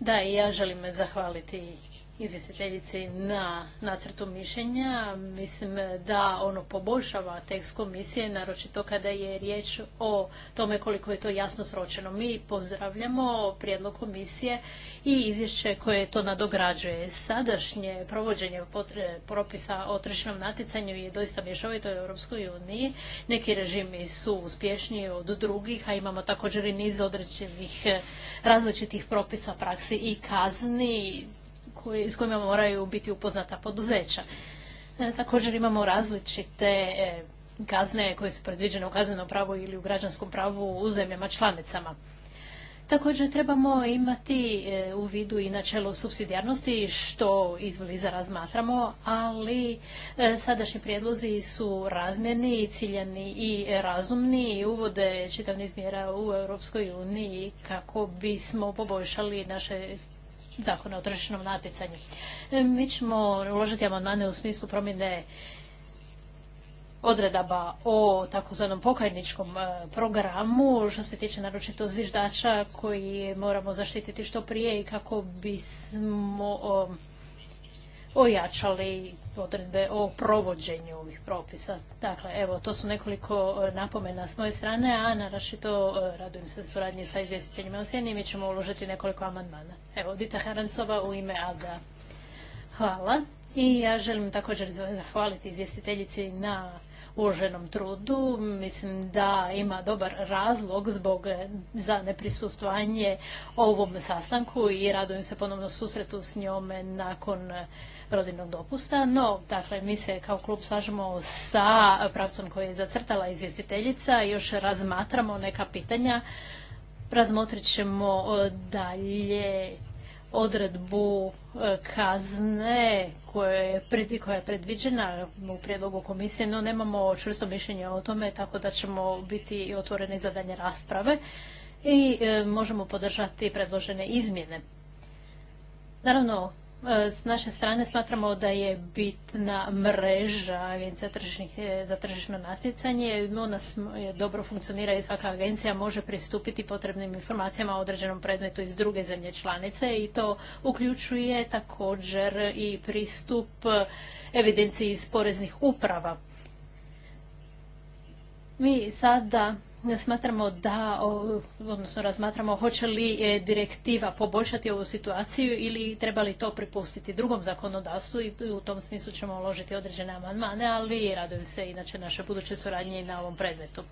Da, i ja želim zahvaliti izvjestiteljici na nacrtu mišljenja. Mislim da ono poboljšava tekst komisije, naročito kada je riječ o tome koliko je to jasno sročeno. Mi pozdravljamo prijedlog komisije i izvješće koje to nadograđuje. Sadašnje provođenje propisa o tržišnom natjecanju je doista mješovito u Europskoj uniji. Neki režimi su uspješniji od drugih, a imamo također i niz određenih eh, različitih propisa praksi i kazni s kojima moraju biti upoznata poduzeća. E, također imamo različite e, kazne koje su predviđene u kaznenom pravu ili u građanskom pravu u zemljama članicama. Također trebamo imati e, u vidu i načelo subsidijarnosti što izbliza razmatramo, ali sadašnji prijedlozi su razmjerni, ciljani i razumni i uvode čitav niz u Europskoj uniji kako bismo poboljšali naše zakona o tržišnom natjecanju. E, mi ćemo uložiti amandmane u smislu promjene odredaba o takozvanom pokajničkom e, programu što se tiče naročito zviždača koji moramo zaštititi što prije i kako bismo ojačali odredbe o provođenju ovih propisa. Dakle, evo, to su nekoliko e, napomena s moje strane, a naročito e, radujem se suradnje sa izvjestiteljima u i mi ćemo uložiti nekoliko amandmana. Evo, Dita Herancova u ime ADA. Hvala. I ja želim također zahvaliti izvjestiteljici na uloženom trudu. Mislim da ima dobar razlog zbog za neprisustvanje ovom sastanku i radujem se ponovno susretu s njome nakon rodinog dopusta. No, dakle, mi se kao klub slažemo sa pravcom koje je zacrtala izvjestiteljica. Još razmatramo neka pitanja. Razmotrit ćemo eh, dalje odredbu e, kazne koja je predviđena u prijedlogu komisije, no nemamo čvrsto mišljenje o tome, tako da ćemo biti otvoreni za danje rasprave i e, možemo podržati predložene izmjene. Naravno, E, s naše strane smatramo da je bitna mreža agencija e, za tržišno natjecanje. Ona dobro funkcionira i svaka agencija može pristupiti potrebnim informacijama o određenom predmetu iz druge zemlje članice i to uključuje također i pristup evidenciji iz poreznih uprava. Mi sada smatramo da, odnosno razmatramo hoće li e, direktiva poboljšati ovu situaciju ili treba li to prepustiti drugom zakonodavstvu i u tom smislu ćemo uložiti određene amandmane, ali radujem se inače naše buduće suradnje i na ovom predmetu.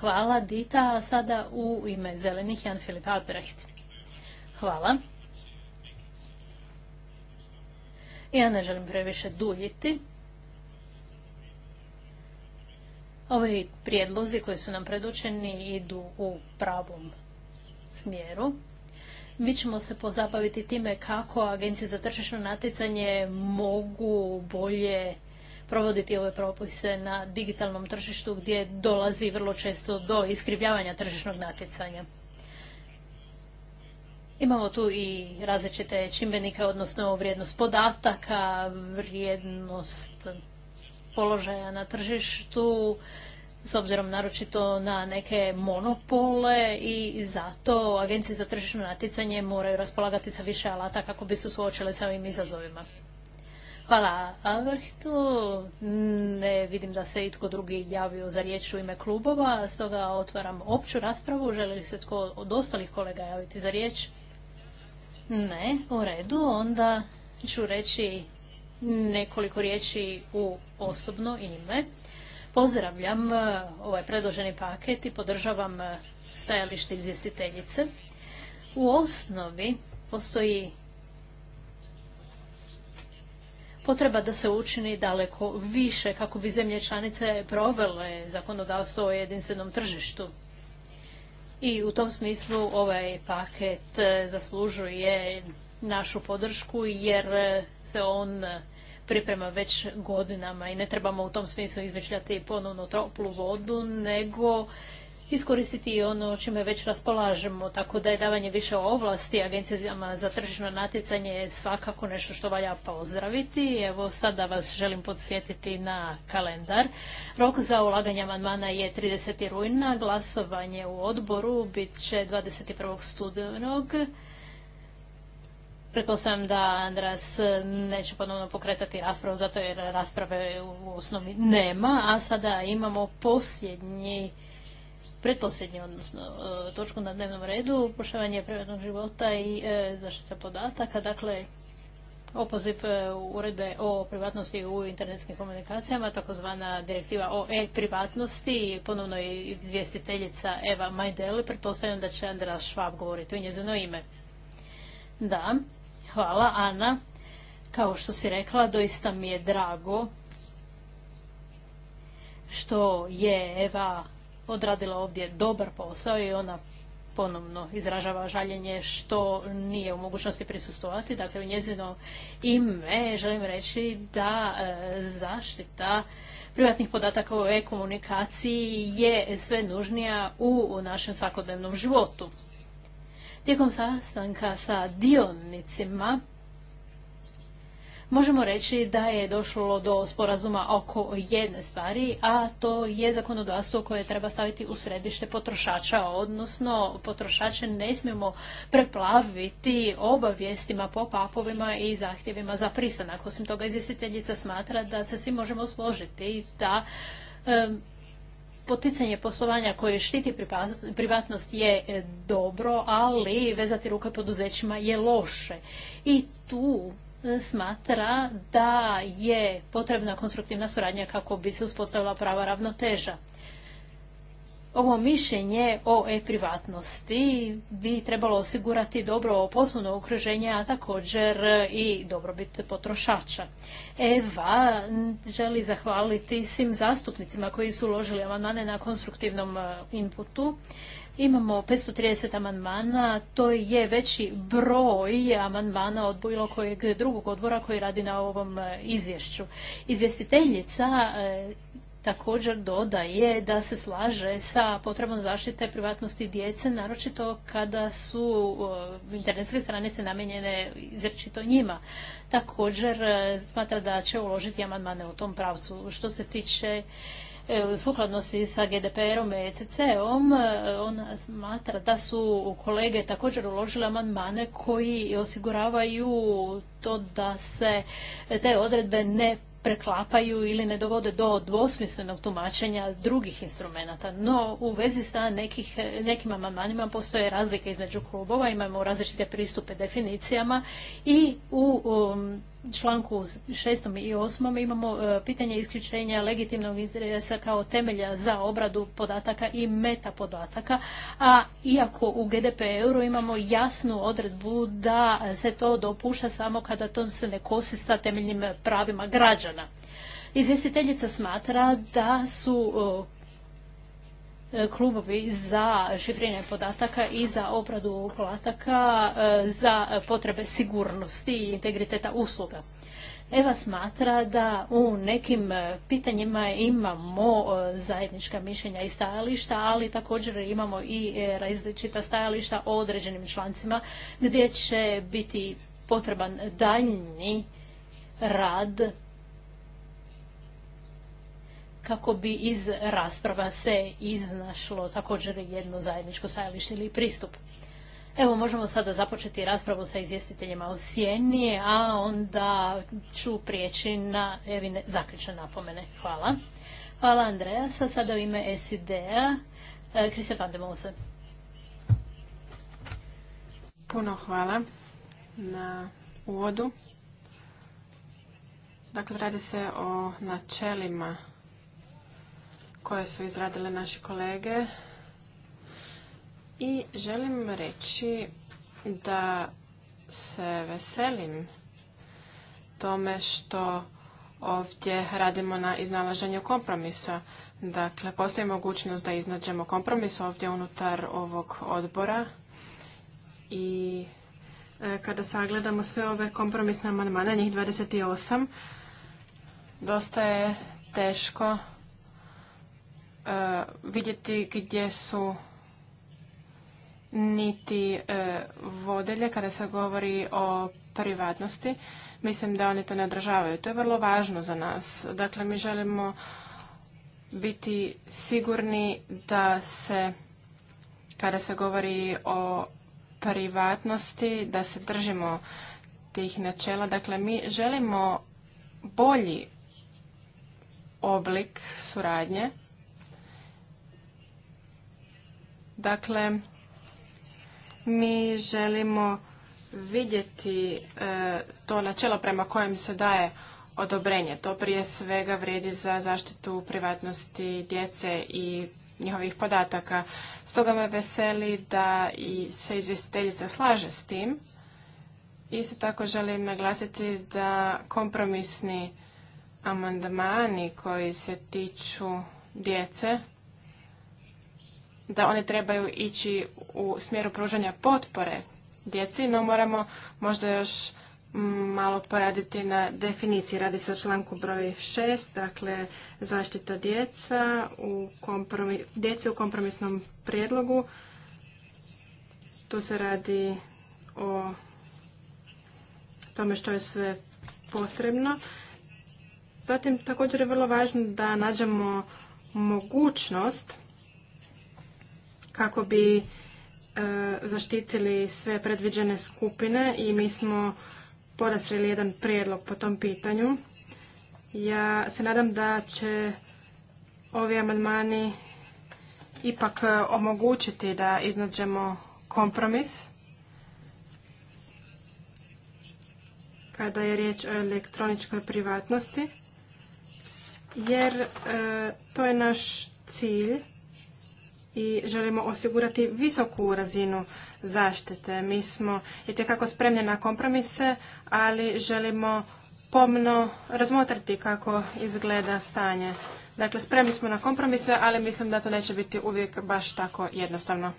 Hvala Dita, a sada u ime zelenih Jan Filip Alperahit. Hvala. Ja ne želim previše duljiti. Ovi prijedlozi koji su nam predočeni idu u pravom smjeru. Mi ćemo se pozabaviti time kako agencije za tržišno natjecanje mogu bolje provoditi ove propise na digitalnom tržištu gdje dolazi vrlo često do iskrivljavanja tržišnog natjecanja. Imamo tu i različite čimbenike, odnosno vrijednost podataka, vrijednost položaja na tržištu, s obzirom naročito na neke monopole i zato agencije za tržišno natjecanje moraju raspolagati sa više alata kako bi se suočile sa ovim izazovima. Hvala Albertu. Ne vidim da se itko drugi javio za riječ u ime klubova, stoga otvaram opću raspravu. Želi li se tko od ostalih kolega javiti za riječ? Ne, u redu. Onda ću reći nekoliko riječi u osobno ime. Pozdravljam e, ovaj predloženi paket i podržavam e, stajalište izvjestiteljice. U osnovi postoji potreba da se učini daleko više kako bi zemlje članice provele zakonodavstvo o jedinstvenom tržištu. I u tom smislu ovaj paket e, zaslužuje našu podršku jer se on e, priprema već godinama i ne trebamo u tom smislu izmišljati ponovno toplu vodu, nego iskoristiti i ono čime već raspolažemo, tako da je davanje više ovlasti agencijama za tržišno natjecanje je svakako nešto što valja pozdraviti. Evo sada vas želim podsjetiti na kalendar. Rok za ulaganje amandmana je 30. rujna, glasovanje u odboru bit će 21. studenog. Pretpostavljam da Andras neće ponovno pokretati raspravu, zato jer rasprave u osnovi nema, a sada imamo posljednji, pretposljednji, odnosno e, točku na dnevnom redu, poštovanje privatnog života i e, zaštita podataka, dakle opoziv e, uredbe o privatnosti u internetskim komunikacijama, takozvana direktiva o e-privatnosti, ponovno je izvjestiteljica Eva Majdeli pretpostavljam da će Andras Švab govoriti u njezino ime. Da, Hvala, Ana. Kao što si rekla, doista mi je drago što je Eva odradila ovdje dobar posao i ona ponovno izražava žaljenje što nije u mogućnosti prisustovati. Dakle, u njezino ime želim reći da e, zaštita privatnih podataka u e-komunikaciji je sve nužnija u našem svakodnevnom životu. Tijekom sastanka sa dionicima možemo reći da je došlo do sporazuma oko jedne stvari, a to je zakonodavstvo koje treba staviti u središte potrošača, odnosno potrošače ne smijemo preplaviti obavijestima, po upovima i zahtjevima za pristanak. Osim toga, izvjestiteljica smatra da se svi možemo složiti da poticanje poslovanja koje štiti privatnost je e, dobro, ali vezati ruke poduzećima je loše. I tu e, smatra da je potrebna konstruktivna suradnja kako bi se uspostavila prava ravnoteža ovo mišljenje o e-privatnosti bi trebalo osigurati dobro poslovno okruženje, a također i dobrobit potrošača. Eva želi zahvaliti svim zastupnicima koji su uložili amandmane na konstruktivnom e, inputu. Imamo 530 amandmana, to je veći broj amandmana od bilo kojeg drugog odbora koji radi na ovom e, izvješću. Izvjestiteljica e, također dodaje da se slaže sa potrebom zaštite privatnosti djece, naročito kada su internetske stranice namijenjene izrečito njima. Također e, smatra da će uložiti amandmane u tom pravcu. Što se tiče e, sukladnosti sa GDPR-om i ECC-om, e, on smatra da su kolege također uložile amandmane koji osiguravaju to da se te odredbe ne preklapaju ili ne dovode do dvosmislenog tumačenja drugih instrumenata. No, u vezi sa nekih, nekim amandmanima postoje razlike između klubova, imamo različite pristupe definicijama i u um, članku 6. i 8. imamo e, pitanje isključenja legitimnog interesa kao temelja za obradu podataka i meta podataka, a iako u GDPR-u imamo jasnu odredbu da se to dopušta samo kada to se ne kosi sa temeljnim pravima građana. Izvjestiteljica smatra da su e, E, klubovi za šifriranje podataka i za obradu podataka e, za potrebe sigurnosti i integriteta usluga. Eva smatra da u nekim e, pitanjima imamo zajednička mišljenja i stajališta, ali također imamo i različita stajališta o određenim člancima gdje će biti potreban daljnji rad kako bi iz rasprava se iznašlo također jedno zajedničko stajalište ili pristup. Evo, možemo sada započeti raspravu sa izvjestiteljima u sjeni, a onda ću prijeći na evine zaključne napomene. Hvala. Hvala Andreasa. Sada u ime SID-a, Krise e, van de Mose. Puno hvala na uvodu. Dakle, radi se o načelima koje su izradile naše kolege i želim reći da se veselim tome što ovdje radimo na iznalaženju kompromisa. Dakle, postoji mogućnost da iznađemo kompromis ovdje unutar ovog odbora i e, kada sagledamo sve ove kompromisne amandmane, njih 28, dosta je teško E, vidjeti gdje su niti e, vodelje kada se govori o privatnosti. Mislim da oni to ne održavaju. To je vrlo važno za nas. Dakle, mi želimo biti sigurni da se, kada se govori o privatnosti, da se držimo tih načela. Dakle, mi želimo bolji oblik suradnje Dakle, mi želimo vidjeti e, to načelo prema kojem se daje odobrenje. To prije svega vrijedi za zaštitu privatnosti djece i njihovih podataka. Stoga me veseli da i se izvjestiteljica slaže s tim. Isto tako želim naglasiti da kompromisni amandmani koji se tiču djece da oni trebaju ići u smjeru pružanja potpore djeci, no moramo možda još malo poraditi na definiciji. Radi se o članku broj 6, dakle zaštita djeca u kompromis, u kompromisnom prijedlogu. Tu se radi o tome što je sve potrebno. Zatim također je vrlo važno da nađemo mogućnost kako bi e, zaštitili sve predviđene skupine i mi smo podastrili jedan prijedlog po tom pitanju. Ja se nadam da će ovi amandmani ipak omogućiti da iznađemo kompromis kada je riječ o elektroničkoj privatnosti jer e, to je naš cilj i želimo osigurati visoku razinu zaštite. Mi smo i tekako spremni na kompromise, ali želimo pomno razmotriti kako izgleda stanje. Dakle, spremni smo na kompromise, ali mislim da to neće biti uvijek baš tako jednostavno.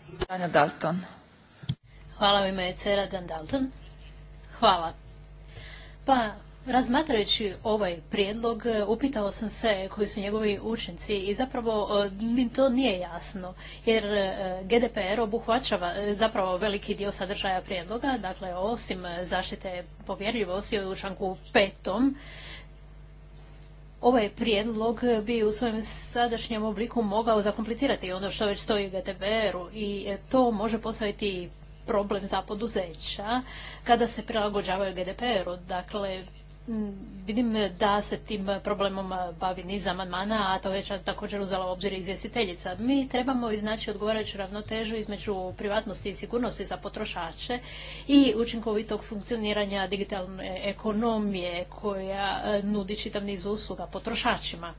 Dalton. Hvala vam, i Dan Hvala. Pa, Razmatrajući ovaj prijedlog, e, upitao sam se koji su njegovi učinci i zapravo mi e, to nije jasno, jer e, GDPR obuhvaćava zapravo veliki dio sadržaja prijedloga, dakle osim zaštite povjerljivosti u članku petom, ovaj prijedlog bi u svojem sadašnjem obliku mogao zakomplicirati ono što već stoji u GDPR-u i to može postaviti problem za poduzeća kada se prilagođavaju GDPR-u. Dakle, Mm, vidim eh, da se tim eh, problemom eh, bavi niz amandmana, a to već također uzela u obzir izvjestiteljica. Mi trebamo iznaći odgovarajuću ravnotežu između privatnosti i sigurnosti za potrošače i učinkovitog funkcioniranja digitalne ekonomije koja nudi čitav niz usluga potrošačima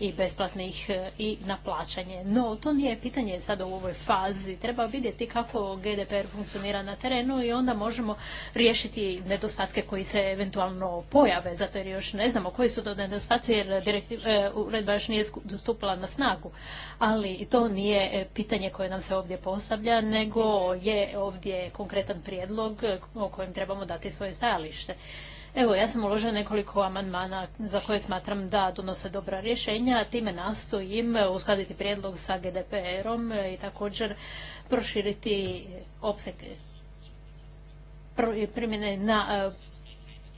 i besplatnih e, i na plaćanje. No, to nije pitanje sada u ovoj fazi. Treba vidjeti kako GDPR funkcionira na terenu i onda možemo riješiti nedostatke koji se eventualno pojave, zato jer još ne znamo koji su to nedostaci jer e, uredba još nije dostupila na snagu. Ali to nije e, pitanje koje nam se ovdje postavlja, nego je ovdje konkretan prijedlog o kojem trebamo dati svoje stajalište. Evo, ja sam uložila nekoliko amandmana za koje smatram da donose dobra rješenja, time nastojim uskladiti prijedlog sa GDPR-om i također proširiti opseg primjene na e,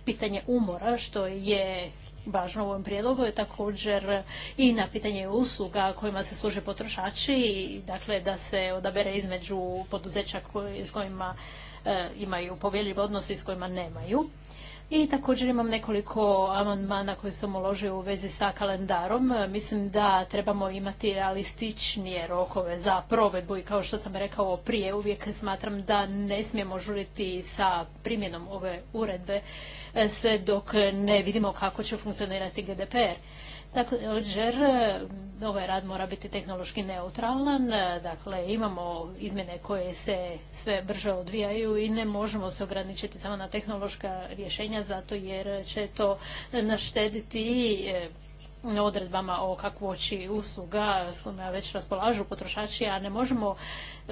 pitanje umora, što je važno u ovom prijedlogu je također i na pitanje usluga kojima se služe potrošači, dakle da se odabere između poduzeća s kojima e, imaju povjeljiv odnos i s kojima nemaju. I također imam nekoliko amandmana koji sam uložio u vezi sa kalendarom. Mislim da trebamo imati realističnije rokove za provedbu i kao što sam rekao prije, uvijek smatram da ne smijemo žuriti sa primjenom ove uredbe e, sve dok ne vidimo kako će funkcionirati GDPR. Također, dakle, ovaj rad mora biti tehnološki neutralan, dakle imamo izmjene koje se sve brže odvijaju i ne možemo se ograničiti samo na tehnološka rješenja zato jer će to naštediti e, odredbama o kakvoći usluga s kojima već raspolažu potrošači, a ne možemo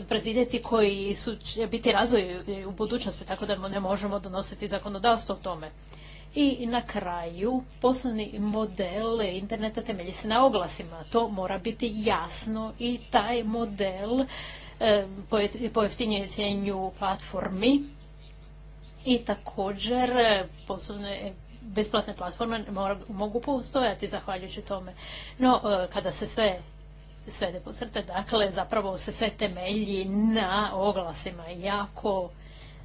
predvidjeti koji su, će biti razvoj u budućnosti, tako da ne možemo donositi zakonodavstvo o tome. I na kraju, poslovni model interneta temelji se na oglasima. To mora biti jasno i taj model pojeftinjuje cijenju platformi i također e, poslovne besplatne platforme mogu postojati zahvaljujući tome. No, e, kada se sve svede po dakle, zapravo se sve temelji na oglasima. jako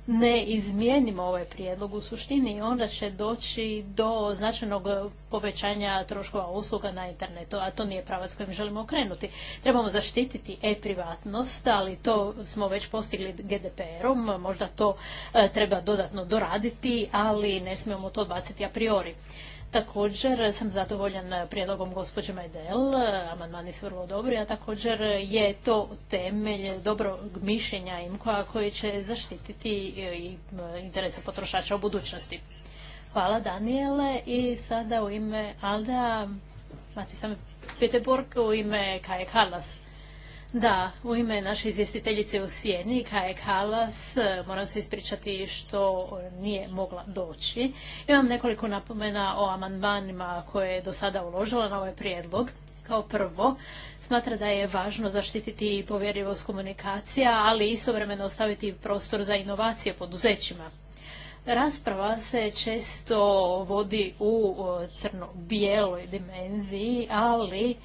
ne izmijenimo ovaj prijedlog u suštini, onda će doći do značajnog povećanja troškova usluga na internetu, a to nije pravac kojim želimo okrenuti. Trebamo zaštititi e-privatnost, ali to smo već postigli GDPR-om, možda to e, treba dodatno doraditi, ali ne smijemo to odbaciti a priori. Također sam zadovoljan prijedlogom gospođe Majdel, amandmani su vrlo dobri, a također je to temelj dobrog mišljenja IMKO-a koji će zaštititi e, e, interese potrošača u budućnosti. Hvala Daniele i sada u ime Alda sam Peteborg u ime Kaje Kalas. Da, u ime naše izvjestiteljice u Sijeni, Kaje Kalas, moram se ispričati što nije mogla doći. Imam nekoliko napomena o amandmanima koje je do sada uložila na ovaj prijedlog. Kao prvo, smatra da je važno zaštititi povjerljivost komunikacija, ali istovremeno ostaviti prostor za inovacije poduzećima. Rasprava se često vodi u crno-bijeloj dimenziji, ali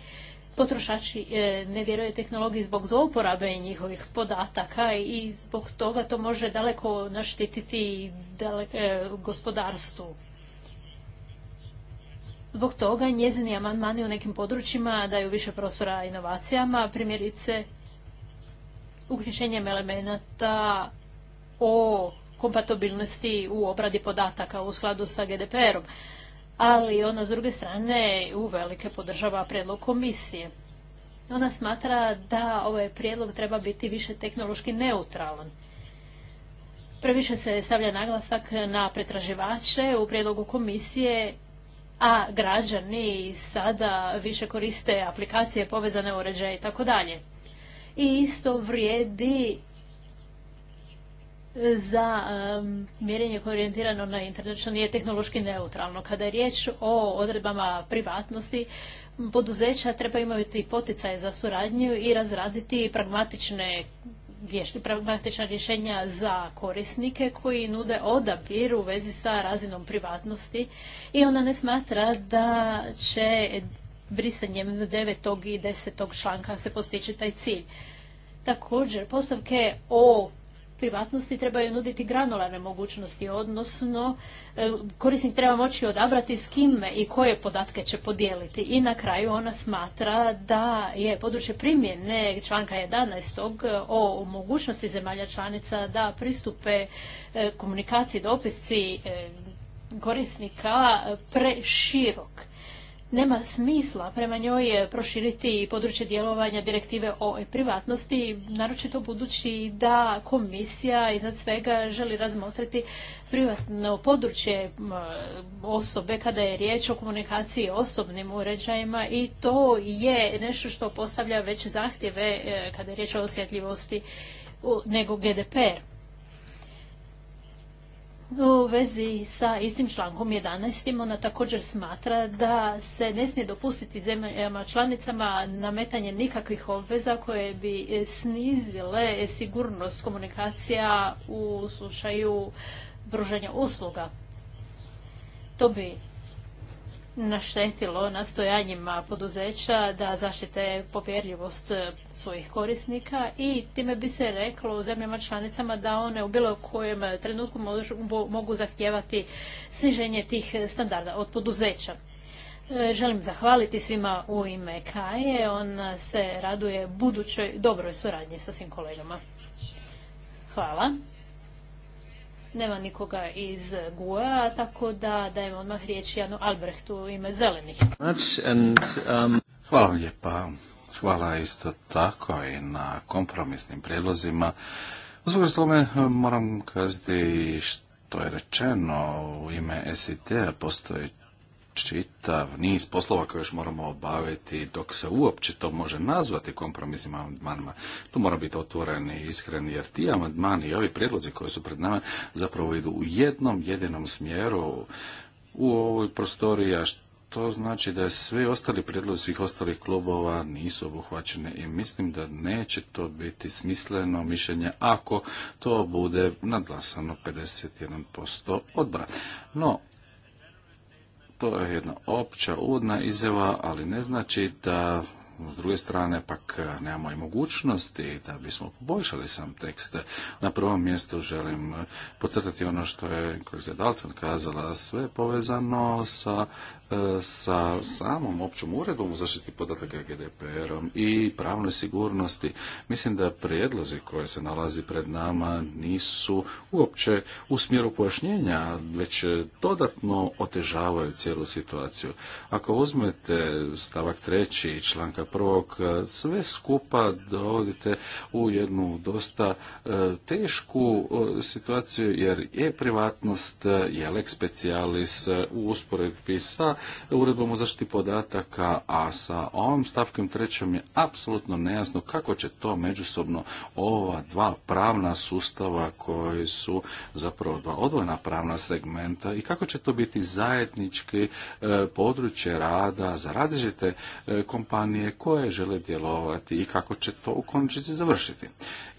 potrošači e, ne vjeruju tehnologiji zbog zlouporabe njihovih podataka i zbog toga to može daleko naštetiti e, gospodarstvu. Zbog toga njezini amandmani u nekim područjima daju više prostora inovacijama, primjerice uključenjem elemenata o kompatibilnosti u obradi podataka u skladu sa GDPR-om ali ona s druge strane uvelike podržava prijedlog komisije. Ona smatra da ovaj prijedlog treba biti više tehnološki neutralan. Previše se stavlja naglasak na pretraživače u prijedlogu komisije, a građani sada više koriste aplikacije, povezane uređaje i tako I isto vrijedi za mjerenje koje je orijentirano na internet, što nije tehnološki neutralno. Kada je riječ o odredbama privatnosti, poduzeća treba imati poticaje za suradnju i razraditi pragmatične pragmatična rješenja za korisnike koji nude odabir u vezi sa razinom privatnosti i ona ne smatra da će brisanjem devetog i desetog članka se postići taj cilj. Također, postavke o privatnosti trebaju nuditi granularne mogućnosti, odnosno e, korisnik treba moći odabrati s kime i koje podatke će podijeliti. I na kraju ona smatra da je područje primjene članka 11. E, o mogućnosti zemalja članica da pristupe e, komunikaciji, dopisci korisnika preširok nema smisla prema njoj proširiti područje djelovanja direktive o privatnosti, naročito budući da komisija iznad svega želi razmotriti privatno područje osobe kada je riječ o komunikaciji osobnim uređajima i to je nešto što postavlja veće zahtjeve e, kada je riječ o osjetljivosti nego GDPR. U vezi sa istim člankom 11. ona također smatra da se ne smije dopustiti zemljama članicama nametanje nikakvih obveza koje bi snizile sigurnost komunikacija u slučaju pružanja usluga. To bi naštetilo nastojanjima poduzeća da zaštite povjerljivost svojih korisnika i time bi se reklo zemljama članicama da one u bilo kojem trenutku mogu zahtijevati sniženje tih standarda od poduzeća. E, želim zahvaliti svima u ime Kaje. On se raduje budućoj dobroj suradnji sa svim kolegama. Hvala. Nema nikoga iz GUA, tako da dajemo odmah riječ Janu Albrehtu u ime zelenih. Um, Hvala lijepa. Hvala isto tako i na kompromisnim prijedlozima. svog tome moram kazati što je rečeno u ime SIT-a postoji čitav niz poslova koje još moramo obaviti dok se uopće to može nazvati kompromisima amandmanima. Tu mora biti otvoren i iskren jer ti amandmani i ovi prijedlozi koji su pred nama zapravo idu u jednom jedinom smjeru u ovoj prostoriji, a to znači da svi ostali prijedlozi svih ostalih klubova nisu obuhvaćene i mislim da neće to biti smisleno mišljenje ako to bude nadlasano 51% odbora. No, to je jedna opća uvodna izjava, ali ne znači da s druge strane pak e, nemamo i mogućnosti da bismo poboljšali sam tekst. Na prvom mjestu želim e, podcrtati ono što je kolegica Dalton kazala, sve povezano sa E, sa samom općom uredom u zaštiti podataka GDPR-om i pravnoj sigurnosti. Mislim da prijedlozi koje se nalazi pred nama nisu uopće u smjeru pojašnjenja, već dodatno otežavaju cijelu situaciju. Ako uzmete stavak treći i članka prvog, sve skupa dovodite u jednu dosta e, tešku e, situaciju, jer je privatnost, je lek specialis u usporedbi sa uredbom o zaštiti podataka, a sa ovom stavkom trećom je apsolutno nejasno kako će to međusobno ova dva pravna sustava koji su zapravo dva odvojena pravna segmenta i kako će to biti zajednički e, područje rada za različite e, kompanije koje žele djelovati i kako će to u konačnici završiti.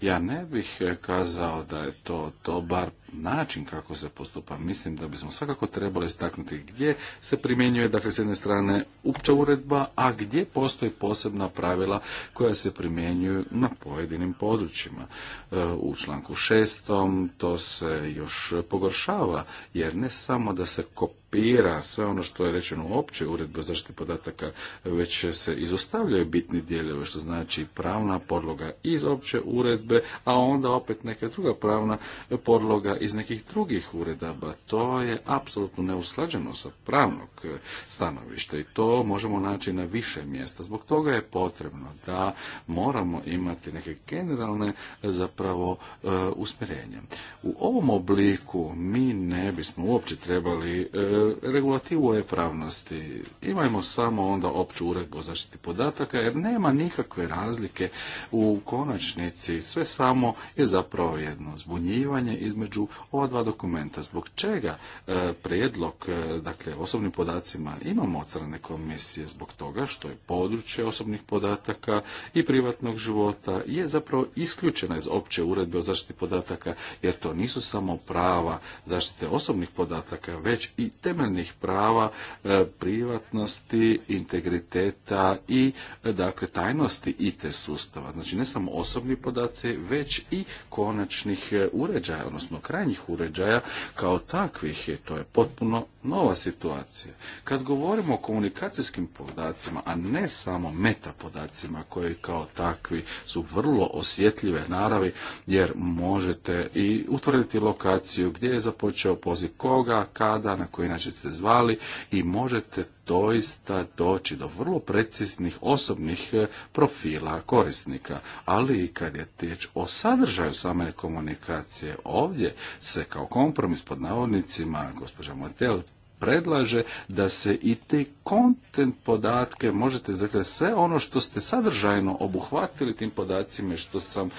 Ja ne bih e, kazao da je to dobar način kako se postupa. Mislim da bismo svakako trebali istaknuti gdje se primjenjuje primjenjuje, dakle, s jedne strane upća uredba, a gdje postoji posebna pravila koja se primjenjuju na pojedinim područjima. E, u članku šestom to se još pogoršava, jer ne samo da se papira, sve ono što je rečeno u općoj uredbi o zaštiti podataka, već se izostavljaju bitni dijelovi, što znači pravna podloga iz opće uredbe, a onda opet neka druga pravna podloga iz nekih drugih uredaba. To je apsolutno neusklađeno sa pravnog stanovišta i to možemo naći na više mjesta. Zbog toga je potrebno da moramo imati neke generalne zapravo e, usmjerenje. U ovom obliku mi ne bismo uopće trebali e, regulativu o e-pravnosti. Imajmo samo onda opću uredbu o zaštiti podataka jer nema nikakve razlike u konačnici. Sve samo je zapravo jedno zbunjivanje između ova dva dokumenta. Zbog čega e, prijedlog, e, dakle osobnim podacima imamo od strane komisije zbog toga što je područje osobnih podataka i privatnog života je zapravo isključena iz opće uredbe o zaštiti podataka jer to nisu samo prava zaštite osobnih podataka već i te temeljnih prava e, privatnosti, integriteta i e, dakle tajnosti te sustava. Znači ne samo osobni podaci, već i konačnih e, uređaja, odnosno krajnjih uređaja kao takvih. To je potpuno nova situacija. Kad govorimo o komunikacijskim podacima, a ne samo metapodacima koji kao takvi su vrlo osjetljive naravi, jer možete i utvrditi lokaciju gdje je započeo poziv koga, kada, na koji način ste zvali i možete doista doći do vrlo preciznih osobnih e, profila korisnika. Ali i kad je teč o sadržaju same komunikacije, ovdje se kao kompromis pod navodnicima gospođa Motel predlaže da se i te kontent podatke možete, dakle sve ono što ste sadržajno obuhvatili tim podacima i što sam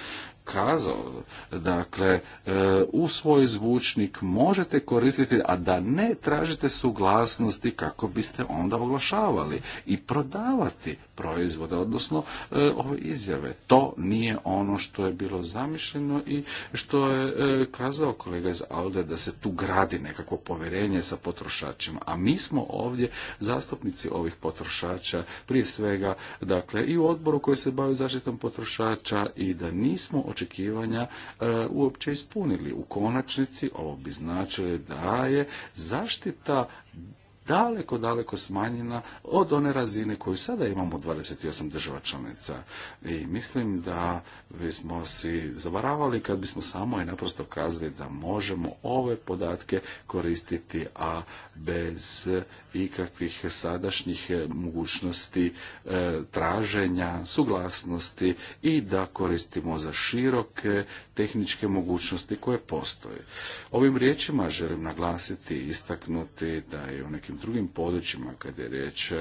kazao, dakle, e, u svoj zvučnik možete koristiti, a da ne tražite suglasnosti kako biste onda oglašavali i prodavati proizvode, odnosno e, ove izjave. To nije ono što je bilo zamišljeno i što je e, kazao kolega iz Alde da se tu gradi nekako povjerenje sa potrošačima. A mi smo ovdje zastupnici ovih potrošača, prije svega, dakle, i u odboru koji se bavi zaštitom potrošača i da nismo očekivanja e, uopće ispunili. U konačnici ovo bi značilo da je zaštita daleko, daleko smanjena od one razine koju sada imamo 28 država članica. I mislim da bismo si zavaravali kad bismo samo i naprosto kazali da možemo ove podatke koristiti, a bez ikakvih sadašnjih e, mogućnosti e, traženja, suglasnosti i da koristimo za široke tehničke mogućnosti koje postoje. Ovim riječima želim naglasiti i istaknuti da je u nekim drugim područjima kada je riječ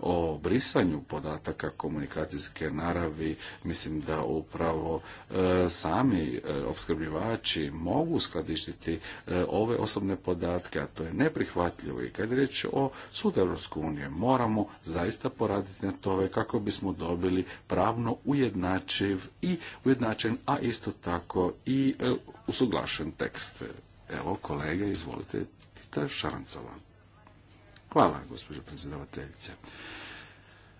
o brisanju podataka komunikacijske naravi, mislim da upravo e, sami opskrbljivači mogu skladištiti ove osobne podatke, a to je neprihvatljivo. I kad je riječ o sud Europske unije. Moramo zaista poraditi na tome kako bismo dobili pravno ujednačiv i ujednačen, a isto tako i e, usuglašen tekst. Evo, kolege, izvolite, Tita Šarancova. Hvala, gospođo predsjedavateljice.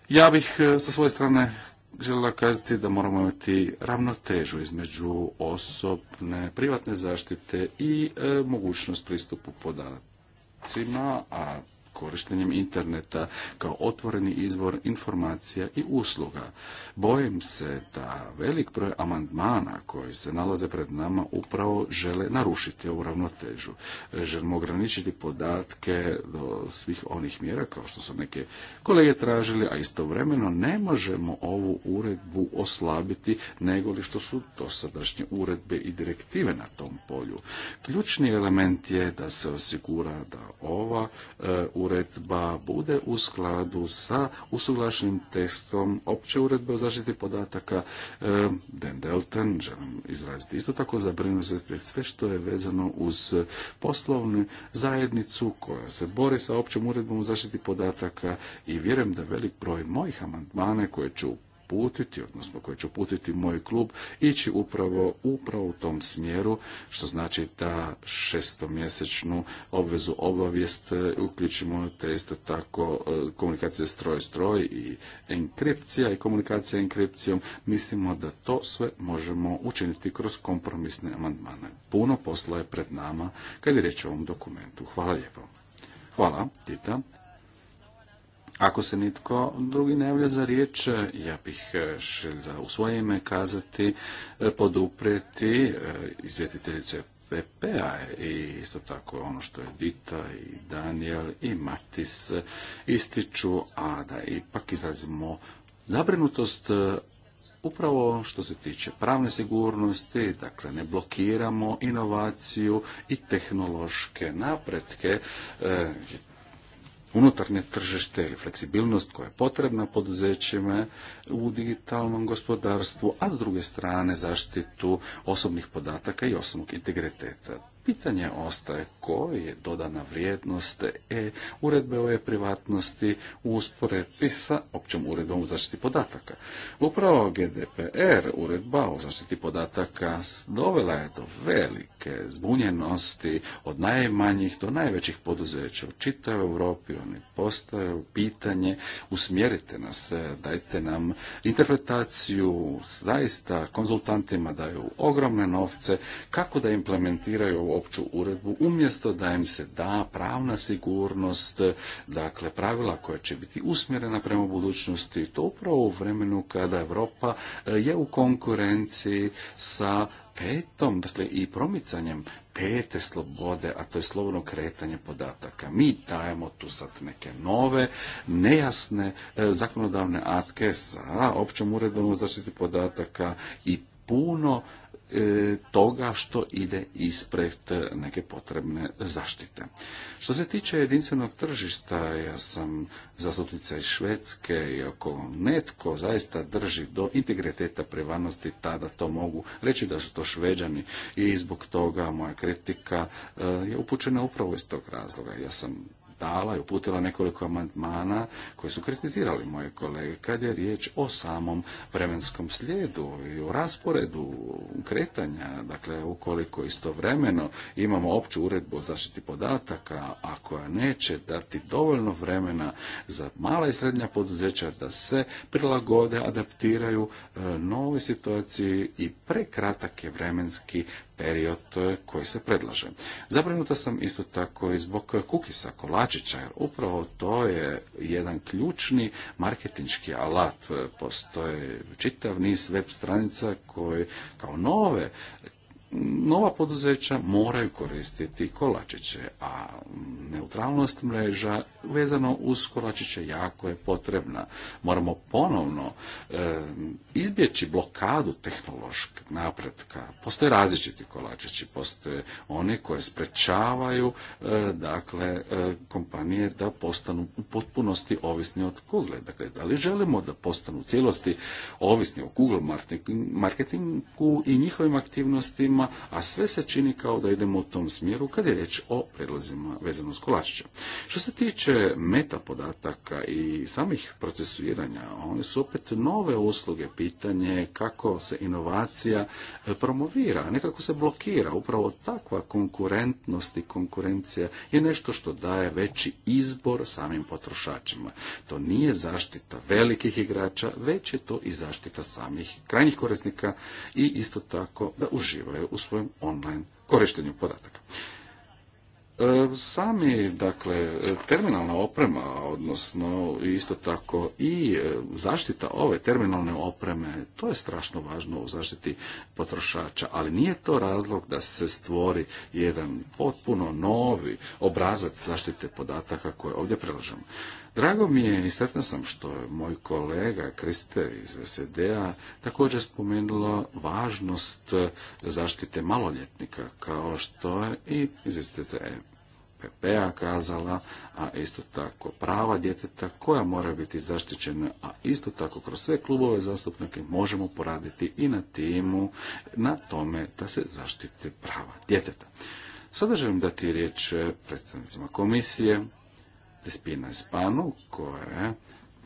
Ja bih e, sa svoje strane željela kazati da moramo imati ravnotežu između osobne, privatne zaštite i e, mogućnost pristupu podacima, a korištenjem interneta kao otvoreni izvor informacija i usluga. Bojim se da velik broj amandmana koji se nalaze pred nama upravo žele narušiti ovu ravnotežu. E, želimo ograničiti podatke do svih onih mjera kao što su neke kolege tražili, a istovremeno ne možemo ovu uredbu oslabiti nego li što su dosadašnje uredbe i direktive na tom polju. Ključni element je da se osigura da ova e, uredba uredba bude u skladu sa usuglašenim testom opće uredbe o zaštiti podataka e, Den Delten. Želim izraziti isto tako se sve što je vezano uz poslovnu zajednicu koja se bori sa općom uredbom o zaštiti podataka i vjerujem da velik broj mojih amandmana koje ću uputiti, odnosno koje će uputiti moj klub, ići upravo, upravo u tom smjeru, što znači ta šestomjesečnu obvezu obavijest e, uključimo, te isto tako e, komunikacije stroj-stroj i enkripcija i komunikacija enkripcijom. Mislimo da to sve možemo učiniti kroz kompromisne amandmane. Puno posla je pred nama kad je riječ o ovom dokumentu. Hvala lijepo. Hvala, Tita. Ako se nitko drugi ne javlja za riječ, ja bih e, želio u svoje ime kazati, e, poduprijeti e, izvjestiteljice PPA i isto tako ono što je Dita i Daniel i Matis ističu, a da ipak izrazimo zabrinutost upravo što se tiče pravne sigurnosti, dakle ne blokiramo inovaciju i tehnološke napretke, unutarnje tržište ili fleksibilnost koja je potrebna poduzećima u digitalnom gospodarstvu, a s druge strane zaštitu osobnih podataka i osobnog integriteta. Pitanje ostaje koje je dodana vrijednost e, uredbe o privatnosti u usporedbi sa općom uredbom o zaštiti podataka. Upravo GDPR, uredba o zaštiti podataka, dovela je do velike zbunjenosti od najmanjih do najvećih poduzeća u čitavoj Europi. Oni postaju pitanje, usmjerite nas, e, dajte nam interpretaciju, zaista konzultantima daju ogromne novce, kako da implementiraju opću uredbu, umjesto da im se da pravna sigurnost, dakle pravila koja će biti usmjerena prema budućnosti, to upravo u vremenu kada Europa e, je u konkurenciji sa petom, dakle i promicanjem pete slobode, a to je slobodno kretanje podataka. Mi dajemo tu sad neke nove, nejasne e, zakonodavne atke sa općom uredbom o zaštiti podataka i puno E, toga što ide ispred neke potrebne zaštite. Što se tiče jedinstvenog tržišta, ja sam zastupnica iz Švedske i ako netko zaista drži do integriteta privanosti, tada to mogu reći da su to šveđani i zbog toga moja kritika e, je upućena upravo iz tog razloga. Ja sam dala i uputila nekoliko amandmana koje su kritizirali moje kolege kad je riječ o samom vremenskom slijedu i o rasporedu kretanja. Dakle, ukoliko istovremeno imamo opću uredbu o zaštiti podataka, a koja neće dati dovoljno vremena za mala i srednja poduzeća da se prilagode, adaptiraju e, novoj situaciji i prekratak je vremenski period koji se predlaže. Zabrinuta sam isto tako i zbog kukisa, kolačića, jer upravo to je jedan ključni marketinški alat. Postoje čitav niz web stranica koje kao nove nova poduzeća moraju koristiti kolačiće, a neutralnost mreža vezano uz kolačiće jako je potrebna. Moramo ponovno e, izbjeći blokadu tehnološkog napretka. Postoje različiti kolačići, postoje oni koje sprečavaju e, dakle e, kompanije da postanu u potpunosti ovisni od Google. Dakle, da li želimo da postanu u cijelosti ovisni o Google marketingu i njihovim aktivnostima a sve se čini kao da idemo u tom smjeru kad je riječ o predlazima vezano s kolačićem. Što se tiče meta podataka i samih procesuiranja, one su opet nove usluge, pitanje kako se inovacija e, promovira, nekako se blokira. Upravo takva konkurentnost i konkurencija je nešto što daje veći izbor samim potrošačima. To nije zaštita velikih igrača, već je to i zaštita samih krajnjih korisnika i isto tako da uživaju u svojem online korištenju podataka. E, sami, dakle, terminalna oprema, odnosno isto tako i e, zaštita ove terminalne opreme, to je strašno važno u zaštiti potrošača, ali nije to razlog da se stvori jedan potpuno novi obrazac zaštite podataka koje ovdje prelažemo. Drago mi je i sam što je moj kolega Kriste iz SED-a također spomenula važnost zaštite maloljetnika kao što je i iz e PP-a kazala, a isto tako prava djeteta koja mora biti zaštićena, a isto tako kroz sve klubove zastupnike možemo poraditi i na timu na tome da se zaštite prava djeteta. Sada želim dati riječ predstavnicima komisije, Despina Spanu, koja je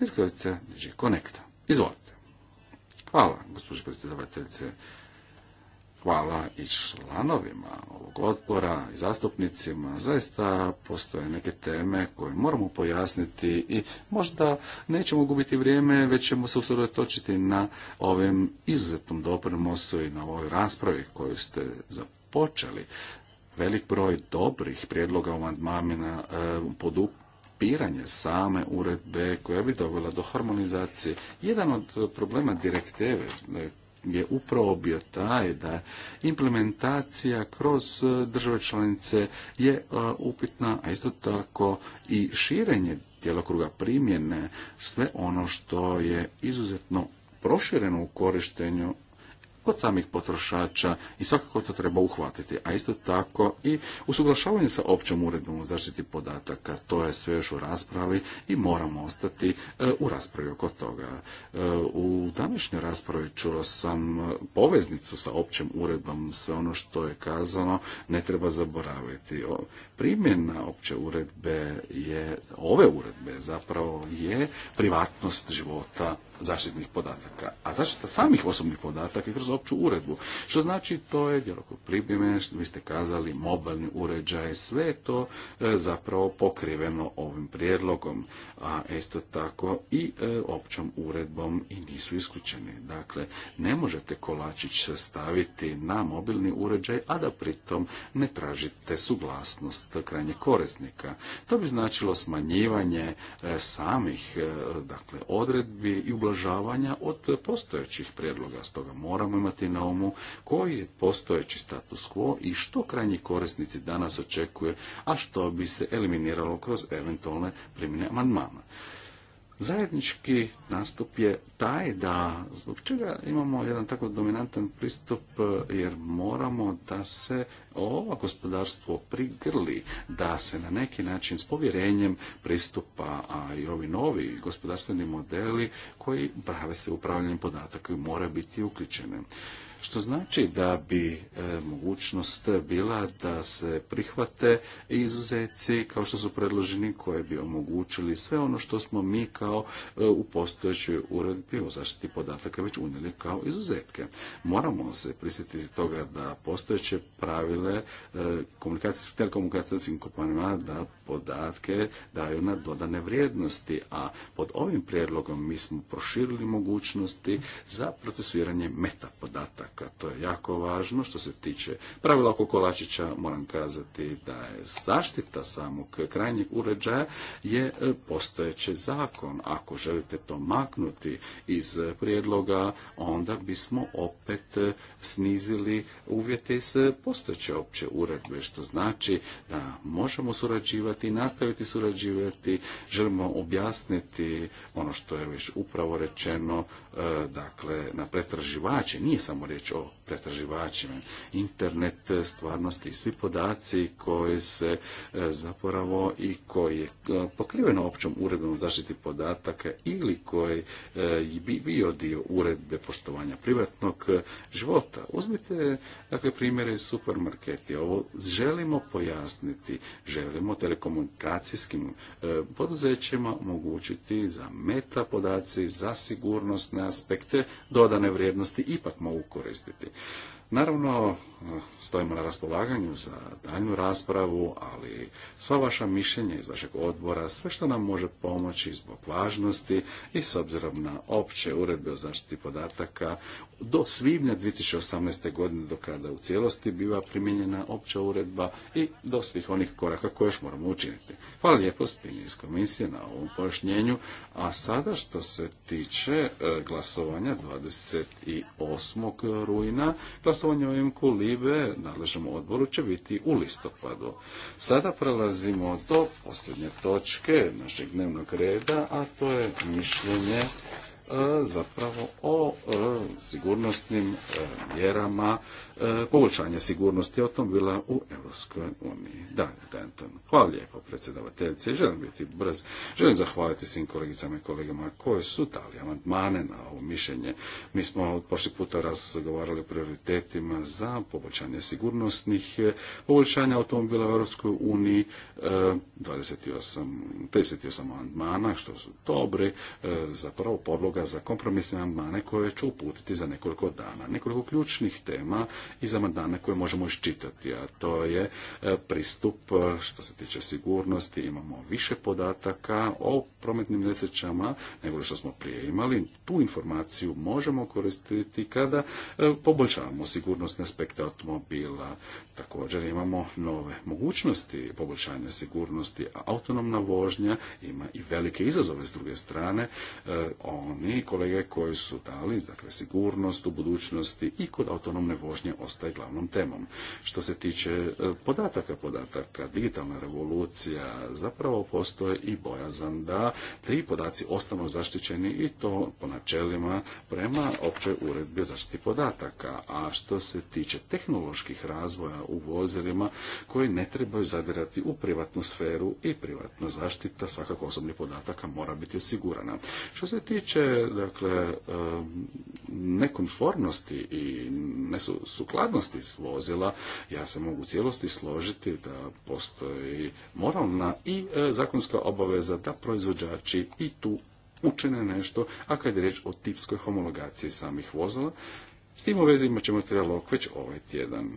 direktorica DJ Connecta. Izvolite. Hvala, gospođo predsjedavateljice. Hvala i članovima ovog odbora i zastupnicima. Zaista postoje neke teme koje moramo pojasniti i možda nećemo gubiti vrijeme, već ćemo se usredotočiti na ovim izuzetnom doprinosu i na ovoj raspravi koju ste započeli velik broj dobrih prijedloga u amandmanima eh, podup piranje same uredbe koja bi dovela do harmonizacije. Jedan od problema direktive e, je upravo bio taj da implementacija kroz e, države članice je e, upitna, a isto tako i širenje djelokruga primjene, sve ono što je izuzetno prošireno u korištenju kod samih potrošača i svakako to treba uhvatiti. A isto tako i usuglašavanje sa općom uredbom o zaštiti podataka, to je sve još u raspravi i moramo ostati e, u raspravi oko toga. E, u današnjoj raspravi čuo sam poveznicu sa općom uredbom, sve ono što je kazano ne treba zaboraviti primjena opće uredbe je, ove uredbe zapravo je privatnost života zaštitnih podataka, a zaštita samih osobnih podataka je kroz opću uredbu. Što znači to je djelokrug primjene, vi ste kazali, mobilni uređaj, sve je to e, zapravo pokriveno ovim prijedlogom, a isto tako i e, općom uredbom i nisu isključeni. Dakle, ne možete kolačić staviti na mobilni uređaj, a da pritom ne tražite suglasnost krajnjih krajnjeg korisnika. To bi značilo smanjivanje e, samih e, dakle, odredbi i ublažavanja od postojećih prijedloga. Stoga moramo imati na umu koji je postojeći status quo i što krajnji korisnici danas očekuje, a što bi se eliminiralo kroz eventualne primjene amandmana. Zajednički nastup je taj da zbog čega imamo jedan tako dominantan pristup eh, jer moramo da se ovo gospodarstvo prigrli, da se na neki način s povjerenjem pristupa, a i ovi novi gospodarstveni modeli koji brave se upravljanjem podataka i mora biti uključene što znači da bi e, mogućnost bila da se prihvate izuzetci kao što su predloženi koje bi omogućili sve ono što smo mi kao e, u postojećoj uredbi o zaštiti podataka već unijeli kao izuzetke. Moramo se prisjetiti toga da postojeće pravile e, komunikacijskih telekomunikacijskim kompanijama da podatke daju na dodane vrijednosti, a pod ovim prijedlogom mi smo proširili mogućnosti za procesiranje meta podataka kad To je jako važno. Što se tiče pravila oko kolačića, moram kazati da je zaštita samog krajnjeg uređaja je e, postojeći zakon. Ako želite to maknuti iz prijedloga, onda bismo opet e, snizili uvjete iz e, postojeće opće uredbe, što znači da možemo surađivati nastaviti surađivati. Želimo objasniti ono što je već upravo rečeno, dakle, na pretraživače, nije samo riječ riječ o pretraživačima. Internet e, stvarnosti i svi podaci koji se e, zaporavo i koji je e, pokriveno općom uredbom zaštiti podataka ili koji bi bio dio uredbe poštovanja privatnog života. Uzmite dakle primjere iz supermarketi. Ovo želimo pojasniti, želimo telekomunikacijskim poduzećima omogućiti za meta podaci, za sigurnosne aspekte, dodane vrijednosti ipak mogu koristiti. Naravno, stojimo na raspolaganju za daljnu raspravu, ali sva vaša mišljenja iz vašeg odbora, sve što nam može pomoći zbog važnosti i s obzirom na opće uredbe o zaštiti podataka, do svibnja 2018. godine do kada u cijelosti biva primijenjena opća uredba i do svih onih koraka koje još moramo učiniti. Hvala lijepo iz komisije na ovom pojašnjenju. A sada što se tiče e, glasovanja 28. rujna, glasovanje o MQ Libe, nadležnom odboru, će biti u listopadu. Sada prelazimo do posljednje točke našeg dnevnog reda, a to je mišljenje E, zapravo o e, sigurnosnim e, mjerama poboljšanja sigurnosti automobila u Europskoj uniji. Da, Denton. Hvala lijepo predsjedavateljice. Želim biti brz. Želim zahvaliti svim kolegicama i kolegama koji su dali amandmane na ovo mišljenje. Mi smo od prošli puta razgovarali o prioritetima za poboljšanje sigurnosnih poboljšanja automobila u Europskoj uniji 28, 38 amandmana što su dobri zapravo podlog za kompromisne amandmane koje ću uputiti za nekoliko dana. Nekoliko ključnih tema i za koje možemo iščitati, a to je e, pristup e, što se tiče sigurnosti. Imamo više podataka o prometnim nesrećama nego što smo prije imali. Tu informaciju možemo koristiti kada e, poboljšavamo sigurnosne aspekte automobila. Također imamo nove mogućnosti poboljšanja sigurnosti, a autonomna vožnja ima i velike izazove s druge strane. E, oni kolege koji su dali dakle, sigurnost u budućnosti i kod autonomne vožnje ostaje glavnom temom. Što se tiče e, podataka, podataka, digitalna revolucija, zapravo postoje i bojazan da ti podaci ostanu zaštićeni i to po načelima prema općoj uredbi zaštiti podataka. A što se tiče tehnoloških razvoja u vozilima koji ne trebaju zadirati u privatnu sferu i privatna zaštita svakako osobnih podataka mora biti osigurana. Što se tiče dakle, nekonformnosti i nesukladnosti vozila, ja se mogu u cijelosti složiti da postoji moralna i e, zakonska obaveza da proizvođači i tu učine nešto, a kad je riječ o tipskoj homologaciji samih vozila, s tim u vezi imat ćemo trialog već ovaj tjedan.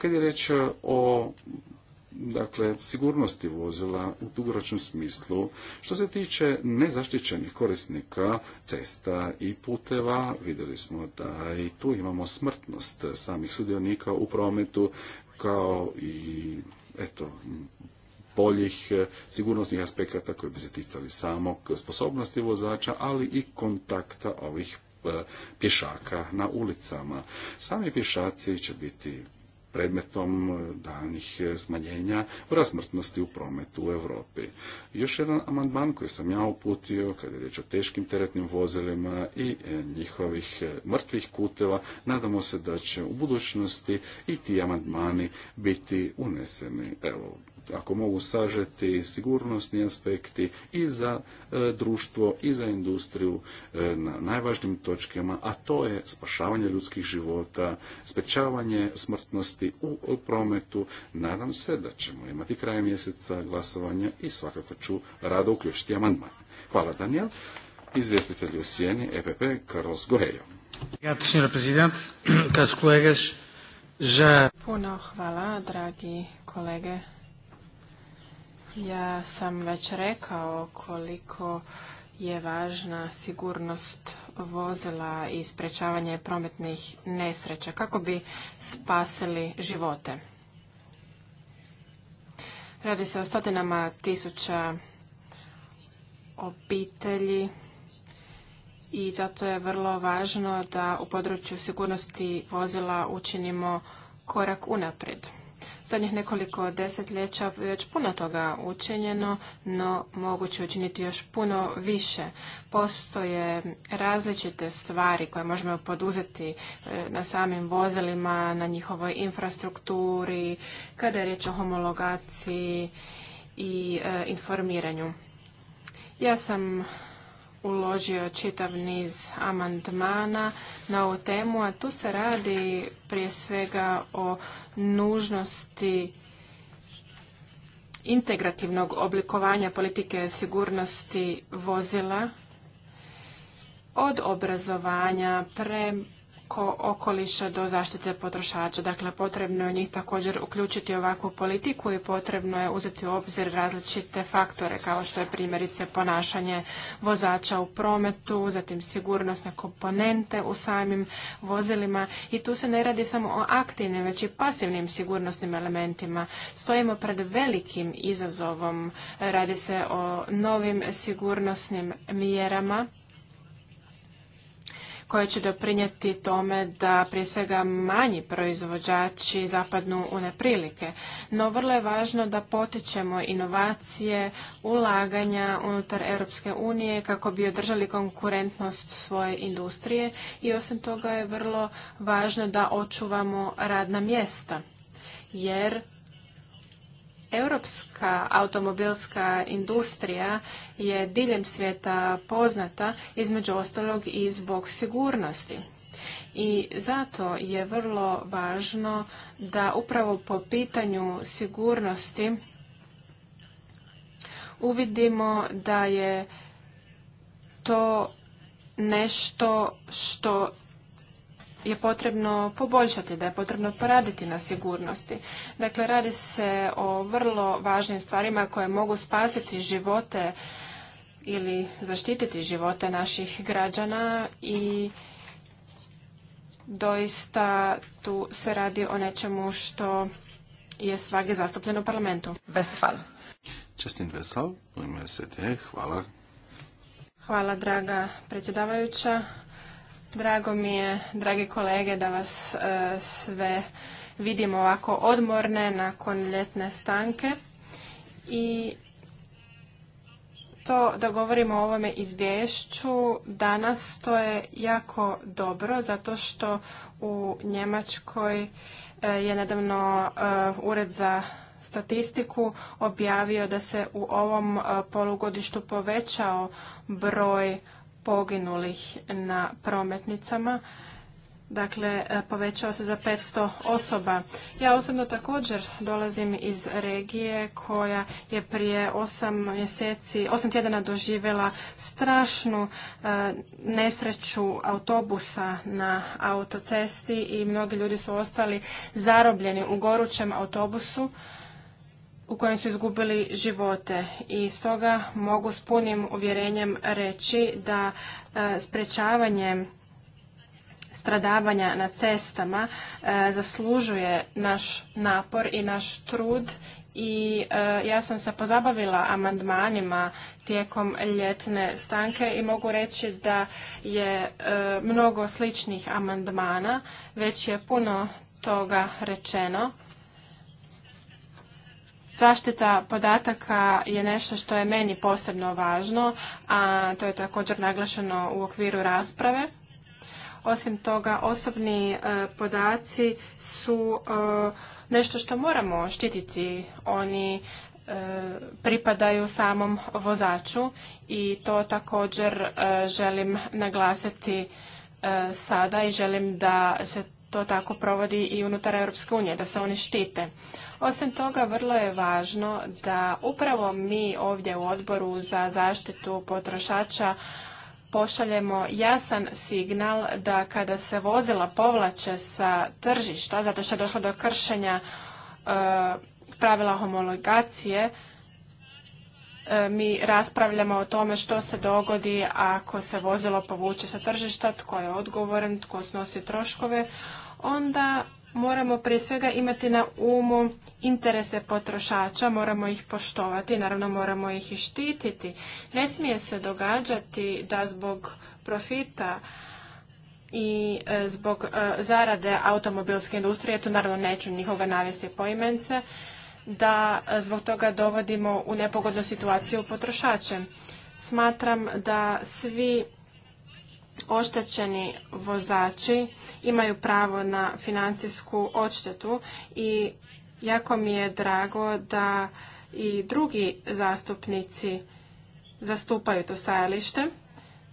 Kad je reč o dakle, sigurnosti vozila u dugoročnom smislu. Što se tiče nezaštićenih korisnika cesta i puteva, vidjeli smo da i tu imamo smrtnost samih sudionika u prometu kao i eto, boljih sigurnosnih aspekata koji bi se ticali samog sposobnosti vozača, ali i kontakta ovih e, pješaka na ulicama. Sami pješaci će biti predmetom danih e, smanjenja razmrtnosti u prometu u Europi. Još jedan amandman koji sam ja uputio kada je riječ o teškim teretnim vozilima i e, njihovih e, mrtvih kuteva, nadamo se da će u budućnosti i ti amandmani biti uneseni. Evo, ako mogu sažeti sigurnosni aspekti i za e, društvo i za industriju e, na najvažnijim točkama, a to je spašavanje ljudskih života, sprečavanje smrtnosti u, prometu. Nadam se da ćemo imati kraj mjeseca glasovanja i svakako ću rado uključiti amandman. Hvala Daniel. Izvjestitelj u EPP, e Carlos Gohejo. Puno hvala, dragi kolege ja sam već rekao koliko je važna sigurnost vozila i sprečavanje prometnih nesreća kako bi spasili živote. Radi se o stotinama tisuća obitelji i zato je vrlo važno da u području sigurnosti vozila učinimo korak unaprijed zadnjih nekoliko desetljeća već puno toga učinjeno, no moguće učiniti još puno više. Postoje različite stvari koje možemo poduzeti e, na samim vozilima, na njihovoj infrastrukturi, kada je riječ o homologaciji i e, informiranju. Ja sam uložio čitav niz amandmana na ovu temu, a tu se radi prije svega o nužnosti integrativnog oblikovanja politike sigurnosti vozila od obrazovanja prema okoliša do zaštite potrošača. Dakle, potrebno je njih također uključiti ovakvu politiku i potrebno je uzeti u obzir različite faktore, kao što je primjerice ponašanje vozača u prometu, zatim sigurnosne komponente u samim vozilima i tu se ne radi samo o aktivnim, već i pasivnim sigurnosnim elementima. Stojimo pred velikim izazovom. Radi se o novim sigurnosnim mjerama koje će doprinijeti tome da prije svega manji proizvođači zapadnu u neprilike. No vrlo je važno da potičemo inovacije, ulaganja unutar Europske unije kako bi održali konkurentnost svoje industrije i osim toga je vrlo važno da očuvamo radna mjesta jer Europska automobilska industrija je diljem svijeta poznata između ostalog i zbog sigurnosti. I zato je vrlo važno da upravo po pitanju sigurnosti uvidimo da je to nešto što je potrebno poboljšati, da je potrebno poraditi na sigurnosti. Dakle, radi se o vrlo važnim stvarima koje mogu spasiti živote ili zaštititi živote naših građana i doista tu se radi o nečemu što je svage zastupljeno u parlamentu. Vesfal. Čestin u ime SED, hvala. Hvala, draga predsjedavajuća. Drago mi je, drage kolege, da vas e, sve vidimo ovako odmorne nakon ljetne stanke i to da govorimo o ovome izvješću danas to je jako dobro zato što u Njemačkoj e, je nedavno e, Ured za statistiku objavio da se u ovom polugodištu povećao broj poginulih na prometnicama. Dakle, povećao se za 500 osoba. Ja osobno također dolazim iz regije koja je prije 8 mjeseci, 8 tjedana doživjela strašnu e, nesreću autobusa na autocesti i mnogi ljudi su ostali zarobljeni u gorućem autobusu u kojem su izgubili živote. I stoga mogu s punim uvjerenjem reći da e, sprečavanje stradavanja na cestama e, zaslužuje naš napor i naš trud i e, ja sam se pozabavila amandmanima tijekom ljetne stanke i mogu reći da je mnogo sličnih amandmana, već je puno toga rečeno Zaštita podataka je nešto što je meni posebno važno, a to je također naglašeno u okviru rasprave. Osim toga, osobni e, podaci su e, nešto što moramo štititi. Oni e, pripadaju samom vozaču i to također želim naglasiti sada i želim da se to tako provodi i unutar Europske unije, da se oni štite. Osim toga, vrlo je važno da upravo mi ovdje u odboru za zaštitu potrošača pošaljemo jasan signal da kada se vozila povlače sa tržišta, zato što je došlo do kršenja e, pravila homologacije, E, mi raspravljamo o tome što se dogodi ako se vozilo povuče sa tržišta, tko je odgovoran, tko snosi troškove, onda moramo prije svega imati na umu interese potrošača, moramo ih poštovati, naravno moramo ih i štititi. Ne smije se događati da zbog profita i e, zbog e, zarade automobilske industrije, tu naravno neću nikoga navesti poimence, da zbog toga dovodimo u nepogodnu situaciju potrošače. Smatram da svi oštećeni vozači imaju pravo na financijsku odštetu i jako mi je drago da i drugi zastupnici zastupaju to stajalište.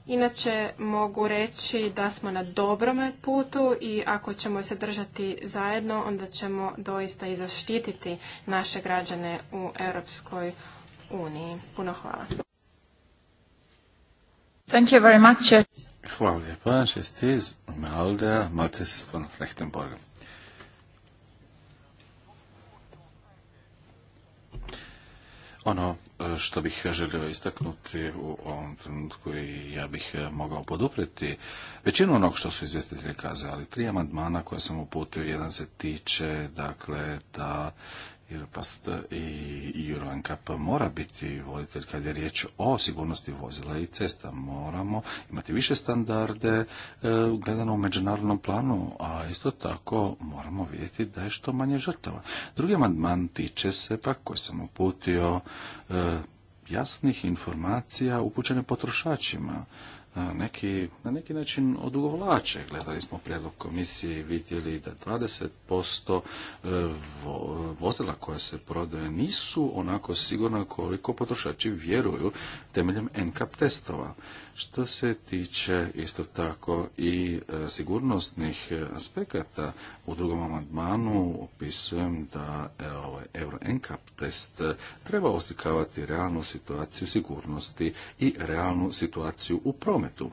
Inače mogu reći da smo na dobrom putu i ako ćemo se držati zajedno, onda ćemo doista i zaštititi naše građane u Europskoj uniji. Puno hvala. Thank you very much. Hvala lijepa. Šestiz, Malda, Maltes von Flechtenborga. Ono što bih želio istaknuti u ovom trenutku i ja bih eh, mogao poduprijeti većinu onog što su izvjestitelji kazali. Tri amandmana koje sam uputio, jedan se tiče dakle da pasta i Euroancap mora biti voditelj kad je riječ o sigurnosti vozila i cesta. Moramo imati više standarde e, gledano u međunarodnom planu, a isto tako moramo vidjeti da je što manje žrtava. Drugi amandman tiče se pa koji sam uputio e, jasnih informacija upućene potrošačima neki, na neki način odugovlače. Gledali smo prijedlog komisije i vidjeli da 20% e, vozila koja se prodaje nisu onako sigurna koliko potrošači vjeruju temeljem NCAP testova. Što se tiče isto tako i e, sigurnosnih aspekata, u drugom amandmanu opisujem da evo, ovaj Euro NCAP test e, treba oslikavati realnu situaciju sigurnosti i realnu situaciju u prometu.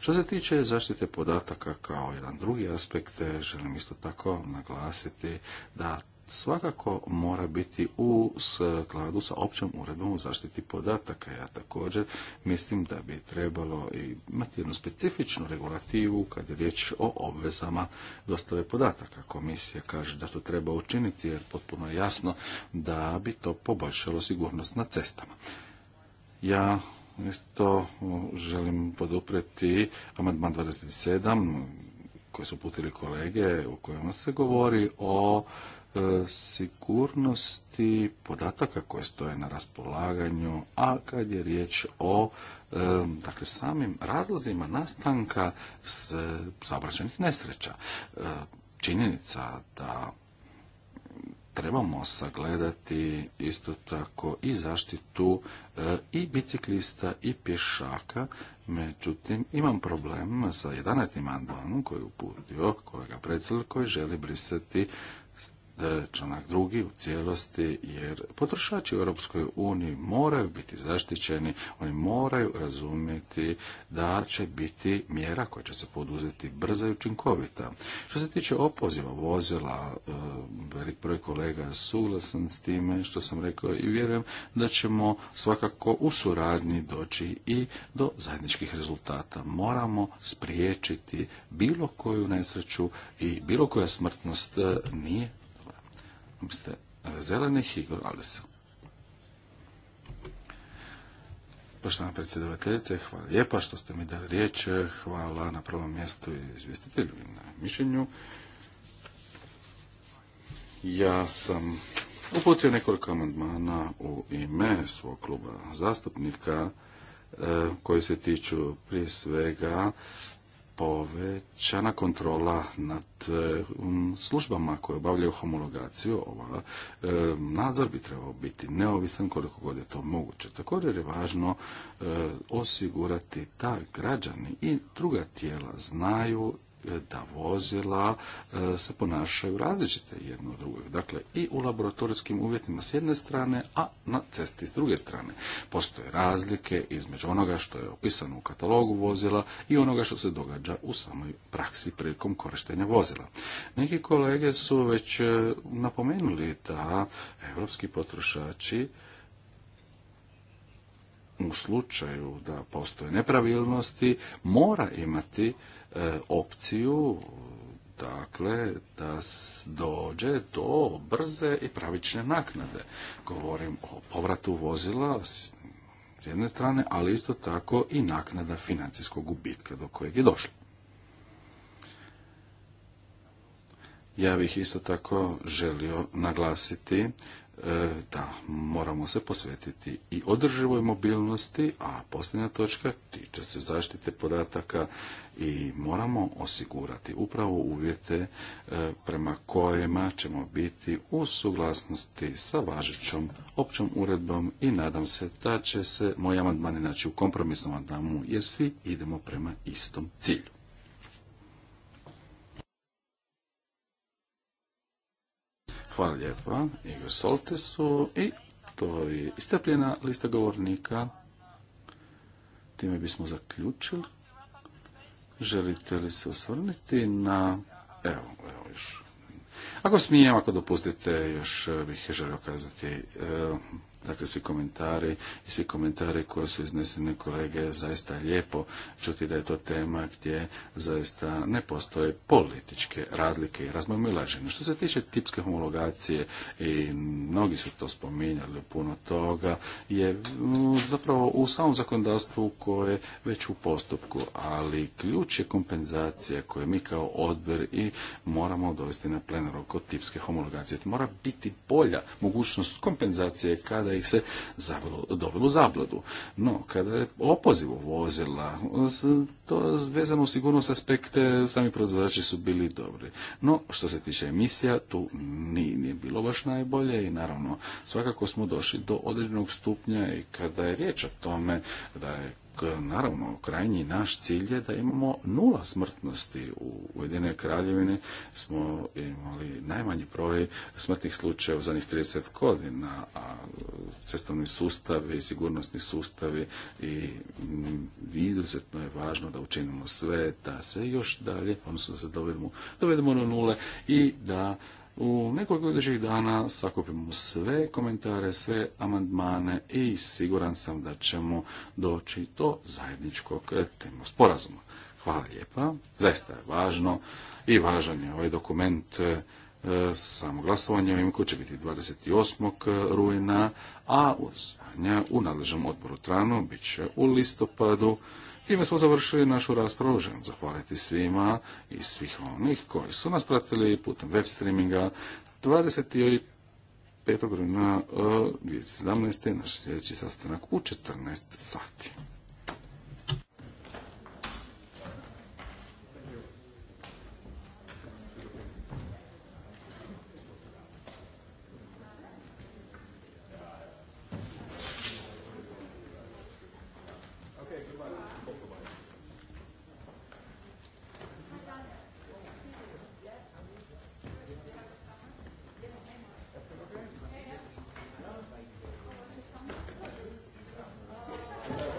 Što se tiče zaštite podataka kao jedan drugi aspekt, e, želim isto tako naglasiti da svakako mora biti u skladu sa općom uredbom o zaštiti podataka. Ja također mislim da bi trebalo imati jednu specifičnu regulativu kad je riječ o obvezama dostave podataka. Komisija kaže da to treba učiniti jer potpuno jasno da bi to poboljšalo sigurnost na cestama. Ja isto želim poduprijeti amandman 27 koji su putili kolege u kojem se govori o E, sigurnosti podataka koje stoje na raspolaganju, a kad je riječ o e, dakle, samim razlozima nastanka saobraćajnih nesreća. E, činjenica da trebamo sagledati isto tako i zaštitu i biciklista i pješaka. Međutim, imam problem sa 11. amandmanom koji je uputio kolega Precel koji želi brisati E, članak drugi u cijelosti, jer potrošači u Europskoj uniji moraju biti zaštićeni, oni moraju razumjeti da će biti mjera koja će se poduzeti brza i učinkovita. Što se tiče opoziva vozila, e, velik broj kolega suglasan s time što sam rekao i vjerujem da ćemo svakako u suradnji doći i do zajedničkih rezultata. Moramo spriječiti bilo koju nesreću i bilo koja smrtnost e, nije ste e, zelenih Igor Alesa. Poštovana predsjedavateljice, hvala lijepa što ste mi dali riječ. Hvala na prvom mjestu izvjestitelju i na mišljenju. Ja sam uputio nekoliko amandmana u ime svog kluba zastupnika e, koji se tiču prije svega povećana kontrola nad um, službama koje obavljaju homologaciju, ova, um, nadzor bi trebao biti neovisan koliko god je to moguće. Također je važno um, osigurati da građani i druga tijela znaju da vozila e, se ponašaju različite jedno od drugog. Dakle, i u laboratorijskim uvjetima s jedne strane, a na cesti s druge strane. Postoje razlike između onoga što je opisano u katalogu vozila i onoga što se događa u samoj praksi prilikom korištenja vozila. Neki kolege su već e, napomenuli da evropski potrošači u slučaju da postoje nepravilnosti mora imati E, opciju dakle da dođe do brze i pravične naknade. Govorim o povratu vozila s jedne strane, ali isto tako i naknada financijskog gubitka do kojeg je došlo. Ja bih isto tako želio naglasiti E, da moramo se posvetiti i održivoj mobilnosti, a posljednja točka tiče se zaštite podataka i moramo osigurati upravo uvjete e, prema kojima ćemo biti u suglasnosti sa važećom općom uredbom i nadam se da će se moj amandman naći u kompromisnom amandmanu jer svi idemo prema istom cilju. Hvala lijepa Igor Soltesu i to je istepljena lista govornika. Time bismo zaključili. Želite li se osvrnuti na... Evo, evo još. Ako smijem, ako dopustite, još bih želio kazati Dakle, svi komentari i svi komentari koje su iznesene kolege, zaista lijepo čuti da je to tema gdje zaista ne postoje političke razlike i razmamilaženje. Što se tiče tipske homologacije i mnogi su to spominjali, puno toga je mm, zapravo u samom zakonodavstvu koje je već u postupku, ali ključ je kompenzacija koje mi kao odbor i moramo dovesti na plenar oko tipske homologacije. Mora biti bolja mogućnost kompenzacije kada ih se dovelo u zabludu. No, kada je opoziv vozila, to vezano u sigurnost aspekte, sami proizvođači su bili dobri. No, što se tiče emisija, tu nije, nije bilo baš najbolje i naravno, svakako smo došli do određenog stupnja i kada je riječ o tome da je E, naravno krajnji naš cilj je da imamo nula smrtnosti. U Ujedinjenoj kraljevini smo imali najmanji broj smrtnih slučajeva u zadnjih 30 godina, a cestovni sustavi, sigurnosni sustavi i izuzetno je važno da učinimo sve da se još dalje, odnosno da se dovedemo, dovedemo na nule i da u nekoliko idućih dana sakupimo sve komentare, sve amandmane i siguran sam da ćemo doći do zajedničkog eh, temo sporazuma. Hvala lijepa. Zaista je važno i važan je ovaj dokument eh, samo glasovanje u imku će biti 28. Eh, rujna, a uzvanja u nadležnom odboru tranu bit će u listopadu. Time smo završili našu raspravu. Želim zahvaliti svima i svih onih koji su nas pratili putem web streaminga 25. rujna 2017. E, naš sljedeći sastanak u 14 sati.